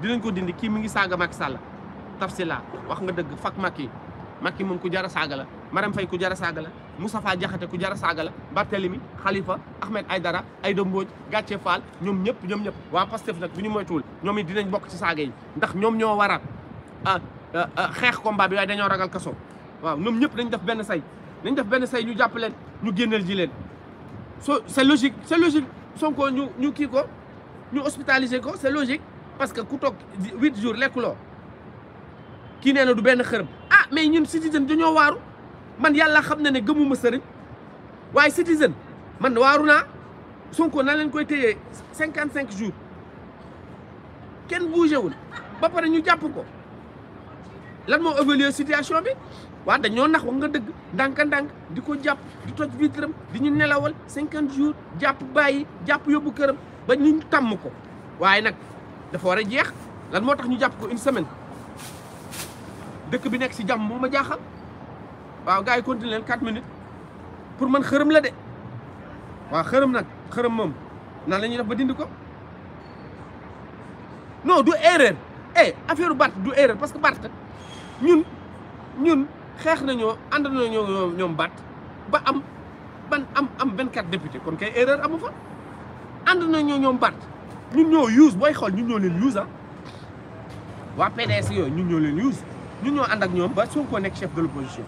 dinañ ko dindi kii mu ngi saaga Macky Sall Tafsila wax nga dëgg fak Macky Macky moom ku jar a saaga la Marème Faye ku jara a saaga la Moustapha Diakhaté ku jar a saaga la Barthélemy ay dara ay Aïda Mbodj gàccee Fall ñoom ñëpp ñoom ñëpp waa Pastef nag bu ñu moytuwul ñoom it dinañ bokk ci saaga yi ndax ñoom ñoo war a xeex combat bi dañoo ragal kaso waaw ñoom ñëpp dañ def benn say dañ def benn say ñu jàpp leen ñu génneel ji leen so c'est logique c'est logique Sonko ñu ñu kii ko ñu hospitalisé ko c'est parce que ku toog huit jours lekkuloo kii nee na du benn xërëm ah mais ñun citoyen dañoo waaru man yàlla xam na ne gëmuma sëriñ waaye citoyen man waaru naa Sonko na leen koy téyee cinquante cinq jours kenn bougé wul ba ñu jàpp ko lan moo évaluer situation bi waa dañoo nax wax nga dëgg ndànk-ndànk di ko jàpp di toj vitram di ñu nelawal cinquante jours jàpp bàyyi jàpp yóbbu këram ba ñu tàmm ko waaye nag dafa war a jeex lan moo tax ñu jàpp ko une semaine dëkk bi nekk si jàmm moo ma jaaxal waaw gars yi continué leen 4 minutes pour man xërëm la de waa xërëm nag xërëm moom nan lañu ñuy ba dindi ko non du erreur eh affaire Barth du erreur parce que Barth ñun ñun xeex nañoo ànd nañoo ñoom Barth ba am ban am am 24 député kon kay erreur amu fa ànd nañoo ñoom Barth ñun ñoo use booy xool ñun ñoo leen use ah waa PDS yooyu ñun ñoo leen use. ñun ñoo ànd ak ñoom ba ko nekk chef de l'opposition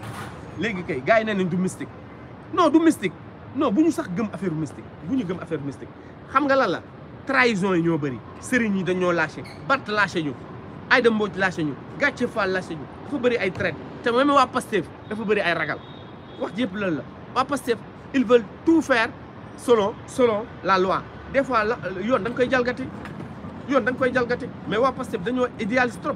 léegi kay gars yi nee nañ du mystique non du mystique non bu ñu sax gëm affaire mystique bu ñu gëm affaire mystique xam nga lan la trahison yi ñoo bëri sëriñ yi dañoo lâché Bart lâché ñu Aïda Mbodj lâché ñu Gàcce Fall lâché ñu dafa bëri ay traite te même waa Pastef dafa bëri ay ragal wax yëpp lan la waa Pastef ils veulent tout faire solo selon la loi des fois la yoon da nga koy jalgati yoon da koy jalgati mais waa Pastef dañoo idéaliste trop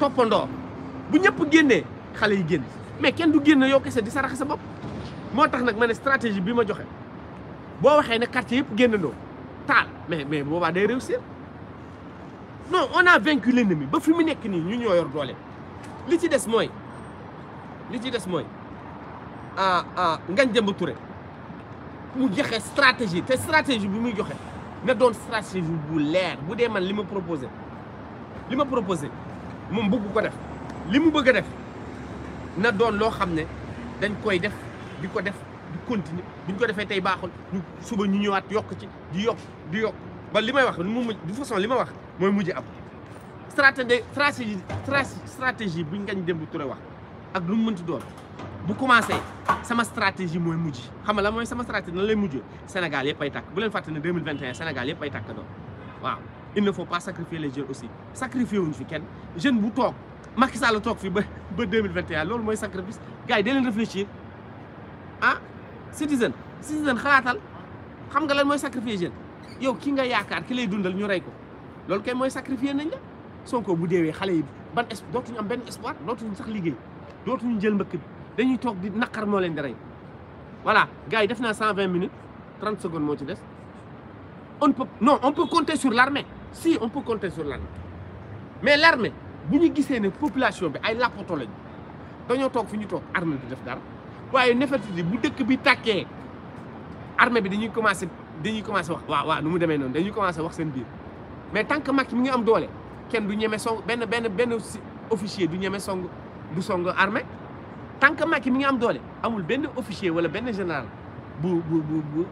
toppandoo bu ñëpp génnee xale yi génn mais kenn du génn yow kese di sarax sa bopp moo tax nag ma ne stratégie bi ma joxe boo waxee ne quartier yëpp génnandoo taal mais mais boobaa day réussir non on a vaincu l'ennemi ba fi mu nekk nii ñu ñoo yor doole li ci des mooy li ci des mooy ah ah Ngagne mu joxe stratégie te stratégie bi muy joxe na doon stratégie bu leer bu dee man li ma proposé li ma proposé. moom bëgg ko def li mu bëgg a def na doon loo xam ne dañ koy def di ko def di continuer buñ ko defee tey baaxul suba ñu ñëwaat yokk ci di yokk di yokk ba li may wax mu mujj de façon li may wax mooy mujj am stratégie stratégie buñ ngañ dem bu ture wax ak lu mu mënti doon bu commencé sama stratégie mooy mujj xam nga la mooy sama stratégie nan lay mujjee Sénégal yëpp ay tàkk bu leen fàtte ne 2021 Sénégal yëpp ay tàkk doon waaw il ne faut pas sacrifier les jeunes aussi sacrifier une ne jeune bu Macky fi 2021 sacrifice gars réfléchir ah citizen citizen le xam nga lan moy sacrifier jeune yow ki nga ki lay dundal ñu ko kay sacrifier nañ la Sonko bu déwé yi ban am espoir ñu sax liggéey jël voilà gars 120 minutes 30 secondes on peut non on peut compter sur l'armée si on peut compter sur l'armée mais l'armée bu ñu gisee ne population bi ay làppato lañ dañoo toog fi ñu toog armée bi def dara waaye Néfertiti bu dëkk bi tàkkee armée bi dañuy commencé dañuy commencé wax waaw waaw nu mu demee noonu dañuy commencé wax seen biir mais tant que Macky mi ngi am doole kenn du ñeme song ben, ben, benn officier du ñeme song du song armée tant que Macky mi ngi am doole amul benn officier wala ben général bu bu bu bu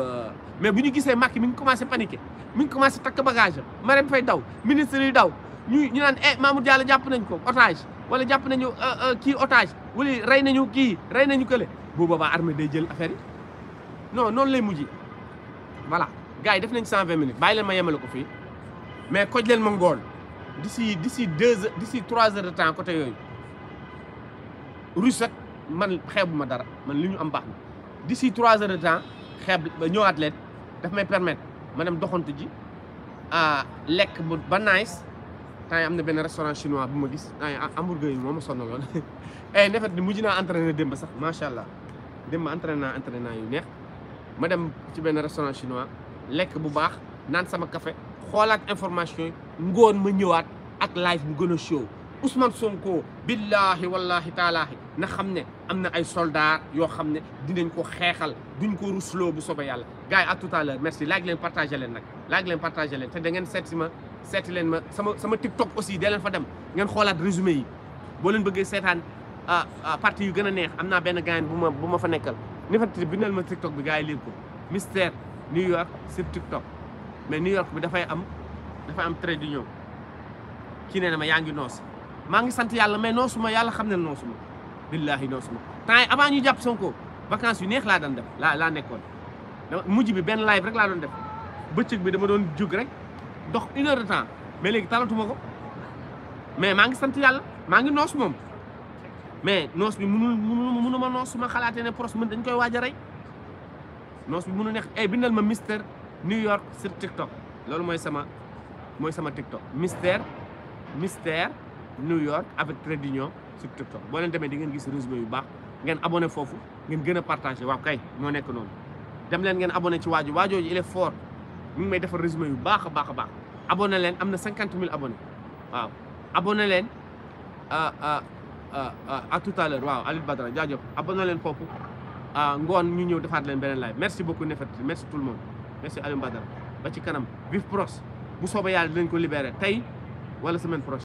euh, mais bu ñu gisee Macky mi ngi commencé paniqué mi commencé takk bagage am Marème fay daw ministre yi daw ñu ñu naan eh Mamour Diallo jàpp nañ ko otage wala jàpp nañu euh, euh, kii otage wala rey nañu kii rey nañu kële bu boobaa armée day jël affaire yi non noonu lay mujj voilà gars yi def nañ cent vingt minutes bàyyi leen ma yemale ko fii mais koj leen ma ngoon d'ici d'ici deux heures d'ici trois heures de côté yooyu russe man xeebu ma dara man li ñu am baax d'ici trois heures de temps xeeb ba ñëwaat leen daf may permettre ma dem doxantu ji lekk ba nice temps yi am na benn restaurant chinois bu ma gis temps yi hamburger yi moo ma sonaloon ay [LAUGHS] eh, ndefet ni mujj naa entraîné démb sax macha allah démb entraîné naa entraîné yu neex ma dem ci benn restaurant chinois lekk bu baax naan sama café xoolaat information yi ngoon ma ñëwaat ak live mu gën a show Ousmane Sonko billahi wallahi taalaahi na xam ne am na ay soldats yoo xam ne dinañ ko xeexal duñ ko rusloo bu soobee yàlla gars yi à tout à l'heure merci laaj leen partagé leen nag laaj leen partagé leen te da ngeen seet si ma seeti leen ma sama sama TikTok aussi dee leen fa dem ngeen xoolaat résumé yi boo leen bëggee seetaan ah, ah, parti yu gën a neex am naa benn gars bu ma bu ma fa nekkal ni fa bindal ma TikTok bi gars yi lire ko Mystère New York sur TikTok mais New York bi dafay am dafay am trait d'union kii nee na ma yaa ngi noos maa ngi sant yàlla mais noosuma yàlla xam ne noosuma billaahi non suma temps yi avant ñu jàpp Sonko vacances yu neex laa daan def laa laa nekkoon mujj bi benn live rek laa doon def bëccëg bi dama doon jóg rek dox une heure de temps mais léegi talatuma ko mais maa ngi sant yàlla maa ngi noos moom mais noos bi mënul mënul mënu ma noos su ma xalaatee ne pros mën dañ koy waaj a rey noos bi mënu neex ay eh bindal ma Mister New York sur TikTok loolu mooy sama mooy sama TikTok Mister Mister New York avec trait d'union sur TikTok boo leen demee di ngeen gis résumé yu baax ngeen abonné foofu ngeen gën a partagé waaw kay moo nekk noonu dem leen ngeen abonné ci waaju waajooju il est fort mu ngi may defar résumé yu baax a baax a baax abonné leen am na cinquante mille abonné waaw abonné leen euh, euh, euh, à tout à l'heure waaw Aliou Badara jaajëf abonné leen foofu ngoon ñu ñëw defaat leen beneen live merci beaucoup Nefert merci tout le monde merci Aliou Badara ba ci kanam vive pros bu soobe yàlla dinañ ko libéré tey wala sema prochaine